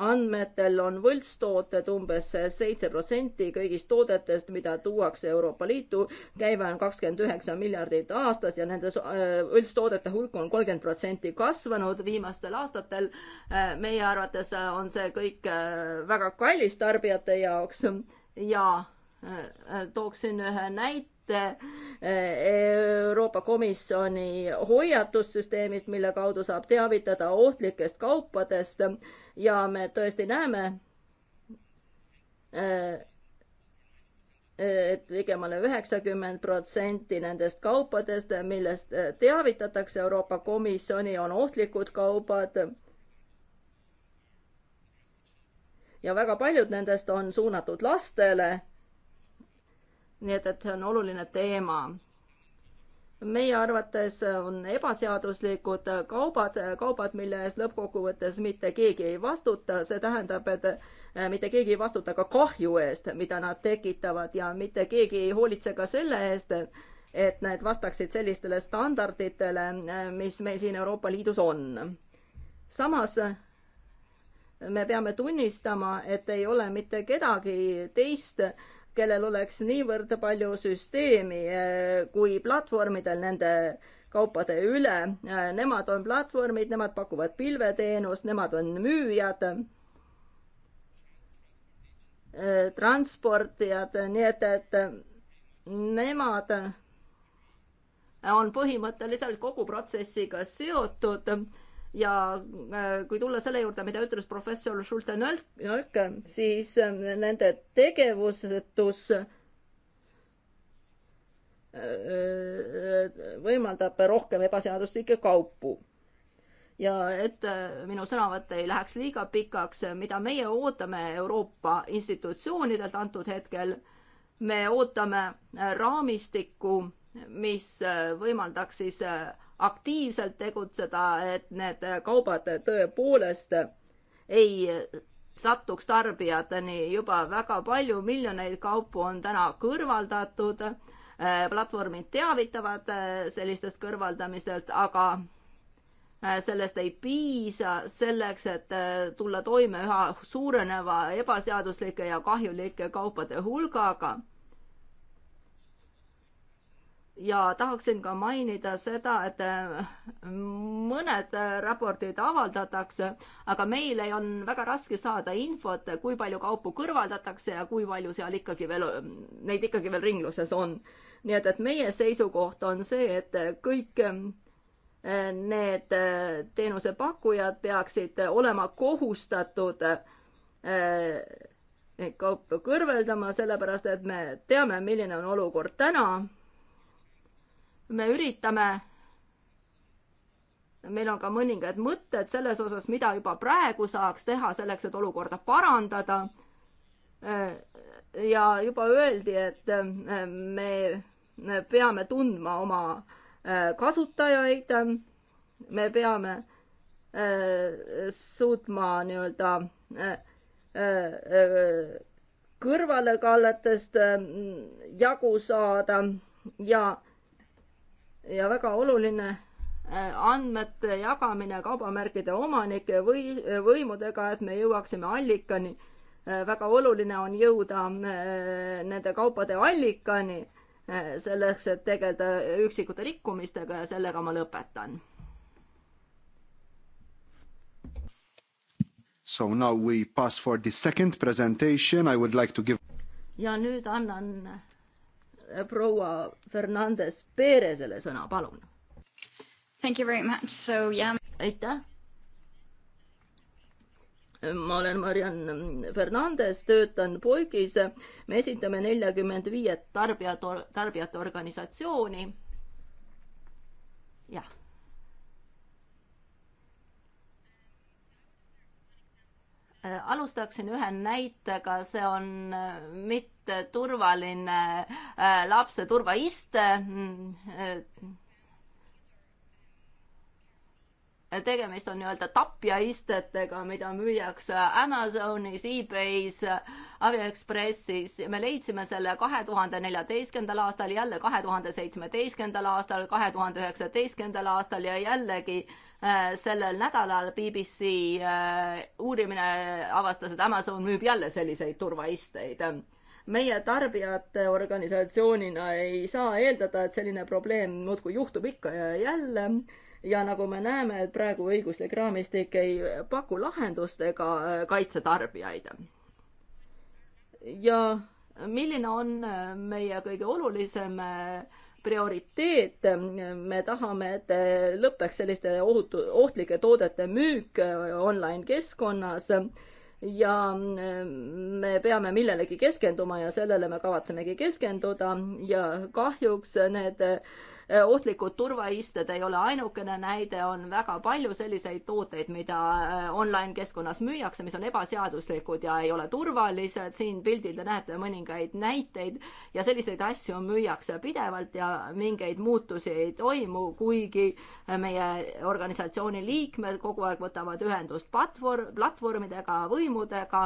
Speaker 2: andmetel on võltstooted umbes seitse protsenti kõigist toodetest, mida tuuakse Euroopa Liitu. käive on kakskümmend üheksa miljardit aastas ja nende äh, võltstoodete hulk on kolmkümmend protsenti kasvanud viimastel aastatel. Äh, meie arvates äh, on see kõik väga kallis tarbijate jaoks ja tooksin ühe näite Eh, Euroopa Komisjoni hoiatussüsteemist, mille kaudu saab teavitada ohtlikest kaupadest ja me tõesti näeme, eh, et ligemale üheksakümmend protsenti nendest kaupadest, millest teavitatakse Euroopa Komisjoni, on ohtlikud kaubad. ja väga paljud nendest on suunatud lastele nii et, et see on oluline teema meie arvates on ebaseaduslikud kaubad, kaubad, mille eest lõppkokkuvõttes mitte keegi ei vastuta, see tähendab, et äh, mitte keegi ei vastuta ka kahju eest, mida nad tekitavad ja mitte keegi ei hoolitse ka selle eest, et need vastaksid sellistele standarditele, äh, mis meil siin Euroopa Liidus on. samas äh, me peame tunnistama, et ei ole mitte kedagi teist, kellel oleks niivõrd palju süsteemi eh, kui platvormidel nende kaupade üle. Eh, nemad on platvormid, nemad pakuvad pilveteenust, nemad on müüjad, eh, transportijad, nii et, et nemad on põhimõtteliselt kogu protsessiga seotud ja äh, kui tulla selle juurde, mida ütles professor Schulte-Nölk, siis äh, nende tegevusetus äh, võimaldab rohkem ebaseaduslikke kaupu. ja et minu sõnavõtt ei läheks liiga pikaks, mida meie ootame Euroopa institutsioonidelt antud hetkel, me ootame raamistikku, mis võimaldaks siis aktiivselt tegutseda, et need kaubad tõepoolest ei satuks tarbijateni juba väga palju miljoneid kaupu on täna kõrvaldatud. platvormid teavitavad sellistest kõrvaldamistest, aga sellest ei piisa selleks, et tulla toime üha suureneva ebaseaduslike ja kahjulike kaupade hulgaga ja tahaksin ka mainida seda, et äh, mõned raportid avaldatakse, aga meile on väga raske saada infot, kui palju kaupu kõrvaldatakse ja kui palju seal ikkagi veel, neid ikkagi veel ringluses on. nii et, et meie seisukoht on see, et kõik äh, need äh, teenusepakkujad peaksid olema kohustatud kaupa kõrveldama, sellepärast et me teame, milline on olukord täna me üritame, meil on ka mõningad mõtted selles osas, mida juba praegu saaks teha selleks, et olukorda parandada. ja juba öeldi, et me peame tundma oma kasutajaid. me peame äh, suutma nii-öelda äh, äh, kõrvalekalletest jagu saada ja ja väga oluline äh, andmete jagamine kaubamärkide omanike või äh, võimudega, et me jõuaksime allikani. Äh, väga oluline on jõuda nende kaupade allikani selleks, et tegeleda üksikute rikkumistega ja sellega ma lõpetan.
Speaker 7: So now we pass for the second presentation, I would like to give.
Speaker 2: ja nüüd annan proua Fernandes Perezele sõna, palun. Thank you very much, so yeah. aitäh ma olen Mariann Fernandes, töötan Boigis. me esindame neljakümmend viiet tarbijat, tarbijate organisatsiooni. jah Äh, alustaksin ühe näitega, see on äh, mitte turvaline äh, lapse turvaiste. tegemist on nii-öelda tapjaistetega, mida müüakse Amazonis e, e-Bay's, Aviekspressis. me leidsime selle kahe tuhande neljateistkümnendal aastal, jälle kahe tuhande seitsmeteistkümnendal aastal, kahe tuhande üheksateistkümnendal aastal ja jällegi äh, Äh, sellel nädalal BBC äh, uurimine avastas, et Amazon müüb jälle selliseid turvaisteid. meie tarbijate organisatsioonina ei saa eeldada, et selline probleem muudkui juhtub ikka ja jälle ja nagu me näeme, et praegu õiguslik raamistik ei paku lahendust ega äh, kaitse tarbijaid. ja milline on meie kõige olulisem äh, prioriteet. me tahame, et lõpeks selliste ohutu, ohtlike toodete müük online keskkonnas ja me peame millelegi keskenduma ja sellele me kavatsemegi keskenduda ja kahjuks need äh, Äh, ohtlikud turvaisted ei ole ainukene näide, on väga palju selliseid tooteid, mida äh, online keskkonnas müüakse, mis on ebaseaduslikud ja ei ole turvalised. siin pildil te näete mõningaid näiteid ja selliseid asju müüakse pidevalt ja mingeid muutusi ei toimu, kuigi äh, meie organisatsiooni liikmed kogu aeg võtavad ühendust platvorm, platvormidega, võimudega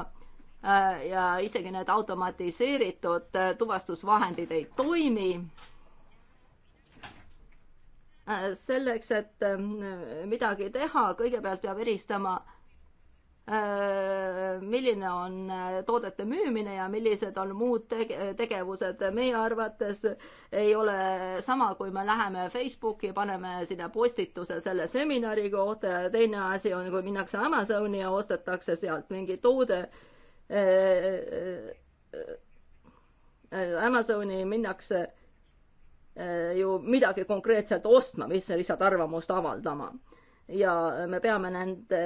Speaker 2: ja isegi need automatiseeritud tuvastusvahendid ei toimi Äh, selleks, et ähm, midagi teha, kõigepealt peab eristama, äh, milline on äh, toodete müümine ja millised on muud tege tegevused. meie arvates ei ole sama, kui me läheme Facebooki, paneme sinna postituse selle seminari kohta ja teine asi on, kui minnakse Amazoni ja ostetakse sealt mingi toode Amazoni minnakse Äh, ju midagi konkreetselt ostma, mitte lihtsalt arvamust avaldama. ja me peame nende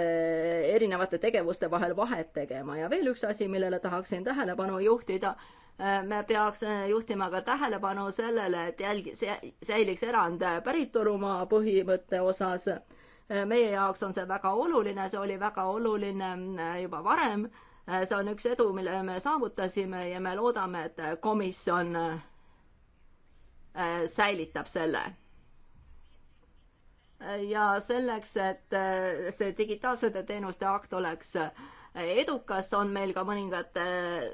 Speaker 2: erinevate tegevuste vahel vahet tegema ja veel üks asi, millele tahaksin tähelepanu juhtida, äh, me peaks äh, juhtima ka tähelepanu sellele, et jälgi-, säiliks erand päritolumaa põhimõtte osas. meie jaoks on see väga oluline, see oli väga oluline juba varem, see on üks edu, mille me saavutasime ja me loodame, et komisjon Äh, säilitab selle. ja selleks, et äh, see digitaalsete teenuste akt oleks äh, edukas, on meil ka mõningad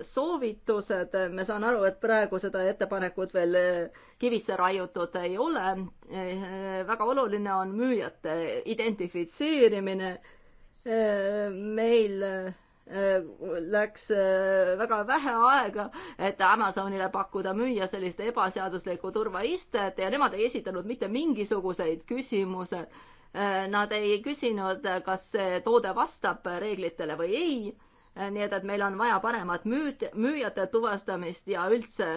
Speaker 2: soovitused. ma saan aru, et praegu seda ettepanekut veel kivisse raiutud ei ole. väga oluline on müüjate identifitseerimine. meil Äh, läks äh, väga vähe aega, et Amazonile pakkuda müüa sellist ebaseaduslikku turvaistet ja nemad ei esitanud mitte mingisuguseid küsimusi. Äh, nad ei küsinud, kas see toode vastab reeglitele või ei. nii et, et meil on vaja paremat müüd, müüjate tuvastamist ja üldse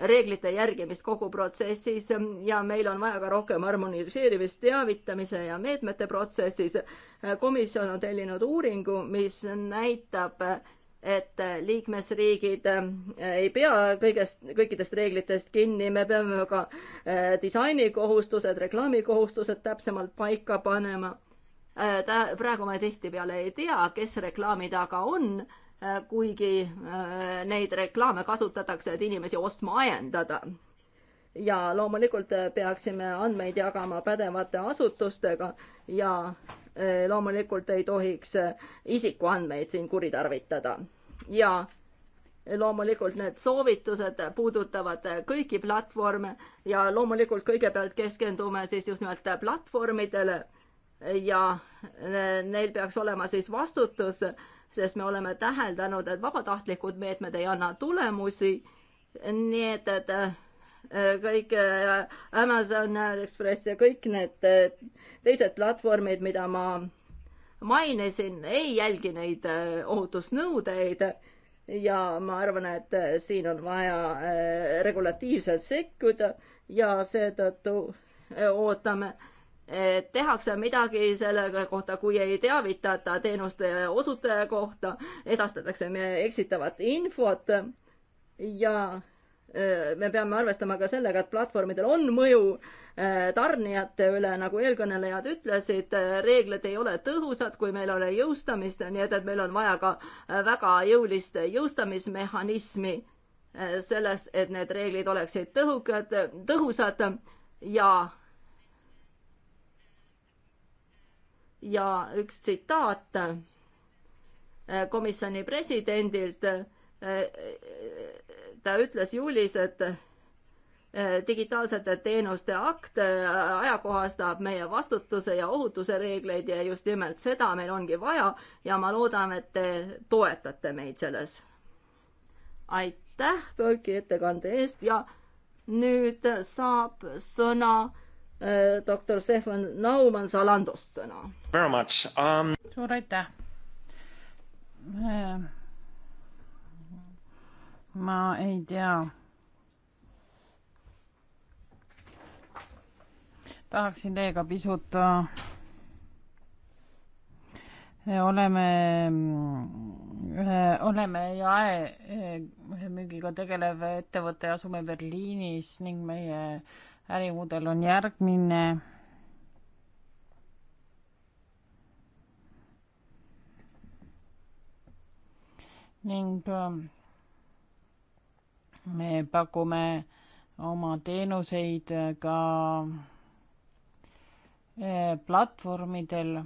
Speaker 2: reeglite järgimist kogu protsessis ähm, ja meil on vaja ka rohkem harmoniseerimist teavitamise ja meetmete protsessis. Äh, komisjon on tellinud uuringu, mis näitab, et liikmesriigid ähm, ei pea kõigest, kõikidest reeglitest kinni, me peame ka äh, disainikohustused, reklaamikohustused täpsemalt paika panema. Äh, ta, praegu me tihtipeale ei tea, kes reklaami taga on Äh, kuigi äh, neid reklaame kasutatakse, et inimesi ostma ajendada. ja loomulikult äh, peaksime andmeid jagama pädevate asutustega ja loomulikult ei tohiks isikuandmeid siin kuritarvitada. ja loomulikult need soovitused puudutavad kõiki platvorme ja loomulikult kõigepealt keskendume siis just nimelt platvormidele ja neil peaks olema siis vastutus sest me oleme täheldanud, et vabatahtlikud meetmed ei anna tulemusi. nii et, et äh, kõik äh, Amazon Express ja kõik need äh, teised platvormid, mida ma mainisin, ei jälgi neid ohutusnõudeid ja ma arvan, et siin on vaja regulatiivselt sekkuda ja seetõttu ootame tehakse midagi selle kohta, kui ei teavitata teenuste osutaja kohta, edastatakse eksitavat infot ja e, me peame arvestama ka sellega, et platvormidel on mõju e, tarnijate üle, nagu eelkõnelejad ütlesid, e, reeglid ei ole tõhusad, kui meil ei ole jõustamist, nii et, et meil on vaja ka väga jõulist jõustamismehhanismi selles, et need reeglid oleksid tõhukad, tõhusad ja ja üks tsitaat äh, komisjoni presidendilt. Äh, ta ütles juulis, et äh, digitaalsete teenuste akt ajakohastab meie vastutuse ja ohutuse reegleid ja just nimelt seda meil ongi vaja ja ma loodan, et te toetate meid selles. aitäh Põlki ettekande eest ja nüüd saab sõna Äh, doktor Stefan Naumann Zalandost sõna.
Speaker 6: Um... suur aitäh. Äh, ma ei tea. tahaksin teiega pisut äh, oleme, oleme jaemüügiga tegelev ettevõte, asume Berliinis ning meie äh, ärimudel on järgmine. ning ähm, me pakume oma teenuseid äh, ka äh, platvormidel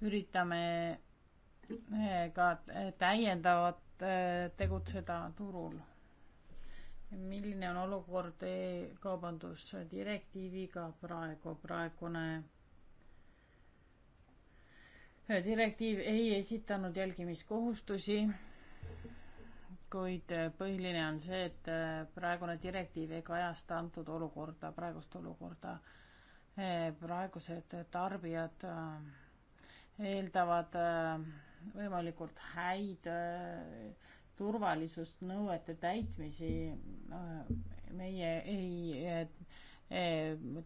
Speaker 6: üritame äh, ka täiendavat Äh, tegutseda turul. milline on olukord e-kaubandusdirektiiviga praegu, praegune äh, direktiiv ei esitanud jälgimiskohustusi, kuid äh, põhiline on see, et praegune direktiiv ei kajasta antud olukorda, praegust olukorda. praegused tarbijad eeldavad äh, võimalikult häid äh, turvalisusnõuete täitmisi äh, meie ei äh,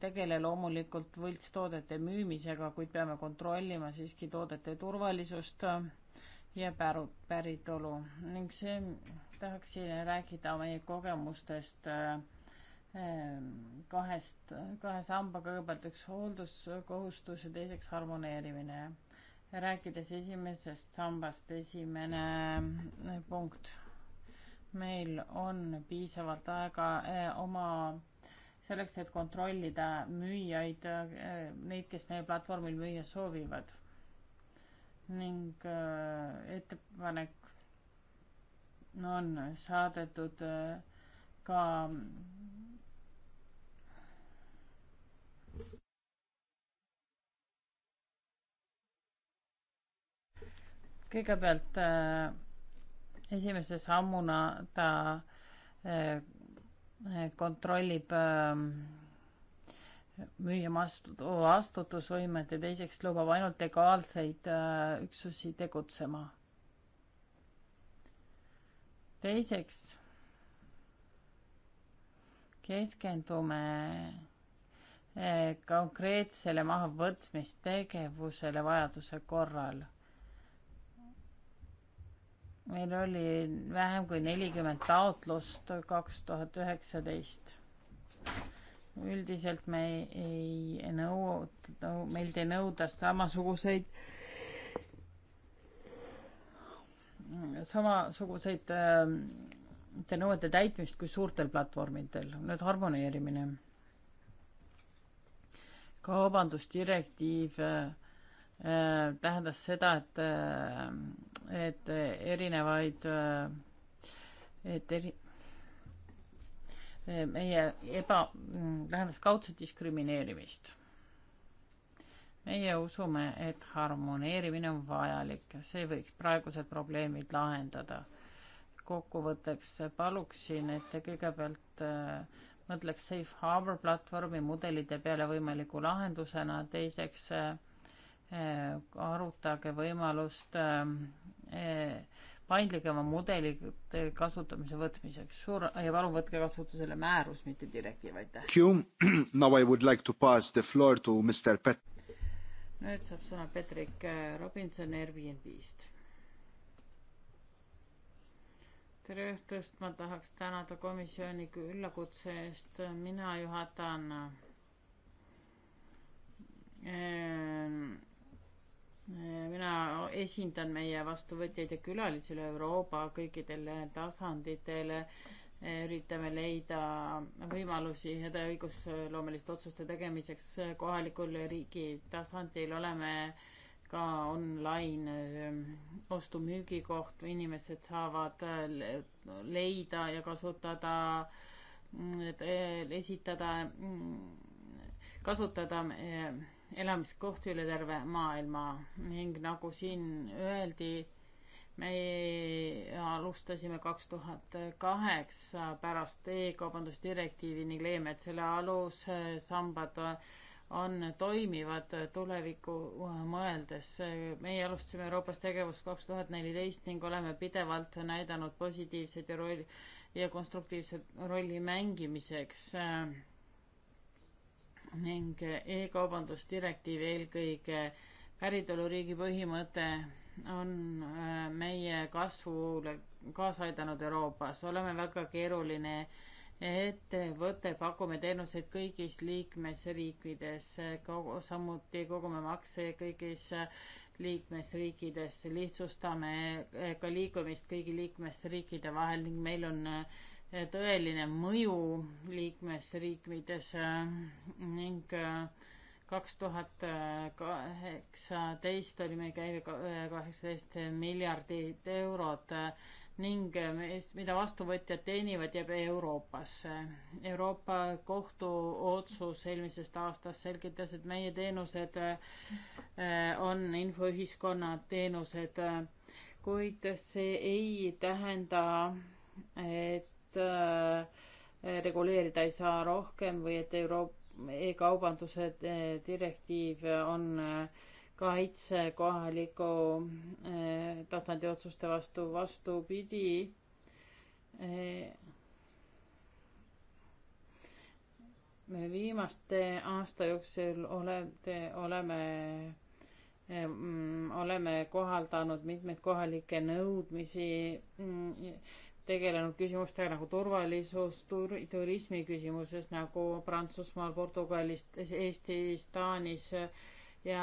Speaker 6: tegele loomulikult võltstoodete müümisega, kuid peame kontrollima siiski toodete turvalisust ja päru, päritolu ning see, tahaksin rääkida meie kogemustest kahest, kahe samba, kõigepealt üks hoolduskohustus ja teiseks harmoneerimine rääkides esimesest sambast, esimene eh, punkt. meil on piisavalt aega eh, oma selleks, et kontrollida müüjaid, eh, neid, kes meie platvormil müüa soovivad. ning ettepanek on saadetud ka kõigepealt äh, esimese sammuna ta äh, kontrollib äh, müüja vastutusvõimet ja teiseks lubab ainult legaalseid äh, üksusi tegutsema. teiseks keskendume äh, konkreetsele mahavõtmistegevusele vajaduse korral meil oli vähem kui nelikümmend taotlust kaks tuhat üheksateist. üldiselt me ei, ei nõu, nõu, meilt ei nõuda samasuguseid, samasuguseid ähm, te nõuete täitmist kui suurtel platvormidel. nüüd harmoneerimine. kaubandusdirektiiv äh, Äh, tähendas seda, et, äh, et erinevaid, äh, et eri, meie eba, mm, tähendas kaudset diskrimineerimist. meie usume, et harmoneerimine on vajalik, see võiks praegused probleemid lahendada. kokkuvõtteks paluksin, et te kõigepealt mõtleks Safe Harbor platvormi mudelite peale võimaliku lahendusena, teiseks äh, Äh, arutage võimalust äh, äh, paindlikema mudeli kasutamise võtmiseks. suur ja palun võtke kasutusele määrus, mitte direktiiv, aitäh.
Speaker 7: Now I would like to pass the floor to Mr Pet-.
Speaker 6: nüüd saab sõna Patrick Robinson Airbnb-st. tere õhtust, ma tahaks tänada komisjoni küllakutse eest, mina juhatan ehm, mina esindan meie vastuvõtjaid ja külalisi üle Euroopa kõikidel tasanditel. üritame leida võimalusi heda õigusloomeliste otsuste tegemiseks kohalikul riigi tasandil. oleme ka online ehm, ostu-müügi koht, inimesed saavad ehm, leida ja kasutada, mm, ehm, esitada, mm, kasutada elamiskohti üle terve maailma ning nagu siin öeldi, me alustasime kaks tuhat kaheksa pärast e-kaubandusdirektiivi ning leiame, et selle alussambad on toimivad tulevikku mõeldes. meie alustasime Euroopas tegevust kaks tuhat neliteist ning oleme pidevalt näidanud positiivseid ja rolli ja konstruktiivset rolli mängimiseks ning e-kaubandusdirektiiv eelkõige päritoluriigi põhimõte on äh, meie kasvule kaasa aidanud Euroopas. oleme väga keeruline ettevõte, pakume teenuseid kõigis liikmesriikides, samuti kogume makse kõigis liikmesriikides, lihtsustame ka liikumist kõigi liikmesriikide vahel ning meil on äh, tõeline mõju liikmesriikides äh, ning äh, kaks tuhat kaheksateist oli meie käive äh, kaheksateist miljardit eurot ning mida vastuvõtjad teenivad, jääb Euroopasse. Euroopa Kohtu otsus eelmisest aastast selgitas, et meie teenused on infoühiskonna teenused, kuid see ei tähenda, et et äh, reguleerida ei saa rohkem või et Euroopa e-kaubanduse äh, direktiiv on äh, kaitse kohaliku tasandi otsuste vastu, vastupidi. me viimaste aasta jooksul olete, oleme, mm, oleme kohaldanud mitmeid kohalikke nõudmisi mm, tegelenud küsimustega nagu turvalisus tur,, turismi küsimuses nagu Prantsusmaal, Portugalis, Eestis, Taanis ja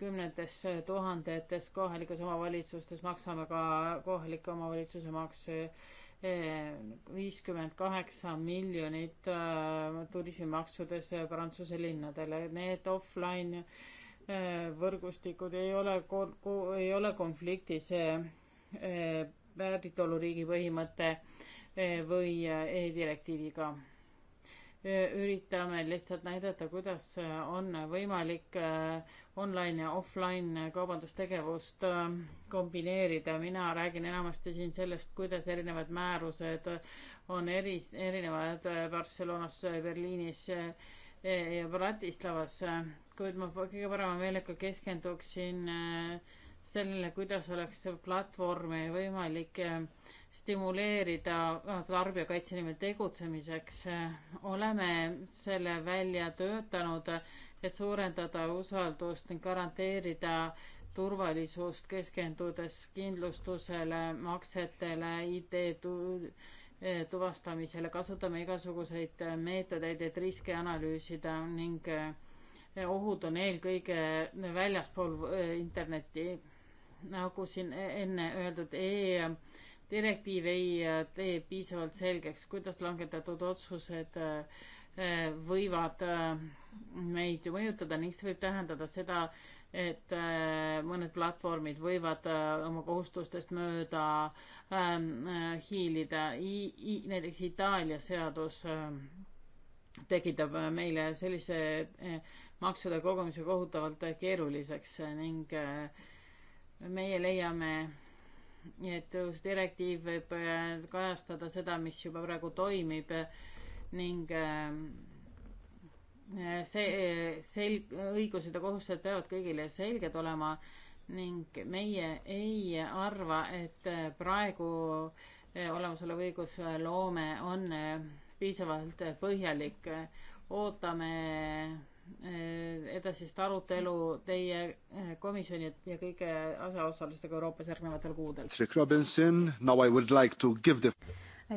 Speaker 6: kümnetes tuhandetes kohalikes omavalitsustes maksame ka kohalike omavalitsuse makse viiskümmend kaheksa miljonit äh, turismimaksudes Prantsuse linnadele, need offline äh, võrgustikud ei ole, ei ole konfliktis äh, päritoluriigi põhimõte eh, või eh, e-direktiiviga. Eh, üritame lihtsalt näidata, kuidas on võimalik online ja offline kaubandustegevust kombineerida. mina räägin enamasti siin sellest, kuidas erinevad määrused on eri, erinevad Barcelonas, Berliinis ja Bratislavas, kuid ma kõige parema meelega keskenduksin äh, sellele, kuidas oleks platvorme võimalik eh, stimuleerida eh, tarbijakaitse nimel tegutsemiseks. Eh, oleme selle välja töötanud, et suurendada usaldust ning garanteerida turvalisust, keskendudes kindlustusele, maksetele, ID tu-, tuvastamisele, kasutame igasuguseid meetodeid, et riske analüüsida ning ohud on eelkõige väljaspool internetti nagu siin e- enne öeldud e, direktiiv ei e, tee piisavalt selgeks, kuidas langetatud otsused e, võivad meid ju mõjutada ning see võib tähendada seda, et mõned platvormid võivad oma kohustustest mööda hiilida. näiteks Itaalia seadus tekitab meile sellise maksude kogumise kohutavalt keeruliseks ning äh, meie leiame, et direktiiv võib äh, kajastada seda, mis juba praegu toimib ning äh, see sel-, õigused ja kohustused peavad kõigile selged olema ning meie ei arva, et praegu äh, olemasolev õigusloome on piisavalt põhjalik. ootame Eh, edasist arutelu teie eh, komisjoni ja kõige asjaosalistega Euroopas järgnevatel kuudel.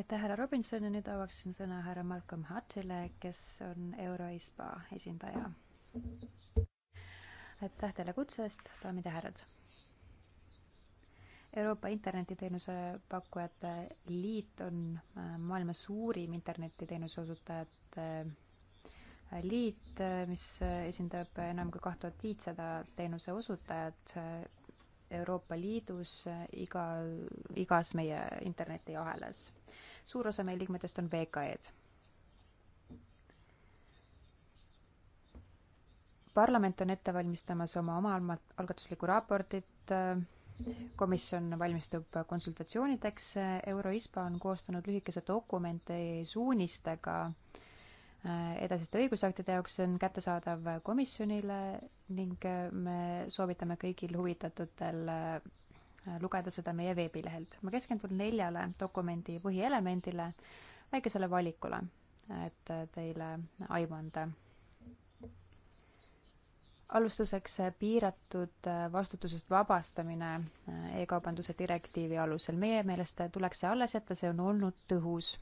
Speaker 4: aitäh, härra Robinson ja nüüd avaksin sõna härra Malcolm Hutchile, kes on Euroispa esindaja. aitäh teile kutse eest, daamid ja härrad Euroopa internetiteenuse pakkujate liit on äh, maailma suurim internetiteenuse osutajate liit, mis esindab enam kui kaht tuhat viitsada teenuse osutajat eh, Euroopa Liidus eh, iga, igas meie internetiahelas. suur osa meie liikmetest on VKE-d. parlament on ette valmistamas oma oma algatuslikku raportit eh, komisjon valmistub konsultatsioonideks, Euroispa on koostanud lühikese dokumendi suunistega äh, Äh, edasiste õigusaktide jaoks, see on kättesaadav komisjonile ning äh, me soovitame kõigil huvitatutel äh, lugeda seda meie veebilehelt. ma keskendun neljale dokumendi põhielemendile, väikesele valikule, et teile aimu anda. alustuseks piiratud vastutusest vabastamine e-kaubanduse direktiivi alusel. meie meelest tuleks see alles jätta, see on olnud tõhus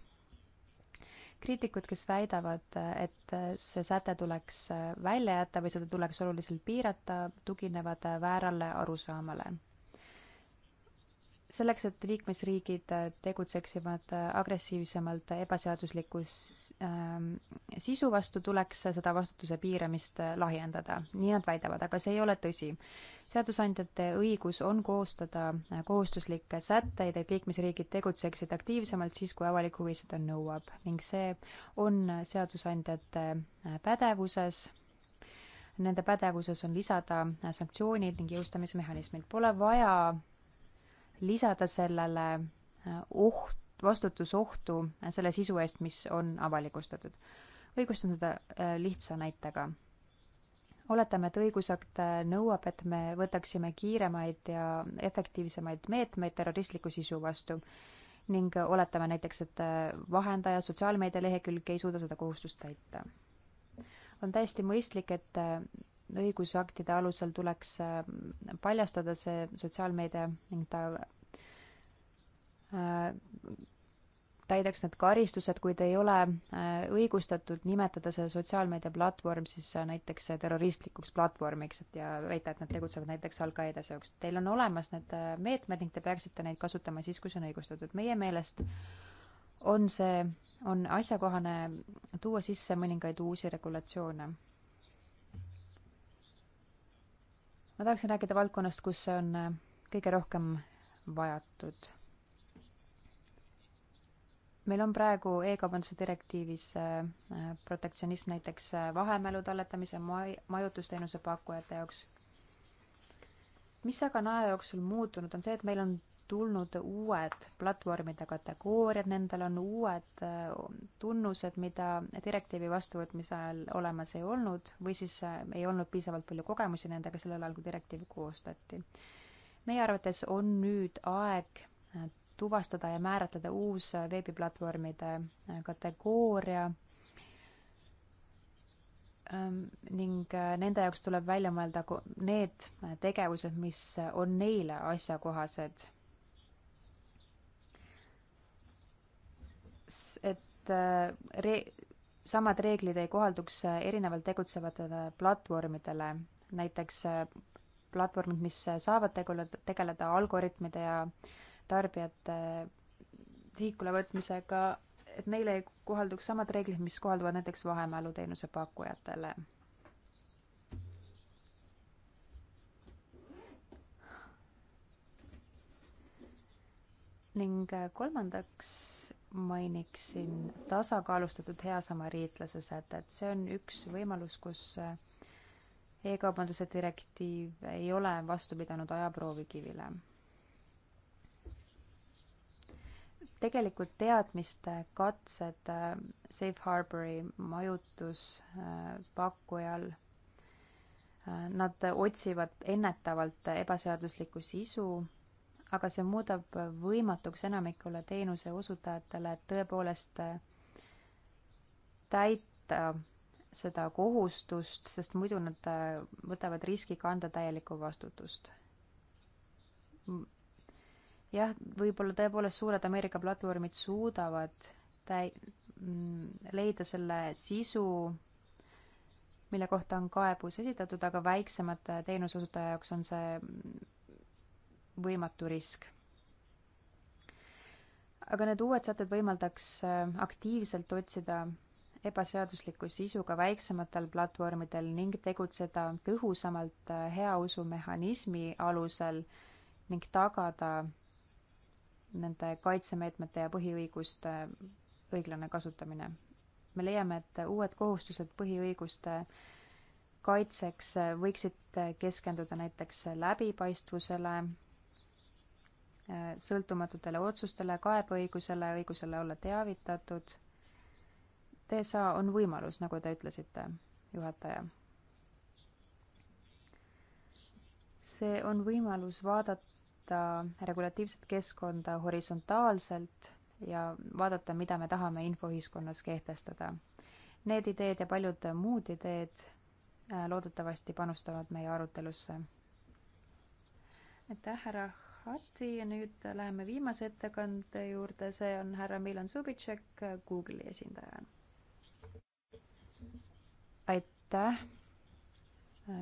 Speaker 4: kriitikud, kes väidavad, et see säte tuleks välja jätta või seda tuleks oluliselt piirata, tuginevad väärale arusaamale selleks, et liikmesriigid äh, tegutseksivad äh, agressiivsemalt äh, ebaseadusliku ähm, sisu vastu, tuleks seda vastutuse piiramist lahjendada, nii nad väidavad, aga see ei ole tõsi. seadusandjate õigus on koostada kohustuslikke sätteid, et liikmesriigid tegutseksid aktiivsemalt siis, kui avalik huvi seda nõuab ning see on seadusandjate pädevuses Nende pädevuses on lisada sanktsioonid ning jõustamismehhanismid. Pole vaja lisada sellele äh, oht, vastutusohtu äh, selle sisu eest, mis on avalikustatud. õigustan seda äh, lihtsa näitega. oletame, et õigusakt nõuab, et me võtaksime kiiremaid ja efektiivsemaid meetmeid terroristliku sisu vastu ning oletame näiteks, et vahendaja sotsiaalmeedia lehekülg ei suuda seda kohustust täita. on täiesti mõistlik, et õigusaktide alusel tuleks äh, paljastada see sotsiaalmeede ning ta äh, täidaks need karistused, kuid ei ole äh, õigustatud nimetada see sotsiaalmeediaplatvorm siis näiteks terroristlikuks platvormiks, et ja väita, et nad tegutsevad näiteks Al-Qaeda seoks. Teil on olemas need meetmed ning te peaksite neid kasutama siis, kui see on õigustatud. meie meelest on see, on asjakohane tuua sisse mõningaid uusi regulatsioone ma tahaksin rääkida valdkonnast, kus on äh, kõige rohkem vajatud. meil on praegu e-kaubanduse direktiivis äh, äh, protektsionism näiteks vahemälu talletamise maj-, majutusteenuse pakkujate jaoks. mis aga on aja jooksul muutunud, on see, et meil on tulnud uued platvormide kategooriad, nendel on uued äh, tunnused, mida direktiivi vastuvõtmise ajal olemas ei olnud või siis äh, ei olnud piisavalt palju kogemusi nendega sellel ajal, kui direktiivi koostati. meie arvates on nüüd aeg äh, tuvastada ja määratleda uus veebiplatvormide kategooria ähm, ning nende jaoks tuleb välja mõelda need tegevused, mis on neile asjakohased selleks, et äh, re-, samad reeglid ei kohalduks äh, erinevalt tegutsevatele platvormidele, näiteks äh, platvormid, mis saavad tegeleda, tegeleda algoritmide ja tarbijate sihikule võtmisega, et neile ei kohalduks samad reeglid, mis kohalduvad näiteks vahemäluteenuse pakkujatele. ning kolmandaks mainiksin tasakaalustatud hea samariitlase sätet. see on üks võimalus, kus eh, e-kaubanduse direktiiv ei ole vastu pidanud ajaproovikivile. tegelikult teadmiste katsed eh, Safe Harbori majutuspakkujal, eh, nad otsivad ennetavalt ebaseaduslikku sisu aga see muudab võimatuks enamikule teenuseosutajatele tõepoolest äh, täita seda kohustust, sest muidu nad äh, võtavad riski kanda täielikku vastutust. jah, võib-olla tõepoolest suured Ameerika platvormid suudavad täi-, mm, leida selle sisu, mille kohta on kaebus esitatud, aga väiksemate teenuseosutaja jaoks on see mm, võimatu risk. aga need uued sätted võimaldaks äh, aktiivselt otsida ebaseadusliku sisuga väiksematel platvormidel ning tegutseda tõhusamalt äh, heausumehhanismi alusel ning tagada nende kaitsemeetmete ja põhiõiguste äh, õiglane kasutamine. me leiame, et uued kohustused põhiõiguste kaitseks võiksid keskenduda näiteks läbipaistvusele, sõltumatutele otsustele, kaebeõigusele, õigusele olla teavitatud. TSA on võimalus, nagu te ütlesite, juhataja. see on võimalus vaadata regulatiivset keskkonda horisontaalselt ja vaadata, mida me tahame infoühiskonnas kehtestada. Need ideed ja paljud muud ideed äh, loodetavasti panustavad meie arutelusse. aitäh, härra Hati ja nüüd läheme viimase ettekande juurde, see on härra Milan Subitšek, Google'i esindaja. aitäh,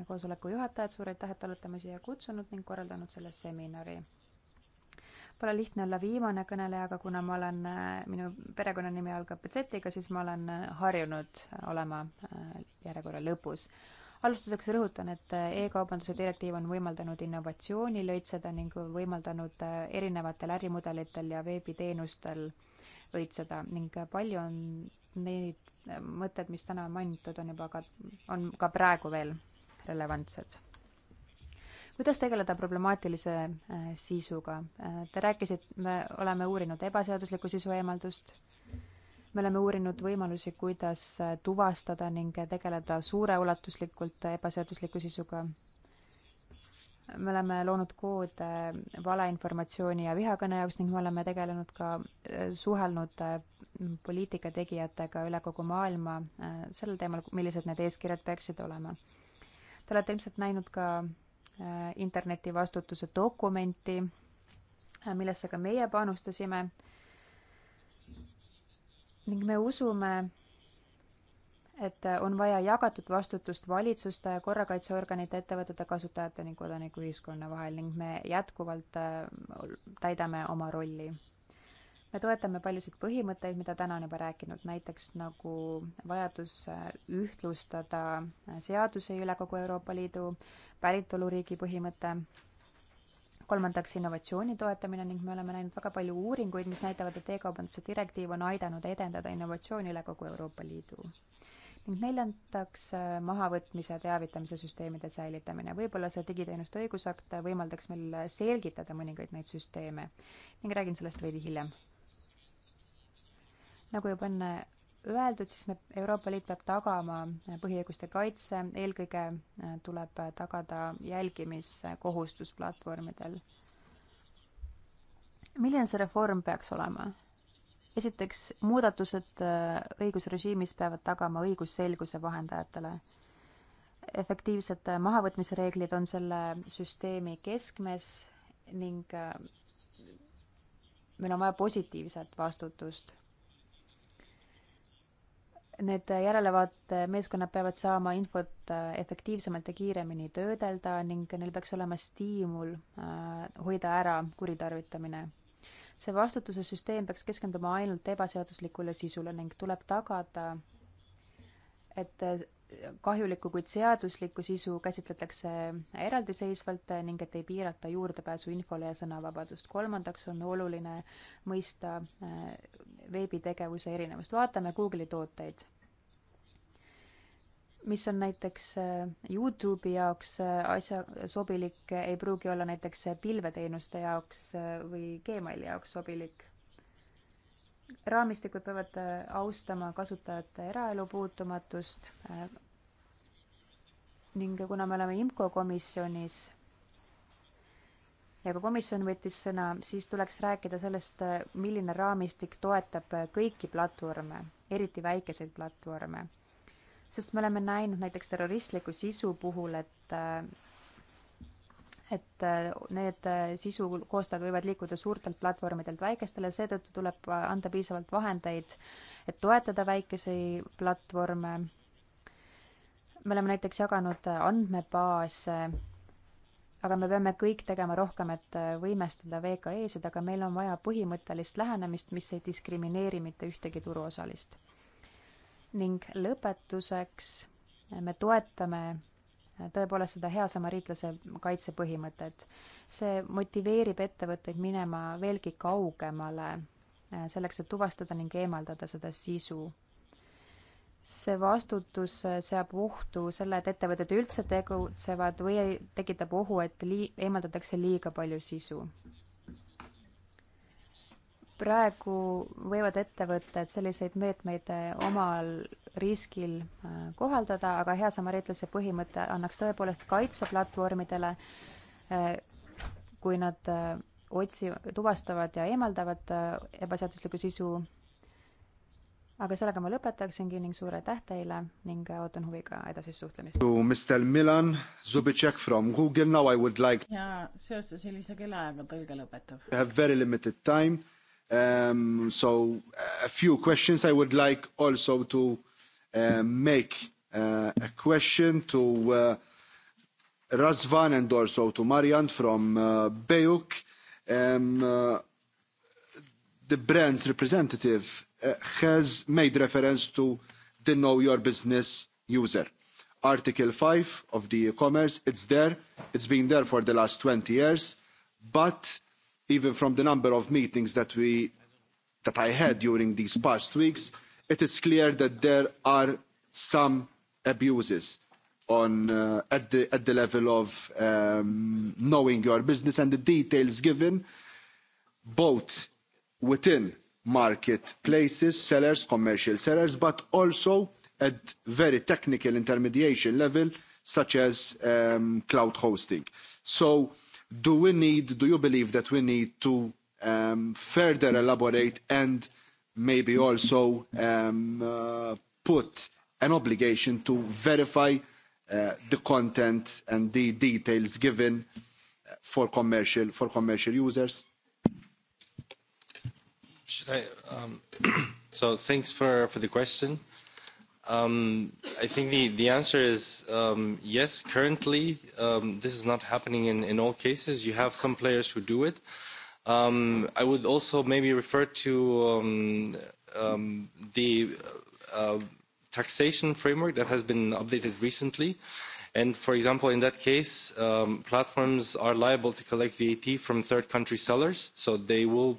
Speaker 4: koosoleku juhatajad, suur aitäh, et olete me siia kutsunud ning korraldanud selle seminari pole lihtne olla viimane kõneleja, aga kuna ma olen, minu perekonnanimi algab Z-iga, siis ma olen harjunud olema äh, järjekorra lõpus alustuseks rõhutan, et äh, e-kaubanduse direktiiv on võimaldanud innovatsiooni lõitseda ning võimaldanud äh, erinevatel ärimudelitel ja veebiteenustel õitseda ning palju on neid äh, mõtted, mis täna on mainitud, on juba ka, on ka praegu veel relevantsed. kuidas tegeleda problemaatilise sisuga? Te rääkisite, me oleme uurinud ebaseaduslikku sisu eemaldust me oleme uurinud võimalusi, kuidas äh, tuvastada ning tegeleda suureulatuslikult ebaseadusliku sisuga. me oleme loonud koode valeinformatsiooni ja vihakõne jaoks ning me oleme tegelenud ka, äh, suhelnud äh, poliitikategijatega üle kogu maailma sellel teemal, millised need eeskirjad peaksid olema. Te olete ilmselt näinud ka internetivastutuse dokumenti, millesse ka meie panustasime ning me usume, et on vaja jagatud vastutust valitsuste, korrakaitseorganite, ettevõtete, kasutajate ning kodanikuühiskonna vahel ning me jätkuvalt äh, täidame oma rolli. me toetame paljusid põhimõtteid, mida täna on juba rääkinud, näiteks nagu vajadus äh, ühtlustada äh, seadusi üle kogu Euroopa Liidu, päritoluriigi põhimõte kolmandaks innovatsiooni toetamine ning me oleme näinud väga palju uuringuid, mis näitavad, et e-kaubanduse direktiiv on aidanud edendada innovatsiooni üle kogu Euroopa Liidu. ning neljandaks, mahavõtmise teavitamise süsteemide säilitamine. võib-olla see digiteenuste õigusakt võimaldaks meil selgitada mõningaid neid süsteeme ning räägin sellest veidi hiljem nagu juba enne öeldud, siis me, Euroopa Liit peab tagama põhiõiguste kaitse, eelkõige äh, tuleb äh, tagada jälgimiskohustus platvormidel. milline see reform peaks olema? esiteks, muudatused äh, õigusrežiimis peavad tagama õigusselguse vahendajatele. efektiivsed mahavõtmise reeglid on selle süsteemi keskmes ning meil on vaja positiivset vastutust Need järelevaatemeeskonnad peavad saama infot äh, efektiivsemalt ja kiiremini töödelda ning neil peaks olema stiimul äh, hoida ära kuritarvitamine. see vastutuse süsteem peaks keskenduma ainult ebaseaduslikule sisule ning tuleb tagada, et äh, kahjulikku, kuid seaduslikku sisu käsitletakse eraldiseisvalt ning et ei piirata juurdepääsu infole ja sõnavabadust. kolmandaks on oluline mõista äh, veebitegevuse erinevust. vaatame Google'i tooteid, mis on näiteks äh, Youtube'i jaoks äh, asja sobilik, ei pruugi olla näiteks pilveteenuste jaoks või Gmaili jaoks sobilik raamistikud peavad austama kasutajate eraelu puutumatust, ning kuna me oleme IMCO komisjonis ja ka komisjon võttis sõna, siis tuleks rääkida sellest, milline raamistik toetab kõiki platvorme, eriti väikeseid platvorme. sest me oleme näinud näiteks terroristliku sisu puhul, et et need sisu koostajad võivad liikuda suurtelt platvormidelt väikestele, seetõttu tuleb anda piisavalt vahendeid, et toetada väikesi platvorme me oleme näiteks jaganud andmebaase, aga me peame kõik tegema rohkem, et võimestada VKE-sid, aga meil on vaja põhimõttelist lähenemist, mis ei diskrimineeri mitte ühtegi turuosalist. ning lõpetuseks me toetame tõepoolest seda hea samariitlase kaitse põhimõtet. see motiveerib ettevõtteid minema veelgi kaugemale selleks, et tuvastada ning eemaldada seda sisu see vastutus äh, seab ohtu selle, et ettevõtted üldse tegutsevad või tekitab ohu, et lii-, eemaldatakse liiga palju sisu. praegu võivad ettevõtted selliseid meetmeid äh, omal riskil äh, kohaldada, aga hea samariitlase põhimõte annaks tõepoolest kaitse platvormidele, kui nad otsi-, tuvastavad ja eemaldavad ebaseaduslikku sisu aga sellega ma lõpetaksingi ning suur aitäh teile ning äh, ootan huviga
Speaker 6: edasist suhtlemist.
Speaker 7: Mr Milan Zubitšek from Google, now I would like.
Speaker 6: ja seoses sellise kellaajaga tõlge lõpetab.
Speaker 7: We have very limited time um,. So a few questions I would like also to uh, make uh, a question to uh, Razvan and also to Marian from uh, Beyuk. Um, uh, the brand's representative uh, has made reference to the know your business user. Article 5 of the e-commerce, it's there. It's been there for the last 20 years. But even from the number of meetings that, we, that I had during these past weeks, it is clear that there are some abuses on uh, at the at the level of um, knowing your business and the details given both within marketplaces, sellers, commercial sellers, but also at very technical intermediation level, such as um, cloud hosting. So do we need, do you believe that we need to um, further elaborate and maybe also um, uh, put an obligation to verify uh, the content and the details given uh, for commercial, for commercial users?
Speaker 1: Should I, um, so thanks for, for the question. Um, I think the, the answer is um, yes, currently um, this is not happening in, in all cases. You have some players who do it. Um, I would also maybe refer to um, um, the uh, uh taxation framework that has been updated recently. And for example, in that case, um, platforms are liable to collect VAT from third country sellers, so they will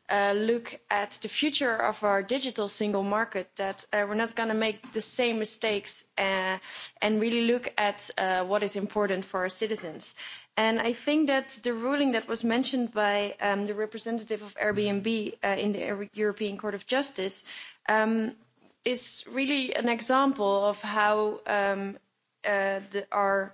Speaker 3: uh, look at the future of our digital single market, that uh, we're not going to make the same mistakes uh, and really look at uh, what is important for our citizens. And I think that the ruling that was mentioned by um, the representative of Airbnb uh, in the European Court of Justice um, is really an example of how um, uh, the, our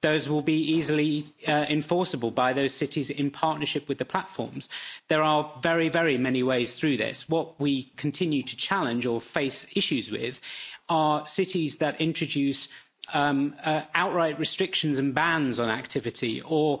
Speaker 8: those will be easily uh, enforceable by those cities in partnership with the platforms. There are very, very many ways through this. What we continue to challenge or face issues with are cities that introduce um, uh, outright restrictions and bans on activity or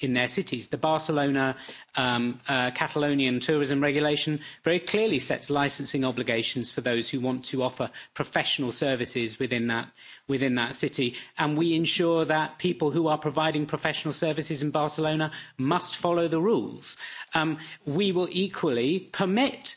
Speaker 8: in their cities. The Barcelona um, uh, Catalonian tourism regulation very clearly sets licensing obligations for those who want to offer professional services within that, within that city. And we ensure that people who are providing professional services in Barcelona must follow the rules. Um, we will equally permit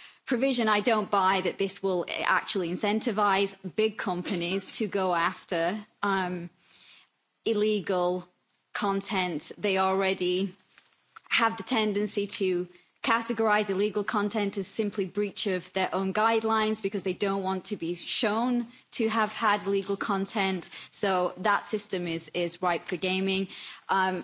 Speaker 9: provision, I don't buy that this will actually incentivize big companies to go after um, illegal content. They already have the tendency to categorize illegal content as simply breach of their own guidelines because they don't want to be shown to have had illegal content. So that system is, is ripe for gaming. Um,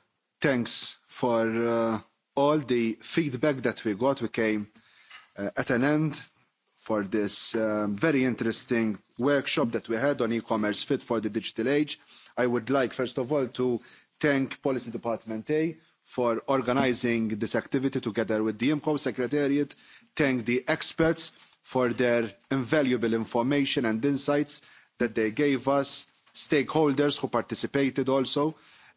Speaker 7: thanks for uh, all the feedback that we got. We came uh, at an end for this uh, very interesting workshop that we had on e-commerce fit for the digital age. I would like, first of all, to thank Policy Department A for organizing this activity together with the IMCO Secretariat, thank the experts for their invaluable information and insights that they gave us, stakeholders who participated also, uh,